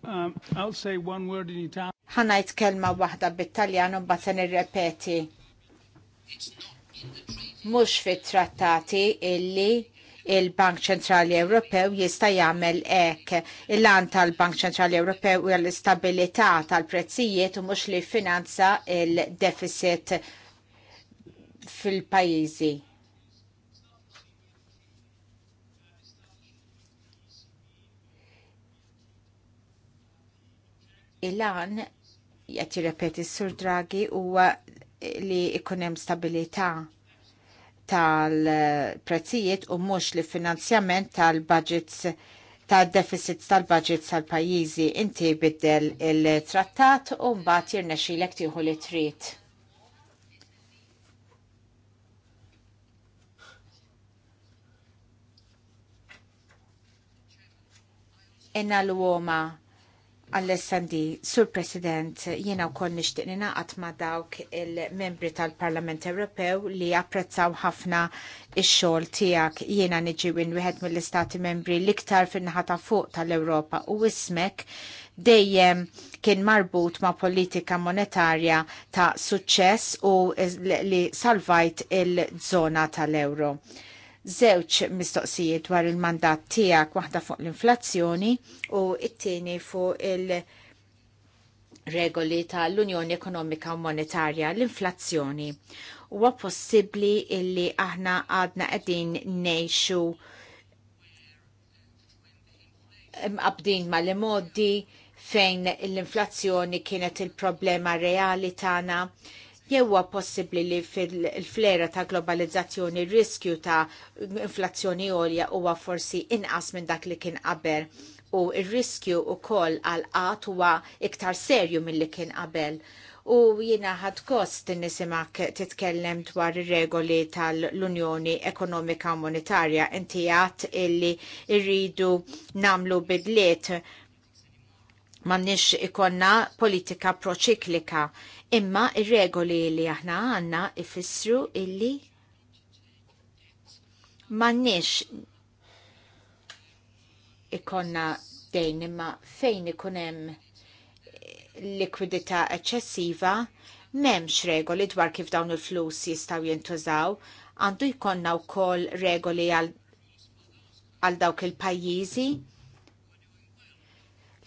Um, I'll say one word in Italian. Ħanajt kelma waħda bit-Taljan u mbagħad se nirrepeti. Mhux fit-trattati illi il-Bank Ċentrali Ewropew jista' jagħmel hekk. Il-lan tal-Bank Ċentrali Ewropew u l-istabilità tal-prezzijiet u mhux li finanza il-deficit fil-pajjiżi. il-lan jgħat jirrepeti s-sur Draghi u li ikunem stabilita' tal-prezzijiet u mhux li finanzjament tal-budgets tal-deficits tal-budgets tal-pajjiżi inti biddel il-trattat u mbagħad jirnexxilek tieħu li trid. Inna l-woma Alessandi, Sur President, jiena u koll nishtiqni naqat ma dawk il-membri tal-Parlament Ewropew li apprezzaw ħafna ix-xogħol tiegħek jiena niġi wieħed mill-istati membri l-iktar fin-naħa ta' fuq tal-Ewropa u ismek dejjem kien marbut ma' politika monetarja ta' suċċess u li salvajt il-żona tal-euro żewġ mistoqsijiet dwar il-mandat tiegħek waħda fuq l-inflazzjoni u it tieni fuq il-regoli tal-Unjoni Ekonomika u Monetarja l-inflazzjoni. Huwa possibbli illi aħna għadna qegħdin ngħixu mqabdin mal-modi fejn l-inflazzjoni kienet il-problema reali tagħna jewa possibbli li fil-flera ta' globalizzazzjoni riskju ta' inflazzjoni għolja huwa forsi inqas minn dak li kien qabel u r-riskju wkoll għal għat huwa iktar serju milli kien qabel u jina ħad kost nisimak titkellem dwar regoli tal-Unjoni Ekonomika Monetarja inti għat illi irridu namlu bidliet nix ikonna politika proċiklika Imma ir-regoli li aħna għanna ifissru illi m'għandniex ikonna dejn imma fejn ikun hemm likwidità eċċessiva m'hemmx regoli dwar kif dawn il-flus jistgħu jintużaw, għandu jkollna wkoll regoli għal għal dawk il-pajjiżi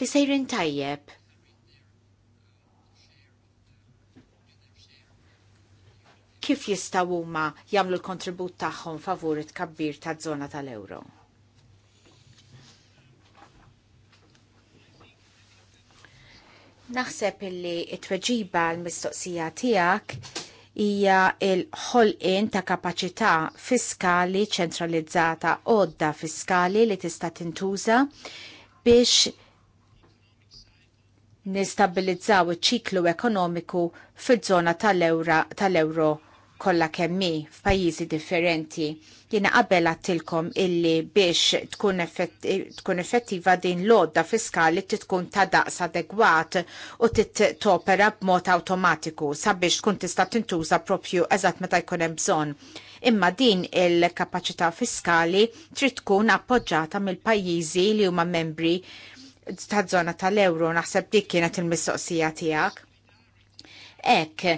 li sejrin tajjeb kif jistgħu huma jagħmlu l-kontribut tagħhom favur it-kabbir taż-żona tal ewro Naħseb illi it-tweġiba l-mistoqsija tiegħek hija l-ħolqien ta' kapaċità fiskali ċentralizzata għodda fiskali li tista' tintuża biex nistabilizzaw iċ-ċiklu ekonomiku fil-żona tal-euro tal kollha kemmi f'pajjiżi differenti. Jiena qabel għattilkom illi biex tkun, effetti, tkun effettiva din l-odda fiskali tkun ta' daqs adegwat u topera b'mod awtomatiku sabiex tkun tista' tintuża propju eżatt meta jkun hemm bżonn. Imma din il-kapaċità fiskali trid tkun appoġġata mill-pajjiżi li huma membri ta' zona tal-euro naħseb dik kienet il-mistoqsija tiegħek. Ek,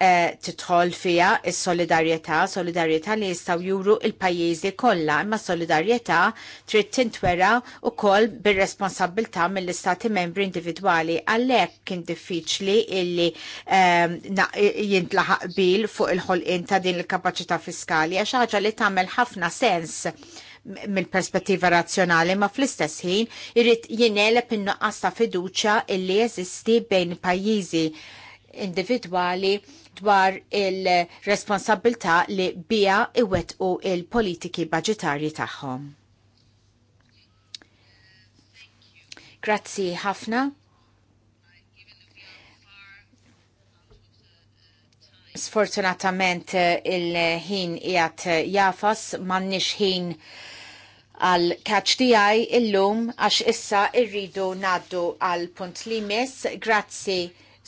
Eh, titħol fija il solidarjetà solidarjetà li jistgħu juru il-pajjiżi kollha, imma solidarjetà trid tintwera wkoll bir responsabilta mill-istati membri individwali. Għalhekk kien diffiċli illi ehm, jintlaħaq bil fuq il-ħolqien ta' din il-kapaċità fiskali għax ħaġa li tagħmel ħafna sens mill-perspettiva razzjonali ma fl-istess ħin irrid jinelep in-nuqqas ta' fiduċja illi jeżisti bejn pajjiżi individwali dwar il-responsabilta li bija u il-politiki budgetarji tagħhom. Grazzi ħafna. Sfortunatament eh, il-ħin jgħat jafas mannix ħin għal kaċ tijaj illum għax issa irridu naddu għal punt limis. Grazzi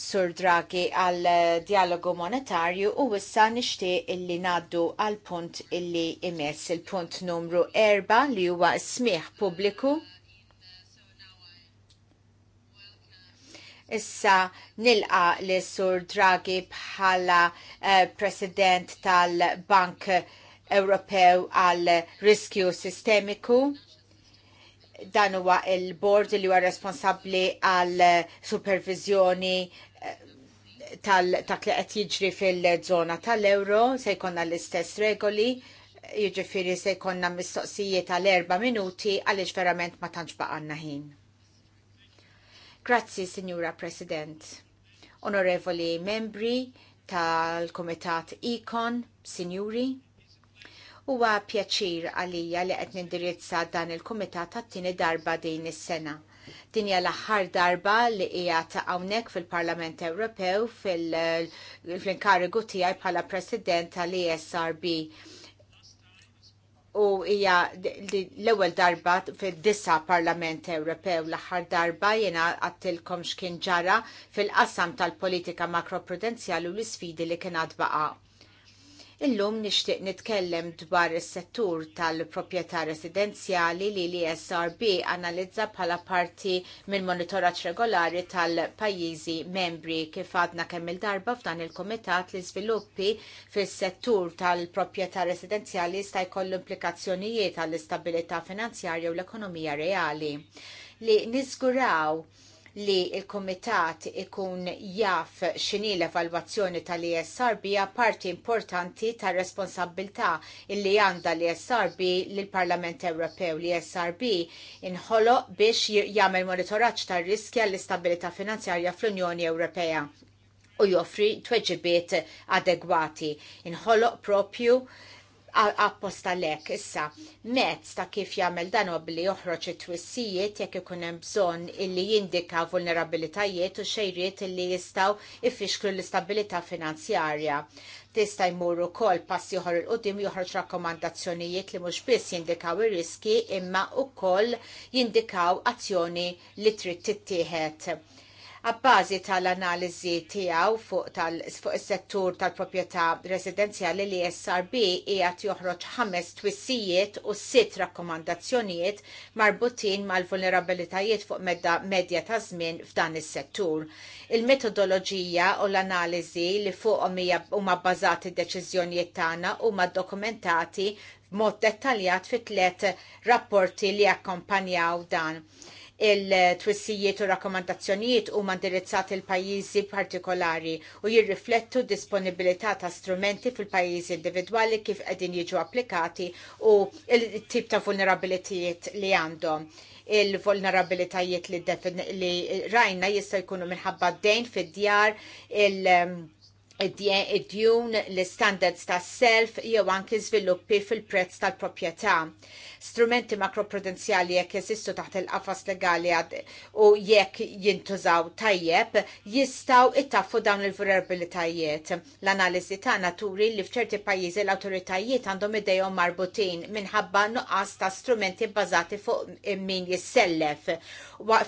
Sur Draghi għal dialogu monetarju u issa nixtieq illi naddu għal punt illi imess il-punt numru 4 li huwa smieħ pubbliku. Issa nilqa li Sur Draghi bħala eh, President tal-Bank Ewropew għal Riskju Sistemiku dan huwa il-board li huwa responsabbli għal supervizjoni eh, tal dak li qed jiġri fil-żona tal-euro se jkollna l-istess regoli jiġifieri se jkollna mistoqsijiet għal erba' minuti għaliex verament ma tantx baqgħanna ħin. Grazzi, Signora President. Onorevoli membri tal kumitat Ikon, sinjuri. Huwa pjaċir għalija li qed nindirizza dan il-kumitat tat-tieni darba din is-sena. Din hija l-aħħar darba li hija ta' hawnhekk fil-Parlament Ewropew fil-inkarigu tiegħi bħala President tal-ESRB. U hija l-ewwel darba fid-disa Parlament Ewropew l-aħħar darba jiena għattilkom x'kien ġara fil-qasam tal-politika makroprudenzjali u l-isfidi li kien għadbaqa' Illum nixtieq nitkellem dwar is-settur tal-proprjetà residenzjali li l isrb analizza bħala parti minn monitoraġġ regolari tal-pajjiżi membri kif għadna kemm il-darba f'dan il-Kumitat li żviluppi fis-settur tal-proprjetà residenzjali jista' jkollu implikazzjonijiet għall-istabilità finanzjarja u l-ekonomija reali li niżguraw li il-Komitat ikun jaf xini l-evalwazzjoni tal-ISRB hija parti importanti tar responsabilità illi għandha l-ISRB e lill-Parlament Ewropew. L-ISRB e inħoloq biex jagħmel monitoraġġ tar-riskja l-istabilità finanzjarja fl-Unjoni Ewropea u joffri tweġibiet adegwati. Inħoloq propju apposta lek issa mezz ta' kif jagħmel dan u billi joħroġ it-twissijiet jekk ikun hemm bżonn illi jindika vulnerabilitajiet u xejriet illi jistgħu ifixklu l-istabilità finanzjarja. Tista' jmur ukoll pass ieħor il qudiem joħroġ rakkomandazzjonijiet li mhux biss jindikaw ir-riski imma wkoll jindikaw azzjoni li trid tittieħed Abbażi tal-analiżi tiegħu fuq tal fuq is-settur tal-proprjetà residenzjali li SRB qiegħed joħroġ ħames twissijiet u sitt rakkomandazzjonijiet marbutin mal-vulnerabilitajiet fuq medda medja ta' żmien f'dan is-settur. Il-metodoloġija u l-analiżi li fuqhom huma bbażati d-deċiżjonijiet tagħna huma dokumentati b'mod dettaljat fit tliet rapporti li akkompanjaw dan il-twissijiet u rakkomandazzjonijiet u mandirizzat il-pajjiżi partikolari u jirriflettu disponibilità ta' strumenti fil-pajjiżi individwali kif qegħdin jiġu applikati u il-tip ta' vulnerabilitiet li għandhom il-vulnerabilitajiet li, li rajna jista' jkunu minħabba d-dejn fid-djar id-djun, l-standards tas self jew anki żviluppi fil-prezz tal-proprjetà strumenti makroprudenzjali jekk jesistu taħt il-qafas legali u jekk jintużaw tajjeb jistaw ittaffu dawn il-vulnerabilitajiet. L-analiżi tagħna turi li f'ċerti pajjiżi l-awtoritajiet għandhom idejhom marbutin minħabba nuqqas ta' strumenti bbażati fuq min jissellef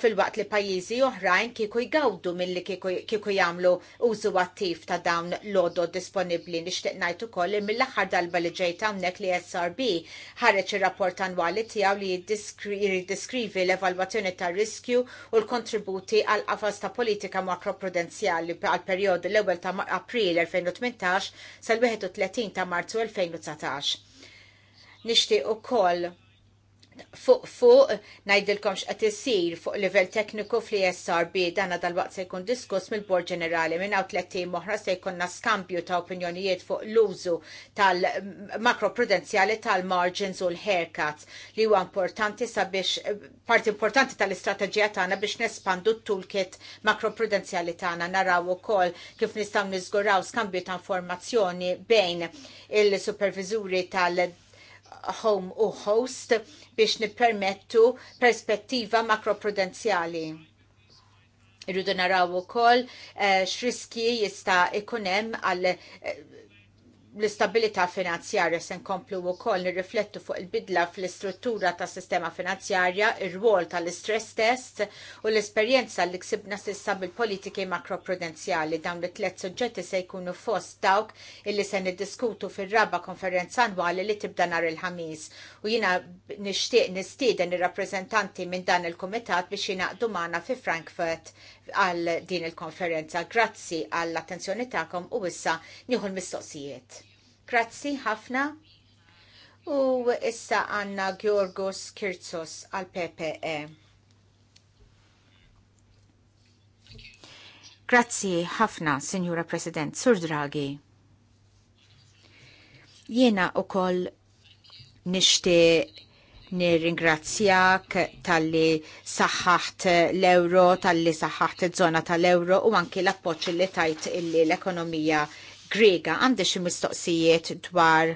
il waqt li pajjiżi oħrajn kieku jgawdu mill-li kieku jagħmlu użu attiv ta' dawn l-odo disponibli nixtieq ngħid ukoll mill-aħħar darba li ġejt hawnhekk li SRB ħareġ ir-rapport annwali tiegħu li jiddiskrivi l-evalwazzjoni tar-riskju u l-kontributi għal qafas ta' politika makroprudenzjali għal perjodu l-ewwel ta' April 2018 sal-31 ta' Marzu 2019. Nixtieq ukoll fuq fuq najdilkom x'qed isir fuq livell tekniku fl-ISRB dana dal-waqt se jkun diskuss mill-Bord Ġenerali minn hawn t-lettim oħra se jkun skambju ta' opinjonijiet fuq l-użu tal-makroprudenzjali tal-margins u l-haircuts li huwa importanti sabiex parti importanti tal-istrateġija tagħna biex nespandu t-toolkit makroprudenzjali tagħna naraw ukoll kif nistgħu niżguraw skambju ta' informazzjoni bejn il supervizuri tal- home u host biex nippermettu perspettiva makroprudenzjali. Irridu naraw ukoll eh, x'riski jista' ikunem hemm għal eh, l-istabilità finanzjarja se nkomplu wkoll nirriflettu fuq il-bidla fl-istruttura tas sistema finanzjarja, ir-rwol tal-istress test u l-esperjenza li ksibna s'issa bil-politiki makroprudenzjali dawn li tliet suġġetti se jkunu fost dawk illi se niddiskutu fir-raba konferenza annwali li tibda nhar il-ħamis. U jiena nixtieq nistieden ir-rappreżentanti minn dan il-kumitat biex jingħaqdu magħna fi Frankfurt għal din il-konferenza. Grazzi għall-attenzjoni tagħkom u issa nieħu l-mistoqsijiet. Grazzi ħafna. U issa għanna Georgos Kirtsos għal PPE. Grazzi ħafna, Signora President, Sur Draghi. Jiena u koll nishti nirringrazzjak tal-li saħħaħt l-euro, tal-li saħħaħt iż-żona tal-euro u anki l-appoċ li tajt illi l-ekonomija grega għandi xi mistoqsijiet dwar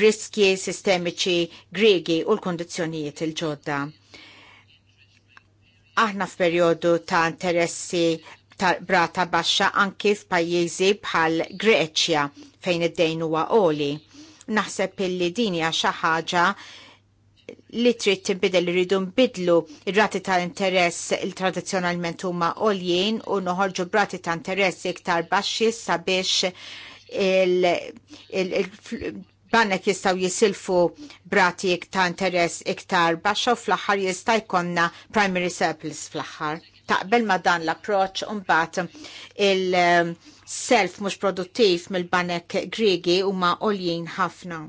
riski sistemiċi gregi u l-kondizjonijiet il-ġodda. Aħna f'perjodu ta' interessi ta' brata baxxa anki f'pajjiżi bħal Greċja fejn id-dejn huwa oli naħseb illi din hija xi ħaġa li trid tinbidel li rridu nbidlu ir-rati ta' interess il tradizzjonalment huma għoljien u noħorġu brati ta' interess iktar baxxi sabiex il bannek jistaw jisilfu brati ta' interess iktar baxxa u fl-axar jista' jkonna primary surplus fl-axar. Taqbel ma dan l-approċ unbat il-self um, mux produttiv mill-banek gregi u ma' oljien ħafna.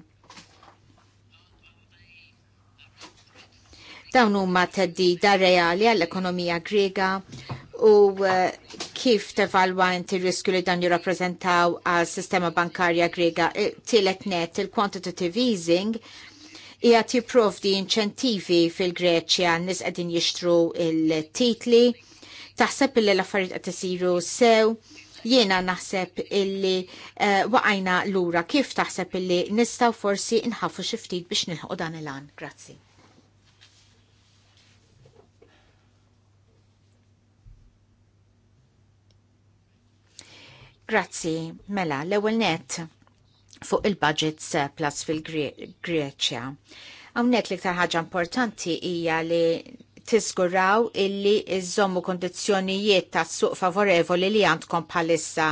Dawn huma teddida reali għall-ekonomija Griega u uh, kif tevalwa inti riskju li dan jirrappreżentaw għal sistema bankarja grega e, tielet net il-quantitative easing hija tipprovdi inċentivi fil-Greċja nis qegħdin jixtru il-titli taħseb illi l-affarijiet qed isiru sew jiena naħseb illi uh, waqajna lura kif taħseb illi nistgħu forsi nħafu xi ftit biex nilħu dan il-għan. Grazzi. Grazzi, mela, l ewwel net fuq il-budget surplus fil-Greċja. Hawnhekk l-iktar ħaġa importanti hija li tiżguraw illi iżommu kondizjonijiet ta' suq favorevoli li għandkom bħalissa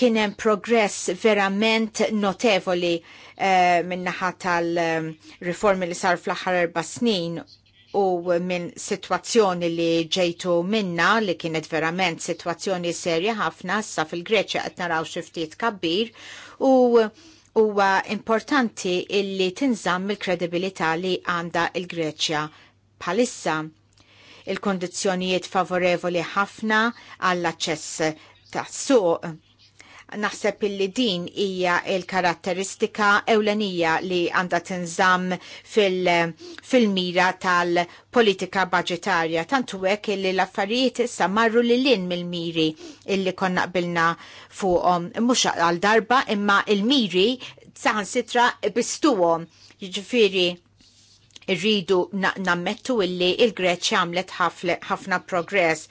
Kien hemm progress verament notevoli eh, min-naħa tal-riformi eh, li sar fl aħħar erba' snin u minn situazzjoni li ġejtu minna li kienet verament situazzjoni serja ħafna sa fil-Greċja qed naraw xi ftit kabbir u huwa importanti illi tinżamm il-kredibilità li għandha il-Greċja bħalissa. Il-kondizzjonijiet favorevoli ħafna għall-aċċess tas-suq naħseb illi din hija il-karatteristika ewlenija li għandha tinżamm fil-mira fil tal-politika budgetarja. Tantu hekk illi l-affarijiet issa marru li lin mill-miri illi konna qbilna fuqhom mhux għal darba imma il-miri saħansitra bistuhom. Jiġifieri rridu nammettu illi il-Greċja għamlet ħafna progress.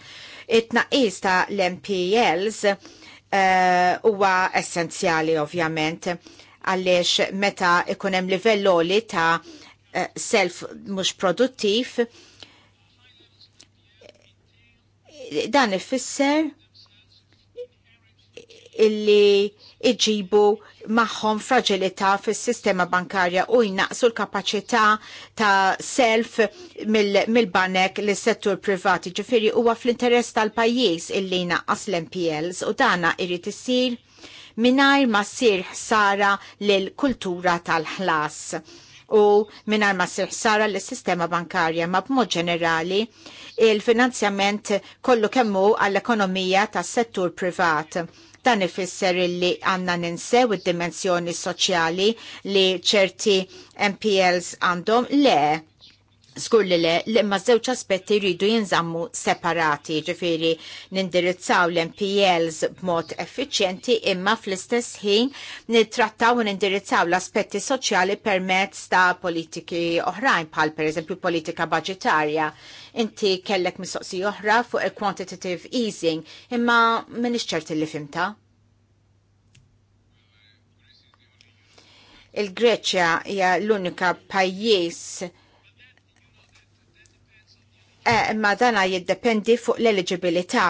It-naqis ta' l-MPLs Eh, huwa uh, essenzjali ovvjament għaliex meta ikun hemm livelloli ta' eh, self mhux produttiv dan ifisser illi iġibu maħħom fragilità fis sistema bankarja u jnaqsu l-kapacità ta' self mill-banek mil settur privati ġifiri huwa fl-interess tal-pajjiż illi naqqas l-MPLs u dana irrid isir minar ma sir ħsara l-kultura tal-ħlas u minar ma sir ħsara l-sistema bankarja ma b'mod ġenerali il-finanzjament kollu kemmu għall-ekonomija tas settur privat Dan ifisser illi għanna ninsew id-dimensjoni soċjali li ċerti MPLs għandhom le Skur li le, imma żewġ aspetti jridu jinżammu separati, ġifiri nindirizzaw l-MPLs b'mod effiċjenti imma fl-istess ħin nittrattaw u nindirizzaw l-aspetti soċjali permezz ta' politiki oħrajn, bħal per eżempju politika budgetarja. Inti kellek mistoqsi oħra fuq il-quantitative easing, imma minn ċerti li fimta? Il-Greċja hija l-unika pajjiż Eh, imma dana jiddependi fuq l-eligibilità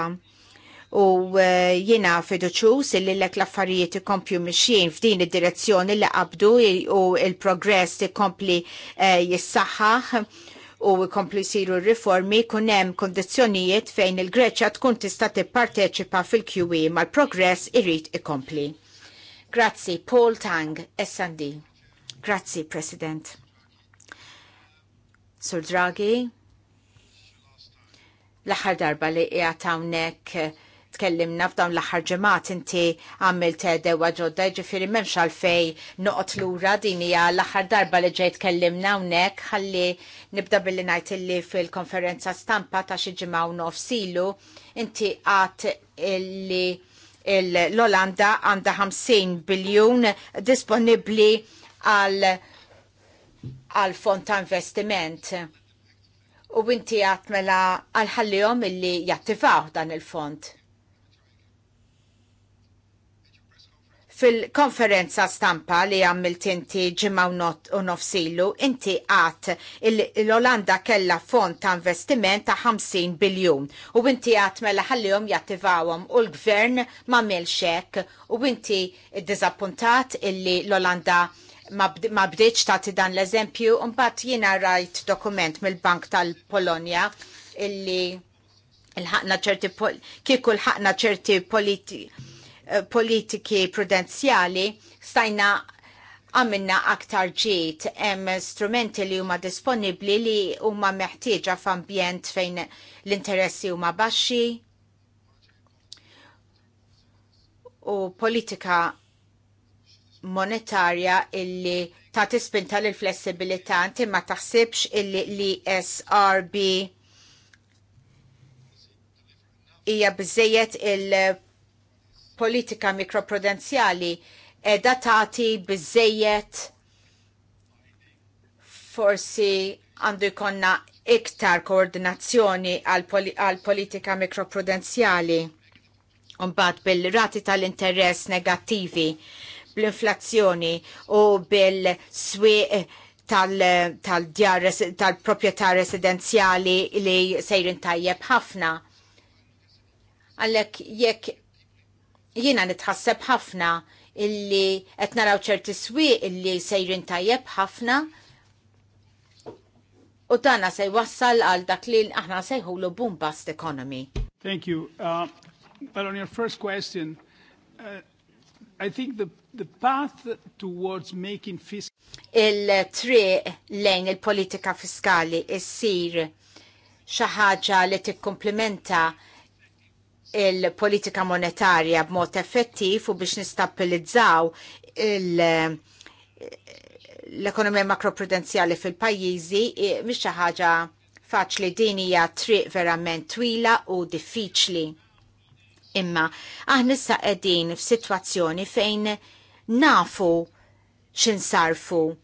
u eh, jiena fiduċus illi l l-affarijiet ikompju mixjien f'din id-direzzjoni li qabdu u il-progress ikompli eh, jissaħħaħ u jkomplu jsiru riformi kun hemm kondizzjonijiet fejn il-Greċja tkun tista' tipparteċipa fil-QE mal-progress irid ikompli. Grazzi, Paul Tang, S&D. Grazzi, President. Sur Draghi, l-aħħar darba li qiegħed hawnhekk eh, tkellimna f'dawn l-aħħar ġemat inti għamilt dewa ġodda ġifieri m'hemmx għalfej noqgħod lura din hija l-aħħar darba li ġej tkellimna hawnhekk ħalli nibda billi ngħid illi fil-konferenza stampa ta' xi ġimgħa u nofsilu inti qatt illi l-Olanda għandha 50 biljun disponibbli għal għal fond ta' investiment u inti mela għalħallijom illi jattivaw dan il-font. Fil-konferenza stampa li għammilt inti ġimma u nofsilu, inti għat l-Olanda kella fond ta' investiment ta' 50 biljun u inti għat mela ħallihom jattivawom u l-gvern ma' milxek u inti id-dizappuntat illi l-Olanda ma bdiċ tagħti dan l-eżempju, mbagħad jiena rajt dokument mill-Bank tal-Polonja illi il-ħakna ċerti kieku l-ħakna ċerti politiki prudenzjali stajna għamilna aktar ġiet hemm strumenti li huma disponibbli li huma meħtieġa f'ambjent fejn l-interessi huma baxxi u politika monetarja illi ta' tispinta l flessibilità inti ma taħsibx illi li SRB hija bżejjed il-politika mikroprudenzjali edha tagħti bżejjed forsi għandu jkonna iktar koordinazzjoni għal politika mikroprudenzjali un bil-rati tal-interess negattivi bl-inflazzjoni u bil-swieq tal-djar tal djar tal residenziali proprjetà residenzjali li sejrin tajjeb ħafna. Għallek jekk jiena nitħasseb ħafna illi qed naraw ċerti swieq illi sejrin tajjeb ħafna u dana se jwassal għal dak li aħna sejħu l bust economy. Thank you. Uh, but on your first question, uh, I think the The path towards making fiscal il-triq lejn il-politika fiskali issir xi ħaġa li tikkomplimenta il-politika monetarja b'mod effettiv u biex nistabilizzaw l-ekonomija makroprudenzjali fil-pajjiżi mhix xi ħaġa faċli din hija triq verament twila u diffiċli. Imma aħna issa qegħdin f'sitwazzjoni fejn nafu xinsarfu.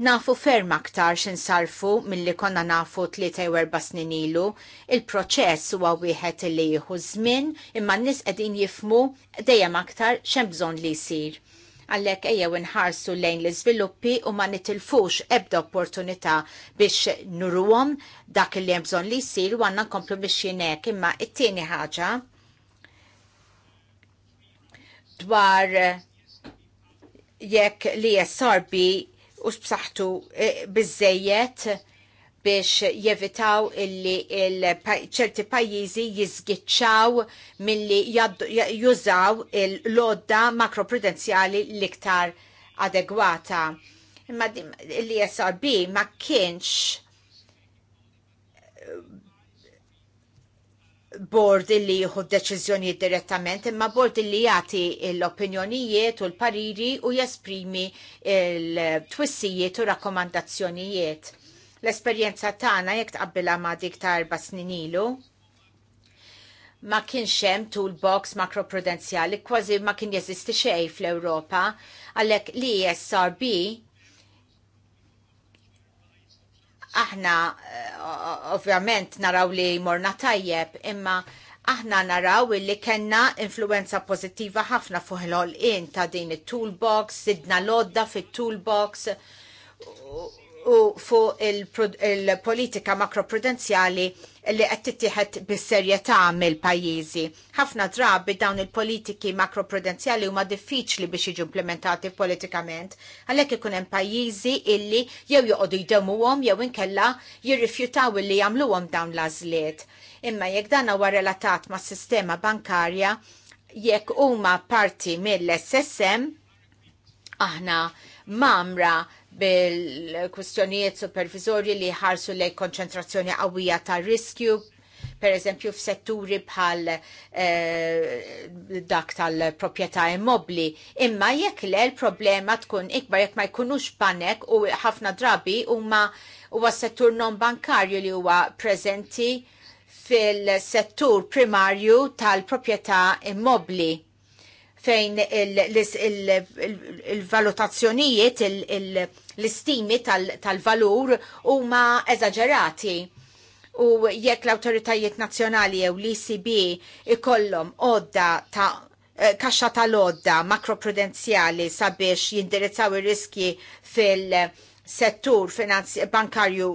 Nafu ferm aktar xinsarfu mill-li konna nafu 43 snin ilu, il-proċess huwa wieħed li jieħu żmien imma n-nies qegħdin jifmu dejjem aktar x'hemm bżonn li jsir. Għallek ejjew nħarsu lejn l-iżviluppi u ma nitilfux ebda opportunità biex nuruhom dak li hemm bżonn li jsir u għandna nkomplu biex jinek imma it-tieni ħaġa dwar jekk li jessarbi u sbsaħtu e, bizzejiet biex jevitaw illi ċerti pajjiżi jizgiċċaw milli jużaw il-lodda makroprudenzjali l-iktar adegwata. Imma li SRB ma kienx bord illi jieħu deċiżjoni direttament, imma bord illi jagħti l-opinjonijiet u l-pariri u jesprimi l-twissijiet u rakkomandazzjonijiet. L-esperjenza tagħna jekk tqabbilha ma' dik ta' erba' snin ilu, ma kienx hemm toolbox makroprudenzjali kważi ma kien jeżisti xejn fl-Ewropa, għalhekk l isrb Aħna eh, ovvjament naraw li morna tajjeb imma aħna naraw li kenna influenza pozittiva ħafna fuq il-ħolqien ta' din it-toolbox, sidna lodda fit-toolbox u fuq il-politika makroprudenzjali li qed tittieħed bis-serjetà mill-pajjiżi. Ħafna drabi dawn il-politiki makroprudenzjali huma diffiċli biex jiġu implementati politikament, għalhekk ikun hemm pajjiżi illi jew joqogħdu jdemuhom jew inkella jirrifjutaw illi jagħmluhom dawn l-għażliet. Imma jekk dan huwa relatat mas sistema bankarja, jekk huma parti mill-SSM, aħna mamra bil-kwistjonijiet supervizorji li ħarsu lejn konċentrazzjoni qawwija ta' riskju, per eżempju f'setturi bħal eh, dak tal-proprjetà immobli. Imma jekk le l-problema tkun ikbar jekk ma jkunux panek u ħafna drabi huma u settur non bankarju li huwa preżenti fil-settur primarju tal-proprjetà immobli fejn il-valutazzjonijiet, l-istimi tal-valur huma eżaġerati. U jekk l-autoritajiet nazzjonali jew l-ECB ikollhom odda ta' eh, kaxxa tal-odda makroprudenzjali sabiex jindirizzaw ir-riski fil- settur bankarju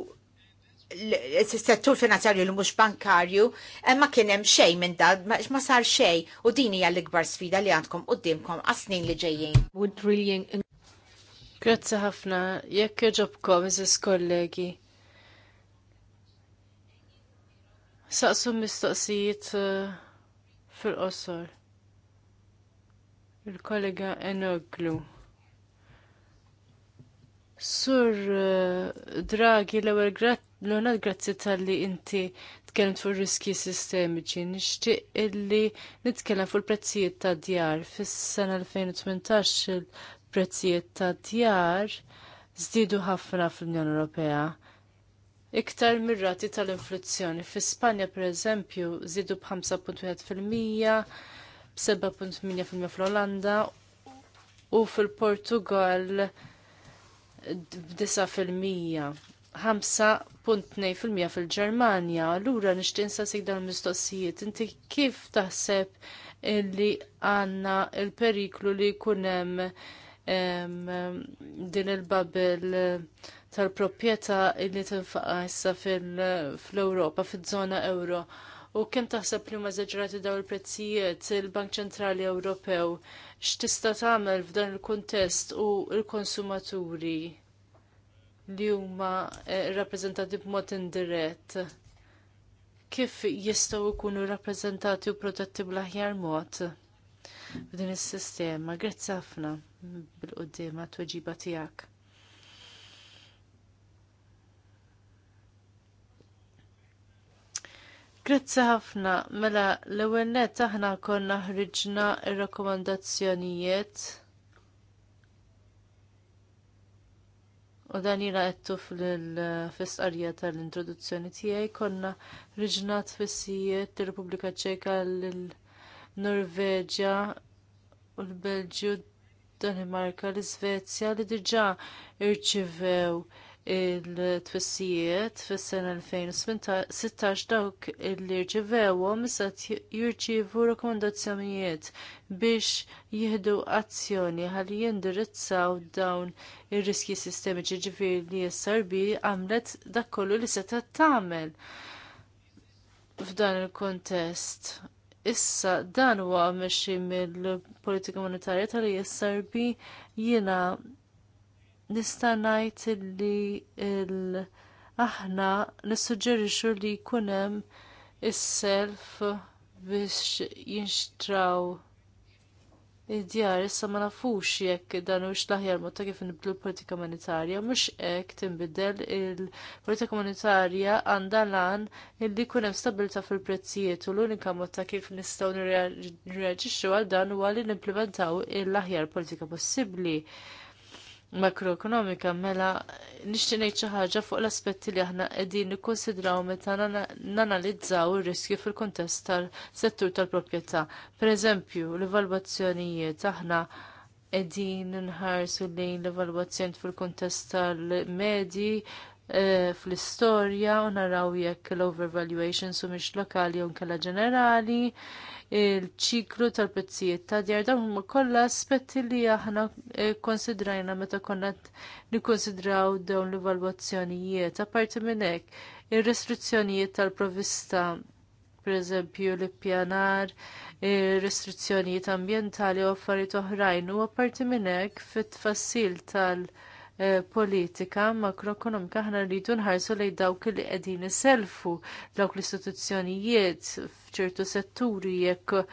settur finanzjarju li mhux bankarju, eh, ma kien hemm xejn minn dan, ma sar xejn u din hija l-ikbar sfida li għandkom qudiemkom għas-snin li ġejjin. Grazzi ħafna, jekk jogħġobkom iżis kollegi. Saqsu mistoqsijiet eh, fil-qosor. Il-kollega Enoglu. Sur eh, Draghi l-ewwel grazzi Leonard, grazzi tal-li inti tkellem fuq riski sistemiċi. Nixtieq illi nitkellem fuq il-prezzijiet ta' djar. Fis-sena 2018 il-prezzijiet ta' djar żdiedu ħafna fl-Unjoni Ewropea. Iktar mirrati tal-inflazzjoni. fis Spanja, pereżempju, żdiedu b'5.1%, b'7.8% fl-Olanda u fil-Portugal b'9%. 5.2% fil-Ġermanja. Lura sa sigda l mistoqsijiet inti kif taħseb li għandna il-periklu li jkun hemm din il-babel tal-proprjetà li tinfaqa issa fl-Ewropa, fiż-żona euro. U kemm taħseb li huma eżaġerati daw il-prezzijiet il-Bank Ċentrali Ewropew x'tista' tagħmel f'dan il-kuntest u l-konsumaturi? li huma eh, rappreżentati b'mod indirett kif jistgħu jkunu rrappreżentati u protetti bl-aħjar mod f'din is-sistema. Grazzi ħafna bil-qudiem għat-tweġiba tiegħek. Grazzi ħafna, mela l-ewwel aħna konna ħriġna r rakkomandazzjonijiet U dan jina għettu fil-fisqarja tal-introduzzjoni tijaj konna riġnat fissijiet il-Republika ċeka l-Norveġja u l-Belġju Danimarka l-Svezja li diġa irċivew il-twissijiet fis-sena 2016 dawk li rċivewhom se jirċievu rakkomandazzjonijiet biex jieħdu azzjoni ħalli jindirizzaw dawn ir-riskji sistemiċi ġifieri li SRB għamlet dak kollu li seta' tagħmel f'dan il-kontest. Issa dan huwa mexxi mill-politika monetarja tal isrb jiena nista' ngħid li aħna nissuġġerixxu li jkun hemm is-self biex jinxtraw id-djar issa ma nafux jekk dan hux l-aħjar mod ta' kif nibdlu l-politika monetarja mhux hekk tinbidel il-politika monetarja għandha lan illi jkun hemm stabilità fil-prezzijiet u l-unika mod ta' kif nistgħu nirreaġixxu għal dan huwa li nimplementaw l-aħjar politika possibbli makroekonomika mela nixtieq ngħid xi ħaġa fuq l-aspetti li aħna qegħdin nikkonsidraw meta nanalizzaw ir-riskju fil-kuntest tal-settur tal-proprjetà. Pereżempju, l-evalwazzjonijiet aħna qegħdin nħarsu lejn l-evalwazzjoni fil-kuntest tal-medji Eh, fl-istorja u naraw jekk l-overvaluation miex lokali u nkella ġenerali, il-ċiklu tal-prezzijiet ta' djar dawn huma kollha aspetti li aħna eh, konsidrajna meta konna nikkonsidraw dawn l-evalwazzjonijiet. Apparti minn hekk, ir-restrizzjonijiet tal-provista pereżempju l-ippjanar, restrizzjonijiet ambjentali u affarijiet oħrajn u apparti minn hekk fit-tfassil tal- Eh, politika makroekonomika ħna rridu nħarsu lejn dawk li qegħdin iselfu dawk l-istituzzjonijiet f'ċertu setturi jekk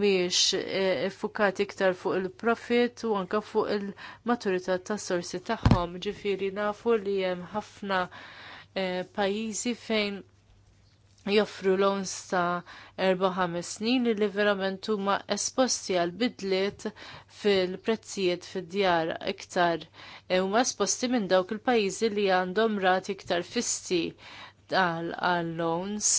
miex iffukati eh, iktar fuq il-profit u anke fuq il-maturità tas-sorsi tagħhom. Ġifieri nafu li hemm ħafna eh, pajjiżi fejn joffru loans ta' 4-5 snin li verament huma esposti għal bidliet fil-prezzijiet fid-djar iktar e huma esposti minn dawk il-pajjiżi li għandhom rati iktar fisti għal loans.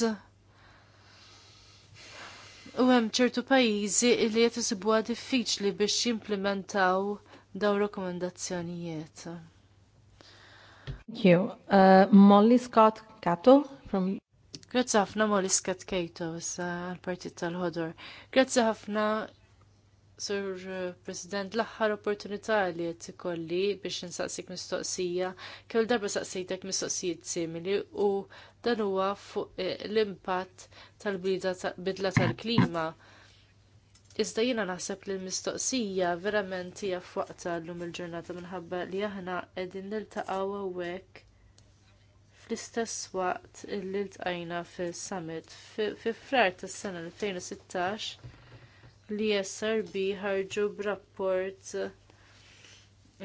U hemm ċertu pajjiżi li qed isibuha diffiċli biex jimplementaw dawn rekomendazzjonijiet. Thank you. Uh, Molly Scott Cattle from Grazzi ħafna Moliska Cato issa għal-Partit tal-Ħodor. Grazzi ħafna Sur President, l-aħħar opportunità li qed ikolli biex nsaqsik mistoqsija, kell darba saqsejtek mistoqsijiet simili u dan huwa fuq eh, l-impatt tal-bidla tal-klima. Iżda jiena naħseb li l-mistoqsija verament hija f'waqta llum il-ġurnata minħabba li aħna qegħdin niltaqgħu hawnhekk fl-istess waqt li tqajna fil-summit. Fi frar tas sena 2016 li SRB ħarġu b'rapport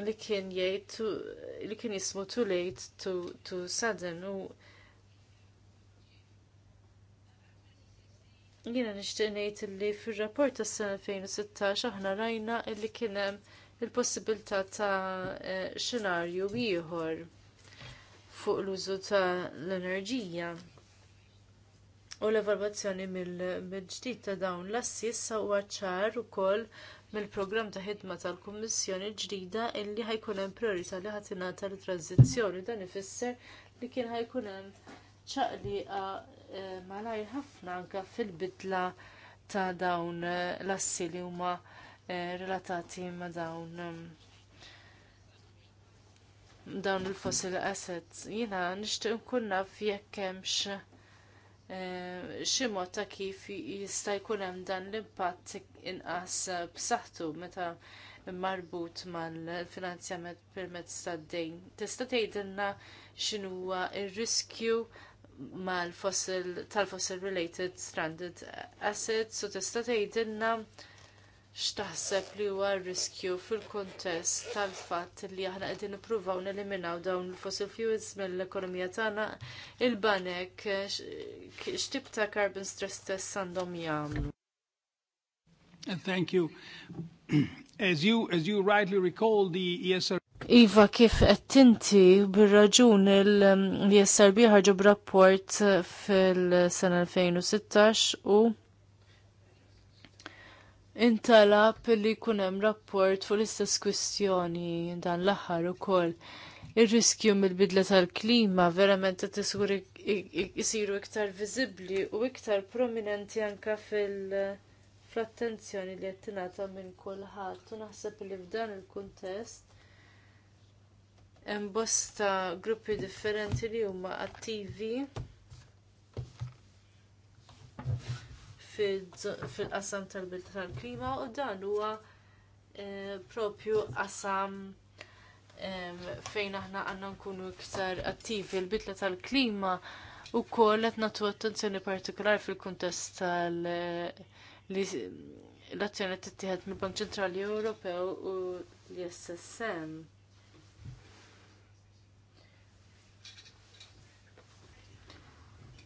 li kien jgħid li kien jismu too late to, to sudden u jiena nixtieq ngħid li fir-rapport tas-sena 2016 aħna rajna li kien hemm il-possibilità ta' eh, xenarju ieħor fuq l-użu ta l enerġija U l-evalwazzjoni mill-ġdid ta' dawn l-assis huwa ċar ukoll mill-programm ta' ħidma tal-Kummissjoni ġdida illi ħajkun hemm priorità li ħadd ingħata lit-tranzizzjoni dan ifisser li kien ħajkun hemm ċaqliqa e, malajr ħafna anke fil-bidla ta' dawn e, l-assi li huma e, relatati ma' dawn dawn il-fossil assets. Jiena nixtieq nkun naf jekk hemmx eh, xi mod ta' kif jista' jkun hemm dan l-impatt inqas b'saħħtu meta marbut mal-finanzjament permezz tad-dejn. Tista' tgħidilna x'inhuwa r-riskju mal-fossil tal-fossil related stranded assets u tista' tgħidilna x'taħseb li huwa r riskju fil-kuntest tal-fatt li aħna qegħdin nippruvaw neliminaw dawn il-fossil fuels mill-ekonomija tagħna il-banek x'tip ta' carbon stress test għandhom jagħmlu. Thank you. As you as you rightly recall the ESR Iva kif qed inti bir-raġun il esrb ħarġu b'rapport fil-sena 2016 u intalab li jkun hemm rapport fuq l-istess kwistjoni dan l-aħħar ukoll. Ir-riskju mill-bidla tal-klima verament qed isur isiru iktar viżibbli u iktar prominenti anke fil- fl-attenzjoni li qed tingħata minn kulħadd u naħseb li f'dan il-kuntest hemm bosta gruppi differenti li huma attivi fil-qasam tal-bilt tal-klima u dan huwa eh, propju qasam fejn aħna għandna nkunu iktar attivi l-bitla tal-klima u koll qed nagħtu attenzjoni partikolar fil-kuntest tal- eh, l-azzjoni tittieħed mill-Bank Ċentrali Ewropew u l-SSM.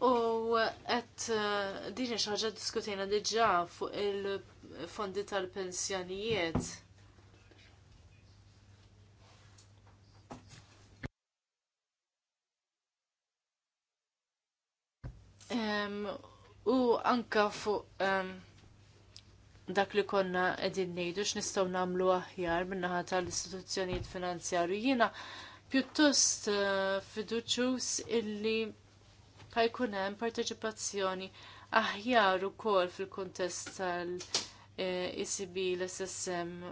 U għet eh, din xaġa diskutejna diġa fuq il-fondi tal-pensjonijiet. u anka fuq dak li konna edin nejdu x'nistgħu nagħmlu aħjar minnaħa tal-istituzzjonijiet finanzjarju. Jiena pjuttost eh, fiduċus illi ħajkun hemm parteċipazzjoni aħjar ukoll fil-kuntest tal-ECB, l-SSM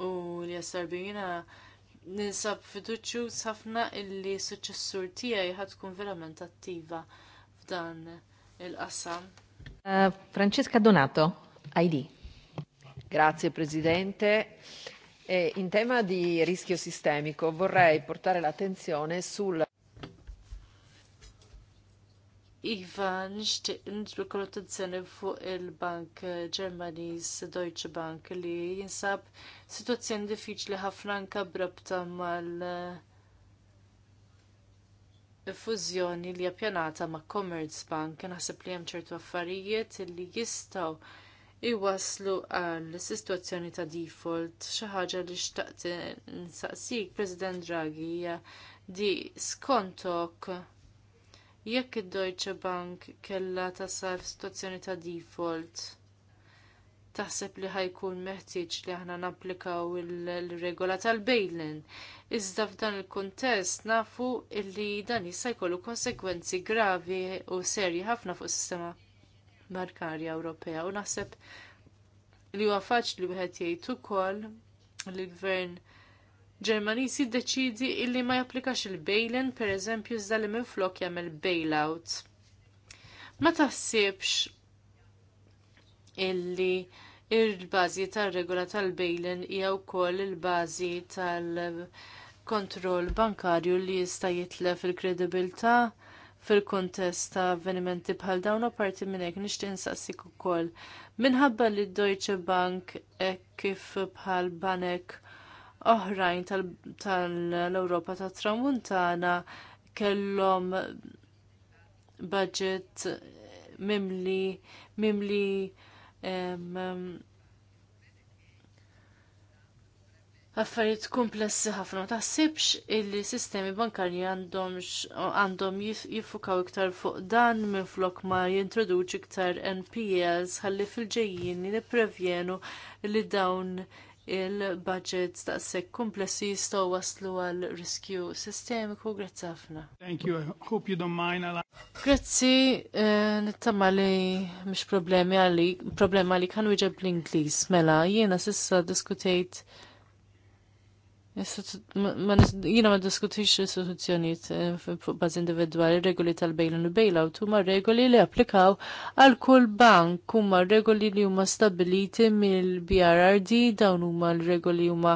u l-SRB jina ninsab fiduċjuż ħafna illi suċessur tiegħi ħad tkun verament attiva f'dan il-qasam. Uh, Francesca Donato, ID. Grazie Presidente. Eh, in tema di rischio sistemico vorrei portare l'attenzione sul Iva, nixtieq t-tzeni fuq il-Bank Ġermaniż Deutsche Bank li jinsab situazzjoni diffiċli ħafna anke brabta mal fużjoni li appjanata ma' Commerce Bank naħseb li hemm ċertu affarijiet li jistgħu iwaslu għal sitwazzjoni ta' default xi ħaġa li xtaqt nsaqsik President Draghi di skontok jekk id-Deutsche Bank kellha tasal f'sitwazzjoni ta' default, taħseb li ħajkun meħtieġ li aħna napplikaw il-regola tal in? Iżda f'dan il-kuntest nafu li dan jista' jkollu konsegwenzi gravi u serji ħafna fuq is-sistema bankarja Ewropea u naħseb li huwa faċli wieħed jgħid ukoll li l-gvern Ġermaniż jiddeċiedi illi ma japplikax il bailin per pereżempju iżda minn minflok jagħmel bailout. Ma taħsibx illi il-bażi tar-regola bailin in hija wkoll il-bażi tal-kontroll bankarju li jista' jitlef il kredibilta fil-kontest ta' avvenimenti bħal dawn parti minn hekk nixtieq insaqsik ukoll. Minħabba li d Deutsche Bank hekk kif bħal banek oħrajn tal-Ewropa tat tramuntana kellhom budget mimli mimli affarijiet komplessi ħafna ma taħsibx illi sistemi bankarji għandhom jiffukaw iktar fuq dan minn flok ma jintroduċi iktar NPLs ħalli fil-ġejjin li nipprevjenu li dawn il-budgets sekk komplessi jistgħu waslu għal riskju sistemiku. Grazzi ħafna. Thank you. I hope you don't mind. Grazzi, eh, nittama li mhux problemi għalik, problema li kanu ġeb l-Ingliż. Mela, jiena sissa diskutejt Jina ma diskutix istituzzjoniet eh, baz individuali regoli tal-bejlin u u huma regoli li applikaw għal kull bank huma regoli li huma stabiliti mill-BRRD dawn huma l-regoli huma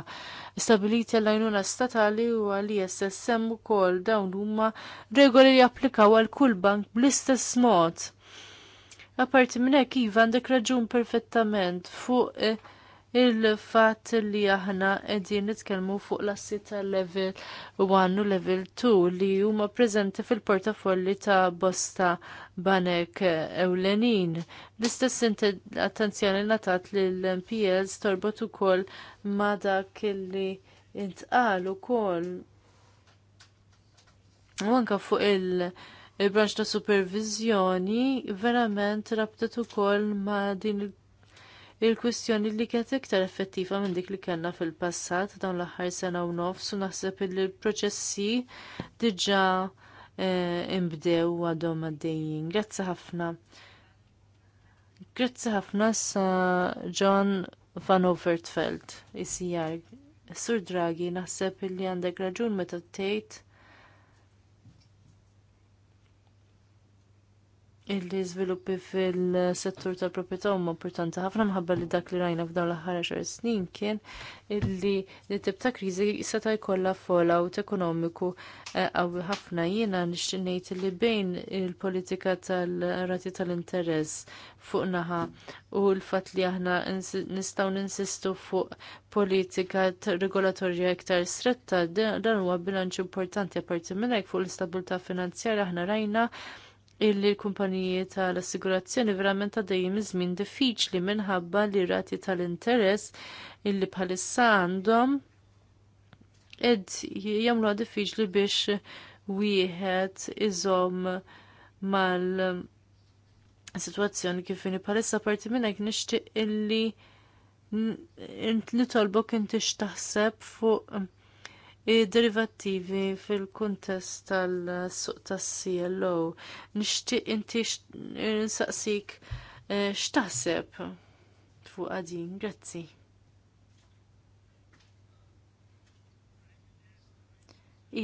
stabiliti għal għajnuna statali u għal issm u kol dawn huma regoli li applikaw għal kull bank bl-istess mod. Aparti minn hekk iva għandek raġun perfettament fuq eh, il-fatt li aħna qegħdin nitkellmu fuq l-assi level 1 u level 2 li huma preżenti fil-portafolli ta' bosta banek ewlenin. L-istess attenzjoni natat li l-MPLs torbot ukoll ma' dak li intqal ukoll. U anke fuq il- il-branċ ta' supervizjoni verament rabtet ukoll ma' din il il-kwistjoni li kienet iktar effettiva minn dik li kellna fil-passat dawn l-aħħar sena u nofs u naħseb li l-proċessi diġà eh, imbdew għadhom għaddejjin. Grazzi ħafna. Grazzi ħafna sa John Van Overtfeld, ICR. Sur Draghi, naħseb li għandek raġun meta tgħid illi żviluppi fil-settur tal-proprjetà huma importanti ħafna mħabba li dak li rajna f'dawn l-aħħar xar snin kien illi li tip ta' kriżi seta' jkollha fallout ekonomiku eh, qawwi ħafna jiena nixtieq ngħid li bejn il-politika tal-rati tal-interess fuq naħa u l-fatt li aħna nistgħu ninsistu fuq politika regolatorja iktar stretta dan huwa bilanċ importanti apparti minn hekk fuq l-istabilità finanzjarja aħna rajna illi l-kumpaniji tal-assigurazzjoni verament ta' dejjem iż-żmien diffiċli minħabba li rati tal-interess illi bħalissa għandhom ed jagħmluha diffiċli biex wieħed iżom mal sitwazzjoni kif inhi bħalissa parti minn hekk nixtieq illi nitolbok inti x'taħseb fuq derivattivi fil-kuntest tal-suq tas-CLO. Nixtieq inti nsaqsik eh, x'taħseb fuq għadin. Grazzi.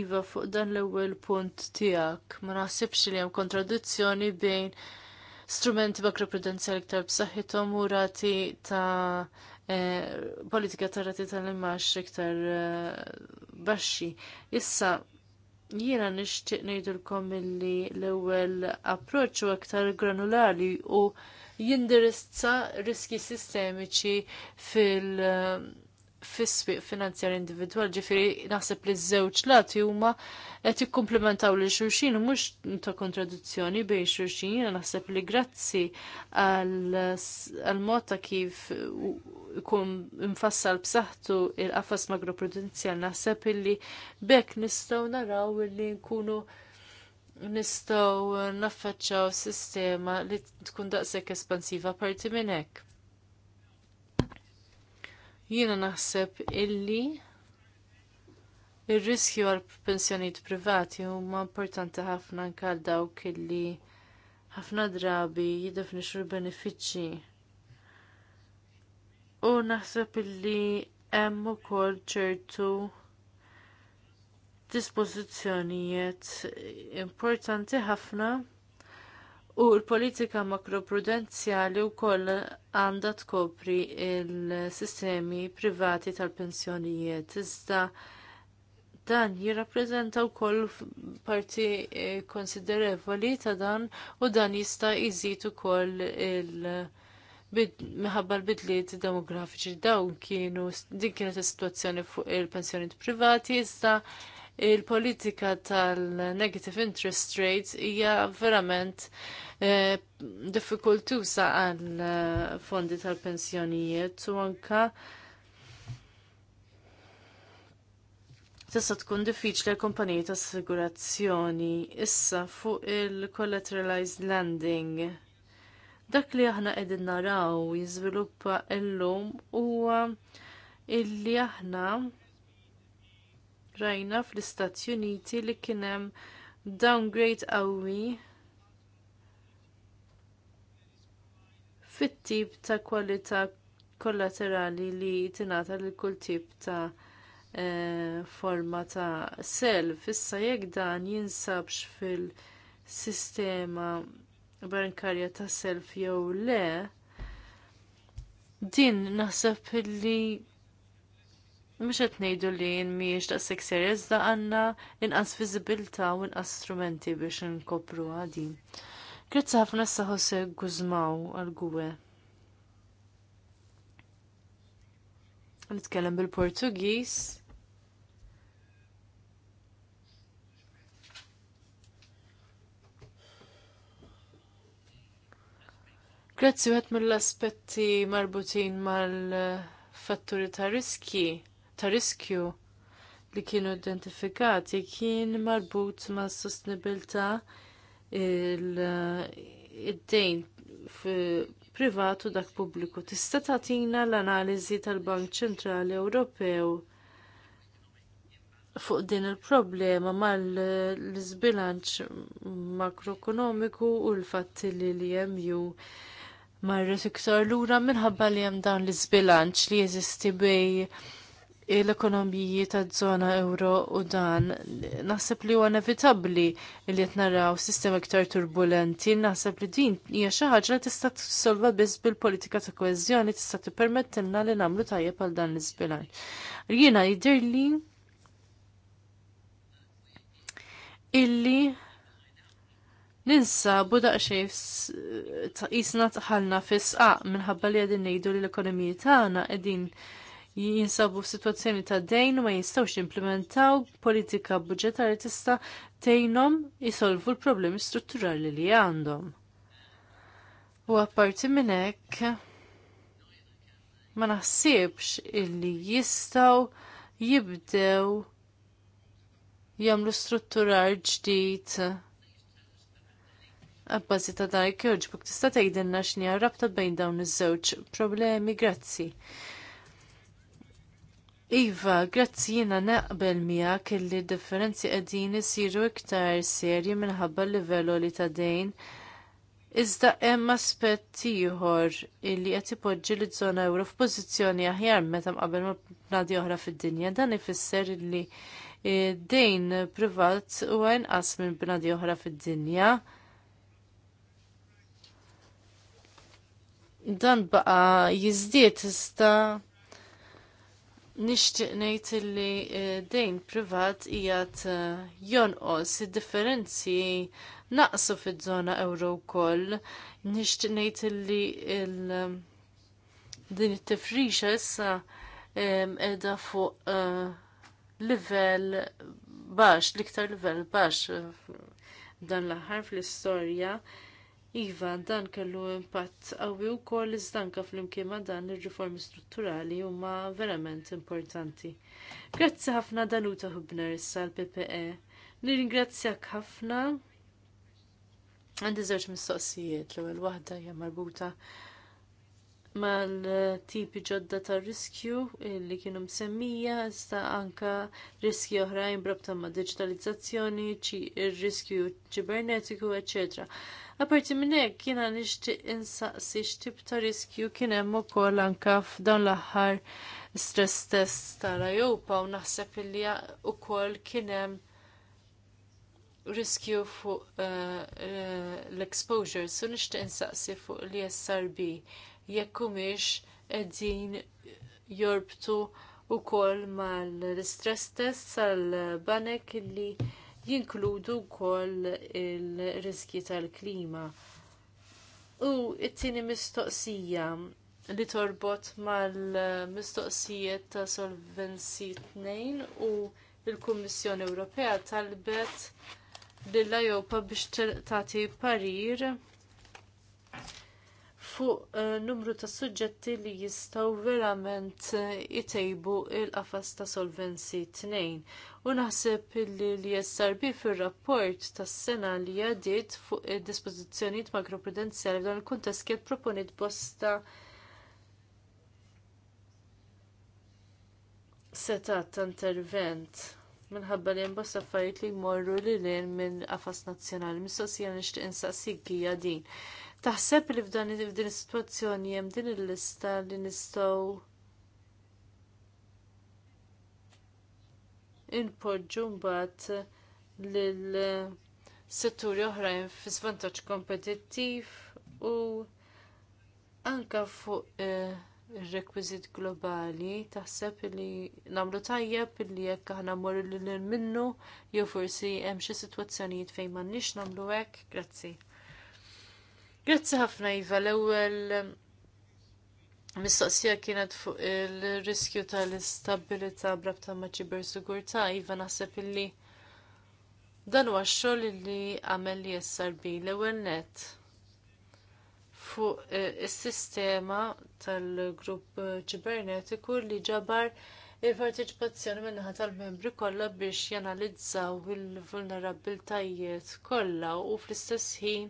Iva, fuq dan l-ewwel punt tiegħek, ma naħsibx li hemm kontradizzjoni bejn strumenti makroprudenzjali iktar b'saħħithom u rati ta' Eh, politika ta' rati tal immax iktar eh, baxxi. Issa, jiena nixtieq ngħidulkom milli l-ewwel approċċ aktar granulari u jindirizza riski sistemiċi fil- eh, fis-swieq finanzjar individwal ġifiri naħseb li żewġ lati huma qed jikkumplementaw lil xulxin u mhux ta' kontradizzjoni bejn xulxin jiena naħseb li grazzi għal mod ta' kif ikun infassal b'saħħtu il-qafas makroprudenzjal naħseb illi bekk nistgħu naraw illi nkunu nistgħu naffaċċaw sistema li tkun daqshekk espansiva parti minn hekk Jiena naħseb illi ir-riskju għal pensjonijiet privati huma importanti ħafna anke għal dawk illi ħafna drabi jiddefinixxu l-benefiċċji. U naħseb illi hemm ukoll ċertu dispożizzjonijiet importanti ħafna U l-politika makroprudenzjali wkoll għandha tkopri il-sistemi privati tal-pensjonijiet. Iżda dan jirrappreżenta wkoll parti eh, konsiderevoli ta' dan u dan jista' jżid ukoll il- minħabba l-bidliet demografiċi dawn kienu din kienet is-sitwazzjoni fuq il-pensjonijiet privati iżda il-politika tal-negative interest rates hija verament eh, diffikultusa għal eh, fondi tal-pensjonijiet u anka tista' tkun diffiċli l-kumpaniji ta' assigurazzjoni issa fuq il-collateralized lending. Dak li aħna qegħdin naraw jiżviluppa llum huwa illi aħna rajna fl-Istati Uniti li kien hemm downgrade qawwi fit-tip ta' kwalità kollaterali li tingħata lil kull tip ta' e, forma ta' self. Issa jekk dan jinsabx fil-sistema bankarja ta' self jew le, din naħseb li Mux qed ngħidu li mhijiex daqshekk serja iżda għandna inqas viżibilità u inqas strumenti biex n-kopru għadi. Grazzi ħafna sa Jose Guzmaw għal-Gwe. Nitkellem bil-Portugiż. Grazzi għet mill-aspetti marbutin mal-fatturi ta' riski ta' riskju li kienu identifikati kien marbut ma' sostenibilità il-dejn privatu dak pubbliku. Tista' tagħtina l-analiżi tal-Bank Ċentrali Ewropew fuq din il-problema mal-izbilanċ makroekonomiku u l-fatt li l-EMU marret l lura minħabba li hemm dan l-izbilanċ li jeżisti bej l-ekonomiji taż-żona euro u dan. Naħseb li huwa inevitabbli li qed naraw sistema iktar turbulenti, naħseb li din hija xi ħaġa li tista' tissolva biss bil-politika ta' koeżjoni tista' tippermettilna li nagħmlu tajjeb għal dan l-iżbilanċ. Jiena jidhirli illi Ninsabu daqxej jisna tħalna fis-saq minħabba li qegħdin nejdu li l-ekonomiji tagħna qegħdin jinsabu f'sitwazzjoni ta' dejn u ma jistgħux jimplementaw politika budġetarja tista' tejnom jisolvu l-problemi strutturali li għandhom. U apparti minn hekk ma naħsibx illi jistgħu jibdew jagħmlu strutturar ġdid Abbażi ta' dan il tista' tgħidilna x'nija rabta bejn dawn iż-żewġ problemi, grazzi. Iva, grazzi jiena naqbel mija kelli differenzi qegħdin isiru iktar serji minħabba l-livello li ta' dejn. Iżda hemm aspett ieħor illi qed ipoġġi l żona euro f'pożizzjoni aħjar meta mqabel ma' bnadi oħra fid-dinja. Dan ifisser illi dejn privat huwa inqas minn bnadi oħra fid-dinja. Dan baqa' jiżdied iżda nixtieq ngħid illi eh, dejn privat qiegħed eh, jonqos id-differenzi naqsu fiż-żona euro wkoll. Nixtieq ngħid illi l eh, din it-tifrixa issa qiegħda fuq livell baxx, l-iktar livell baxx dan l-aħħar fl-istorja Iva, dan kellu impatt qawwi wkoll iżda anke flimkien ma' dan ir-riformi strutturali huma verament importanti. Grazzi ħafna Danuta Hubner issa l-PPE. Nirringrazzjak ħafna. Għandi żewġ mistoqsijiet l-ewwel waħda hija marbuta mal-tipi ġodda tar riskju li kienu msemmija, sta anke riski oħrajn brabta ma' digitalizzazzjoni, ir-riskju ċibernetiku, ecc. Aparti minn hekk jiena nixtieq insaqsi x'tip ta' riskju kien hemm ukoll anke f'dawn l-aħħar stress test tal-Ejopa u naħseb li ukoll kien hemm riskju fuq uh, uh, l-exposure, so nixtieq insaqsi fuq l-ISRB jekk humiex qegħdin jorbtu wkoll mal-stress test sal banek li jinkludu wkoll il-riski tal-klima. U t tieni mistoqsija li torbot mal-mistoqsijiet ta' Solvency 2 u il-Kummissjoni Ewropea talbet lill-Ajopa biex tati parir fuq eh, numru ta' suġġetti li jistgħu verament jtejbu eh, l qafas ta' solvenzi tnejn. U naħseb li l-ISRB fir rapport tas sena li għadiet fuq id dispożizzjonijiet makroprudenzjali f'dan il-kuntest kien proponit bosta setat ta' intervent minħabba li bosta affarijiet li jmorru lil minn qafas nazzjonali. Mistoqsija nixtieq insaqsik hija din. Taħseb li f'dan f'din is-sitwazzjoni hemm din il-lista li nistgħu inpoġġu mbagħad lil setturi oħrajn fi svantaġġ kompetittiv u anka fuq eh, ir-rekwiżit globali taħseb li nagħmlu tajjeb li jekk aħna mmorru lil minnu jew forsi hemm xi sitwazzjonijiet fejn m'għandniex nagħmlu hekk. Grazzi. Grazzi ħafna Iva, l-ewwel um, mistoqsija kienet fuq il-riskju tal-istabilità brabta ma' ċibersigurtà, Iva naħseb illi dan huwa x-xogħol li għamel li bi l-ewwel net fuq eh, is-sistema tal-grupp ċibernetiku li ġabar il-partiċipazzjoni naħa tal-membri kollha biex janalizzaw il vulnerabbiltajiet kollha u fl-istess ħin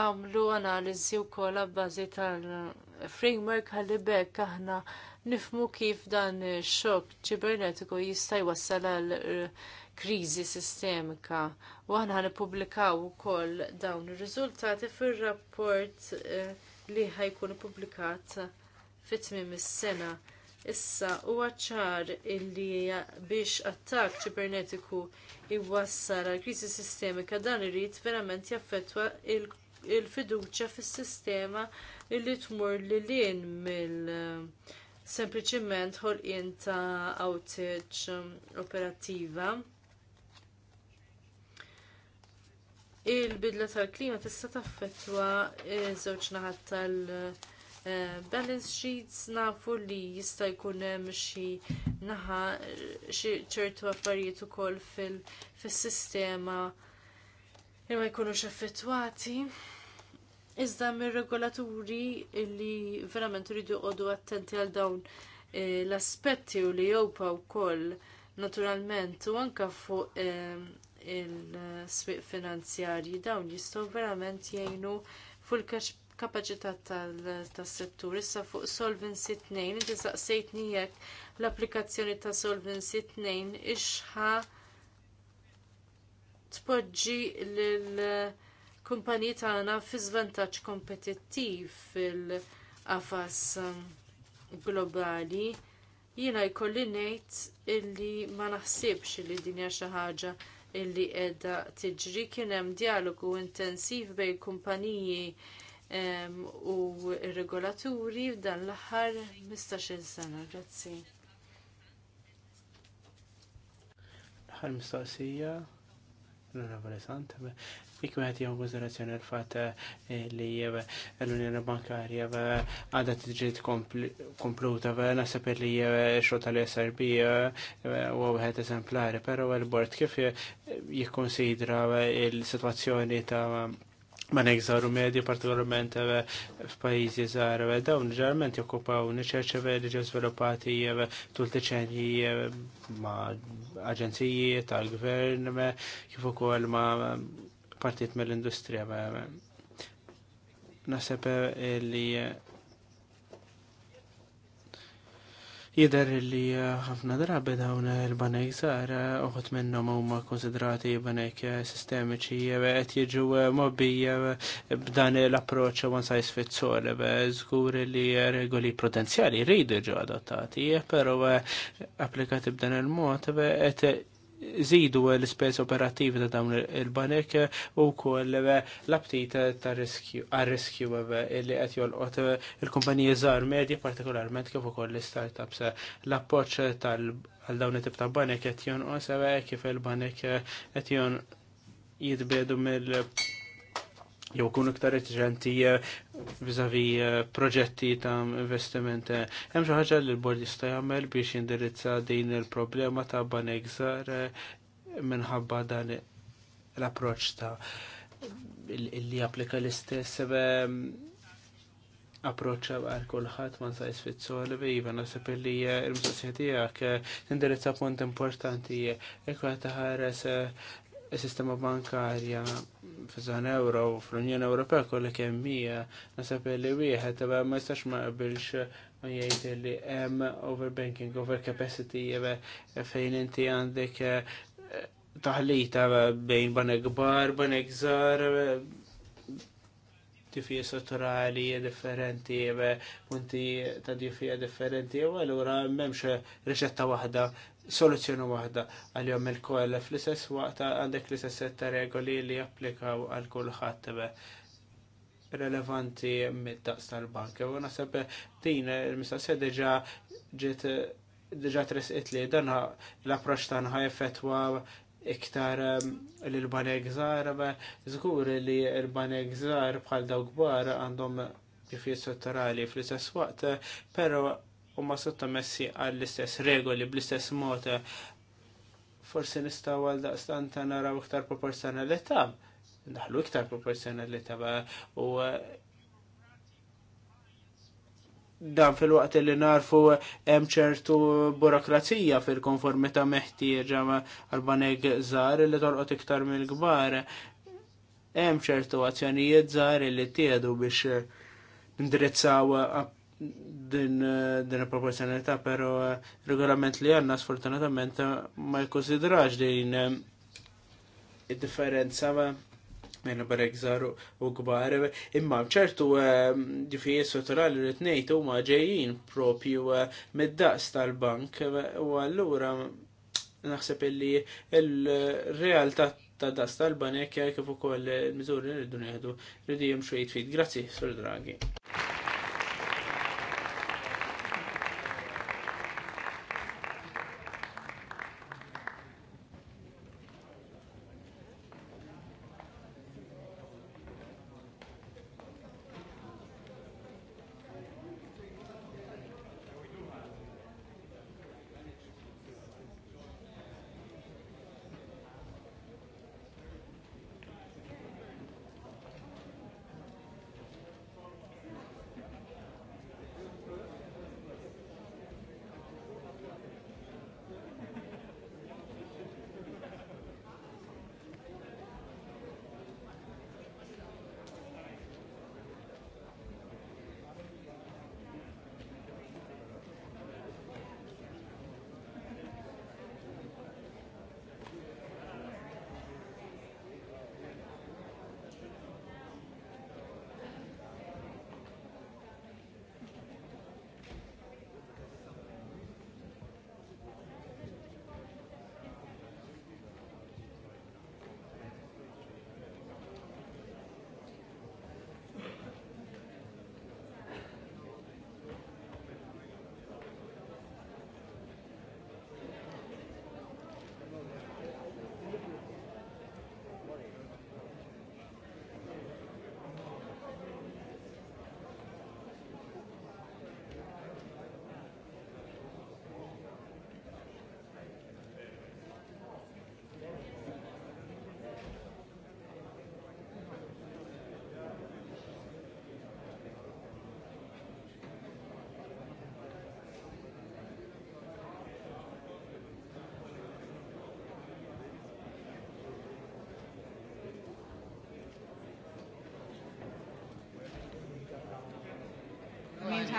għamlu analiżi wkoll għabbażi tal-framework ħalli bekk aħna nifmu kif dan xokk ċibernetiku jista' wassal għal eh, kriżi sistemika. U aħna u ukoll dawn ir-riżultati fir-rapport eh, li ħajkun publikat fit-tmiem is-sena. Issa huwa ċar illi biex attakk ċibernetiku jwassal għal kriżi sistemika dan irid verament jaffettwa il- il-fiduċja fis-sistema li tmur li lin mill- eh, sempliċiment ħolqien ta' outage eh, operattiva. Il-bidla tal-klima tista' taffettwa żewġ naħat tal-balance eh, sheets nafu li jista' jkun hemm xi naħa xi ċertu affarijiet ukoll fil-sistema li ma jkunux effettwati. Iżda mir-regolaturi li verament rridu għodu attenti għal dawn eh, l-aspetti u li jopa u koll naturalment u anka fuq eh, il-swiq finanzjarji dawn jistaw verament jgħinu fuq il-kapacità tal-settur. Issa fuq Solvency 2, inti saqsejtni jekk l-applikazzjoni ta' Solvency 2 ixħa tpoġġi lil kumpaniji tagħna fi żvantaġġ kompetittiv fil-qafas um, globali. Jiena jkolli ngħid illi ma naħsibx li din hija xi ħaġa illi qiegħda tiġri kien hemm dialogu intensiv bejn kumpaniji um, u regolaturi f'dan l-aħħar 15-il sena. Grazzi. L-aħħar mistoqsija l jekk wieħed eh, jew konsiderazzjoni eh, l fat li l-Unjoni Bankarja eh, għadha tiġi kompluta naħseb li xogħol tal-SRB huwa wieħed eżemplari, però l-bord kif jikkonsidra l-sitwazzjoni ta' ma nekżaru medju partikolarment f'pajjiżi żgħar dawn ġerment jokkupaw niċċerċeve li ġew sviluppati tul deċenji ma' aġenziji tal-gvern kif ukoll ma' partit mill-industrija. Naseb eh, li eh, Jider li eh, ħafna drabi dawn il-banek sar uħut minnhom huma konsidrati banek sistemiċi għet jiġu mobbi b'dan l approċ one size fits all żgur li regoli prudenziali rridu ġu adottati, pero applikati b'dan il mot għet zidu l-ispess operativi ta' dawn il-banek u koll l-aptit ta' riskju li qed jolqot il-kumpaniji zar medja partikolarment kif ukoll l-startups. L-appoġġ tal dawn it-tip ta' banek qed jonqos kif il-banek qed jon jitbedu mill jow kunu iktar eċġenti vizavi eh, proġetti ta' investiment. Hemm xi ħaġa li l-bord jista' jagħmel biex jindirizza din il-problema ta' banek żgħar eh, minħabba dan l-approċċ ta' li applika l-istess eh, approċċa għal kulħadd ma nsaqs fit-sol iva naħseb li l-mistoqsija tiegħek tindirizza punt importanti jekk qed taħares il-sistema bankarja f'żon euro u fl-Unjoni Ewropea kollha kemm hija nasab li wieħed ma jistax ma qabilx ma jgħid li hemm overbanking, overcapacity fejn inti għandek eh, taħlita bejn banek bar, banek żgħar, tifija strutturali differenti, eh, punti ta' tifija differenti, u għallura memx reċetta wahda, soluzzjoni wahda għal-jom il-koll. Fl-istess waqt għandek l-istess setta regoli li applikaw għal kulħadd relevanti mid-daqs tal-bank. U nasab din il se deġa ġiet diġa tresqit li dan l-approċ tanħa effettwa iktar um, l-banek Zarba zgur li l-banek zar bħal daw gbar għandhom kif sottorali fl-istess waqt, pero huma sottomessi għall-istess regoli, bl-istess mod. Forsi nistaw għal daqstan ta' naraw iktar proporzjonalità, naħlu iktar proporzjonalità u dan fil-waqt li narfu hemm ċertu burokrazija fil-konformità meħtieġa għal-baneg żgħar li torqod iktar mill-kbar. Hemm ċertu azzjonijiet żgħar li tiedu biex indirizzaw din din proporzjonalità, però regolament li għandna sfortunatament ma jkonsidrax din id-differenza barek bregżar u kbar, imma ċertu ehm, ġifijie sotorali li t-nejt u ġejjin propju eh, mid-daqs tal-bank u għallura naħseb illi il-realtà ta' daqs tal-banek kif ukoll il-miżuri li rridu neħdu rridu jimxu fit. Grazzi, Sur Draghi.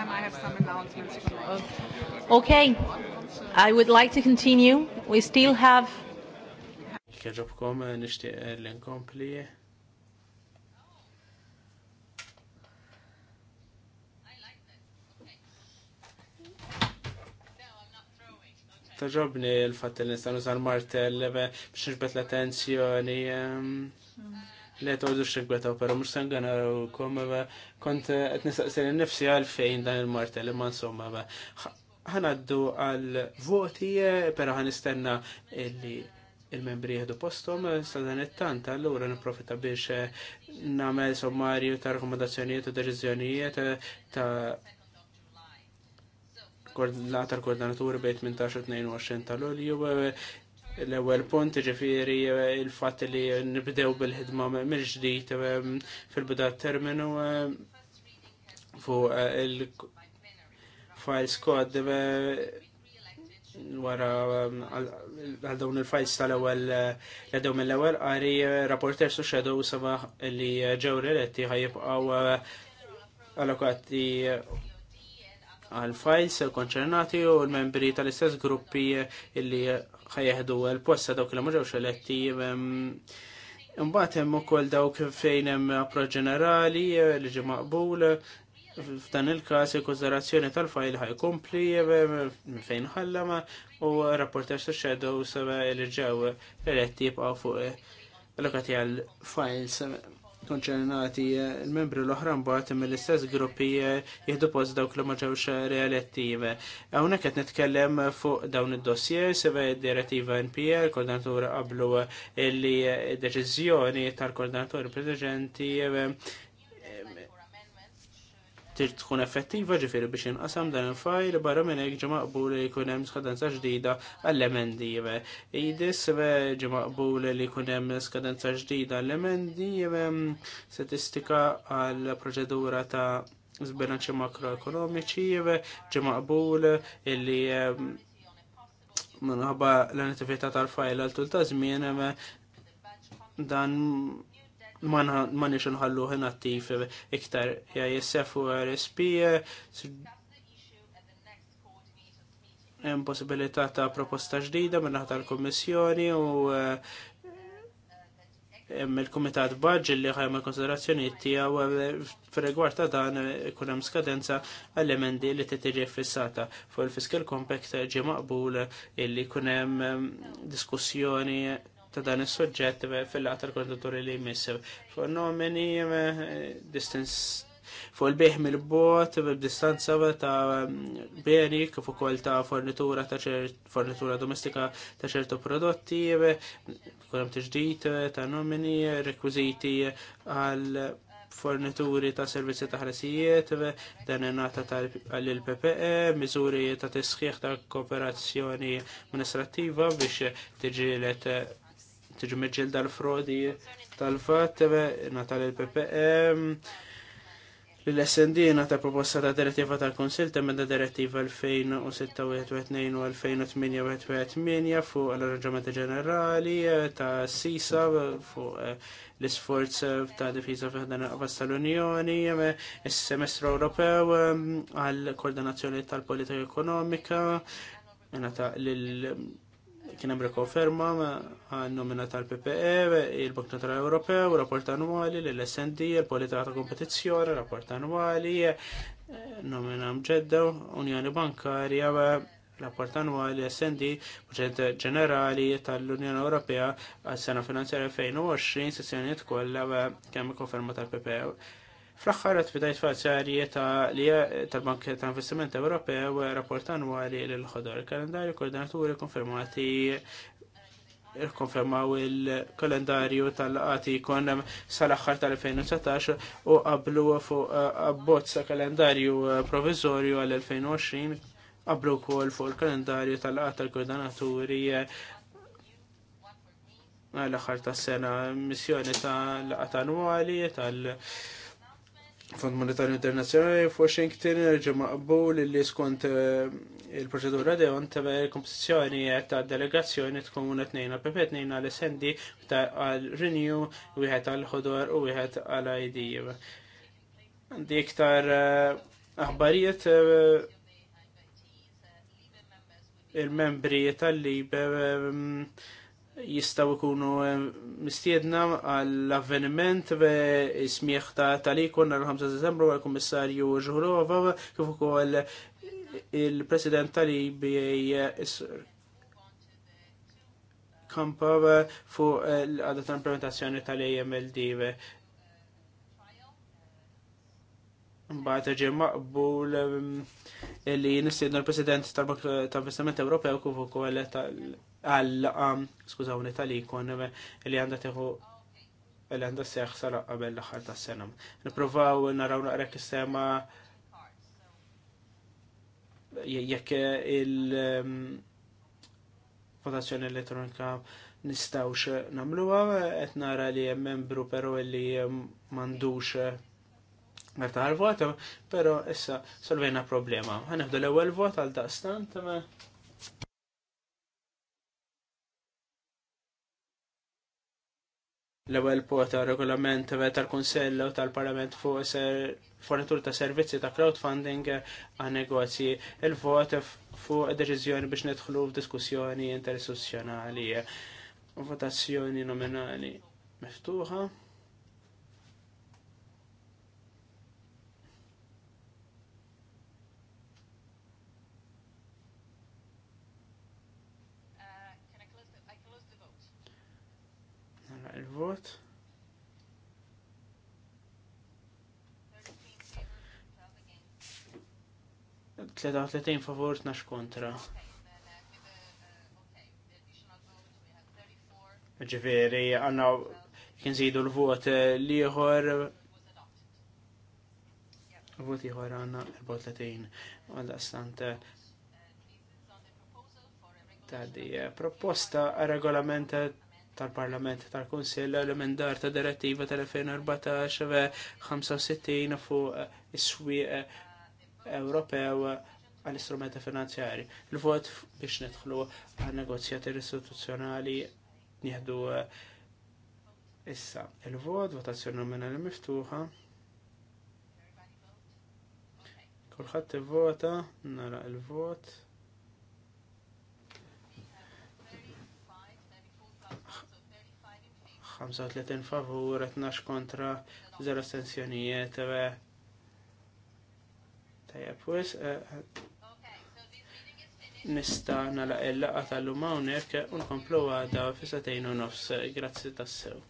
time I have some announcements. Okay, I would like to continue. We still have. Kħedġobkom eh, nishtiq eh, l-inkompli. Taġobni l-fat l-nistan użan martel eh, biex nġbet l-attenzjoni. Ehm, li għetawdu xregbetaw, pero mux sangana u kom, kont eh, nisaqsir nifsi għalfejn dan il-martel, imma insomma, ħanaddu għal-voti, eh, pero ħanistenna illi il-membri jihdu postom, eh, sadan it-tant, allura niprofita biex namel sommarju ta' rekomendazzjonijiet u deċizjonijiet ta' l-għatar koordinatur bejt 18-22 tal-olju l-ewel punt ġifiri il-fat li nibdew bil-ħidma mil ġdijt fil-bida terminu fu eh, il-files kod wara għal dawn il-files tal-ewel eh, l dawn mill-ewel għari eh, rapporter su xedow sama li ġewri l-etti ħajibqaw allokati għal-files konċernati u l-membri tal-istess gruppi illi ħajjeħdu l-posta dawk li maġawx eletti. mbagħad hemm ukoll dawk fejn hemm ġenerali li ġi maqbul f'dan il-każ il-konsiderazzjoni tal-fajl ħajkompli fejn ħallama u rapportax ta' shadows li ġew eletti jibqgħu fuq lokati għal files konċernati eh, il-membri l-oħra mbagħad mill-istess gruppi eh, jieħdu post dawk li ma ġewx eh, reelettive. Hawnhekk qed nitkellem fuq dawn id-dossier sebe direttiva il koordinatur qablu illi deċiżjoni tal-koordinatur preġenti trid tkun effettiva ġifieri biex inqasam dan il-fajl barra minn hekk ġi maqbul li jkun hemm skadenza ġdida għall-emendi. Idis ġi maqbul li jkun hemm skadenza ġdida għall-emendi statistika għall proċedura ta' zbilanċi makroekonomiċi ġi maqbul li ehm, minħabba l-attività tal-fajl għal tul ta' żmien dan ma nix nħallu ħin attiv iktar JSF u RSP eh, hemm possibilità ta' proposta ġdida minn tal-Kummissjoni u eh, hemm il-Kumitat Budge li ħajma konsiderazzjoni tiegħu eh, f'rigward ta' dan ikun hemm skadenza emendi li titiġi fissata fuq il-Fiscal Compact ġi maqbul illi jkun hemm diskussjoni ta' dan is-suġġett fil-laqgħa tal-kontaturi li jmissew. Fuq nomini eh, distance fuq il-beħ mill-bot b-distanza ta' beni kif ukoll ta' fornitura ta' fornitura domestika ta' ċertu prodotti, kulhom hemm tiġdid ta' nomini, rekwiżiti għal fornituri ta' servizzi ta' ħlasijiet, dan nata tal-PPE, miżuri ta' tisħiħ ta' kooperazzjoni amministrattiva biex tiġilet tiġu meġġel dal-frodi tal-fat, natal il-PPM, e l-SND nata proposta ta' direttiva tal-Konsil da direttiva 2006-2002 u 2008-2008 fu l-arranġamenti ġenerali ta' SISA fu eh, l sforz ta' difiza fiħdan il-qafas tal-Unjoni, eh, il-semestru Ewropew eh, għal-koordinazzjoni tal-politika ekonomika, nata l kien hemm rikonferma għan-nomina tal-PPE, il-Bank Naturali Ewropew, rapport annwali, l-SND, il-Politika ta' Kompetizzjoni, rapport annwali, nomina mġedda, Unjoni Bankarja, rapport annwali, SND, proġett ġenerali tal-Unjoni Ewropea għas-sena finanzjarja 2020, sessjonijiet kollha kemm konferma tal-PPE. Fl-axħar għat bidajt li tal-Bank ta' Investiment Ewropew rapport annwali l-ħodor. Kalendarju koordinaturi konfermati konfermaw il-kalendarju tal-qati kon sal-axħar tal-2019 u qablu fuq eh, abbozza kalendarju eh, provizorju għal-2020 qablu kol fuq il-kalendarju tal għati tal-koordinaturi eh, għal axħar tas-sena missjoni tal għati annwali tal-, għati Fond Monetarju Internazzjonali f'Washington ġem maqbul li skont eh, il-proċedura di għon tebe komposizjoni ta' delegazzjoni tkun tnejn għal PP, l għal ta' għal Renew, wieħed għal Ħodor u wieħed għal ID. Għandi iktar eh, aħbarijiet eh, il-membri tal libe jistaw ikunu eh, mistiedna għall-avveniment smieħ ta' talikon għal-5 dezembru għal-Kummissarju Ġurova kif ukoll il-President tal-IBA eh, kampava fuq eh, għadda ta' implementazzjoni tal-AMLD. Mbagħad ġie maqbul li nistiedna l-President tal vestament Ewropew kif ukoll tal għal unet għal ikon li għanda teħu li għanda seħ sara qabel l-axar ta' s senam Niprofaw naraw naqra k-sema jekk il- um, votazzjoni elettronika nistawx namluwa, qed nara li hemm membru però li um, m'għandux eh, meta għal-vot, però issa solvejna problema. Ħaneħdu l-ewwel vot għal daqstant, l-ewwel pota regolament tal-Kunsell u tal-Parlament fuq fornitur ta' servizzi ta' crowdfunding għan negozji il-vot fuq deċiżjoni biex nedħlu f'diskussjoni interistituzzjonali. Votazzjoni nominali miftuħa. vot Tleta tletin favor tnax kontra. Ġifiri, għanna kien zidu l-vot eh, liħor Vot ħor għanna 34. Għanna stant eh, Tadi, eh, proposta regolamentet tal-Parlament tal-Konsill l-emendar ta' direttiva tal-2014-65 fuq eh, is-swieq eh, Ewropew eh, għall-istrumenti finanzjari. Il-vot biex nidħlu għal negozjati istituzzjonali nieħdu issa. Il-vot, votazzjoni nominali miftuħa. Kulħadd vota nara il-vot. 35 favur, 12 kontra, 0 astensjonijiet. Tajab, wis, e, e. nista nala il-laqa tal-lum hawnhekk għada fi satejn nofs. Grazzi tassew.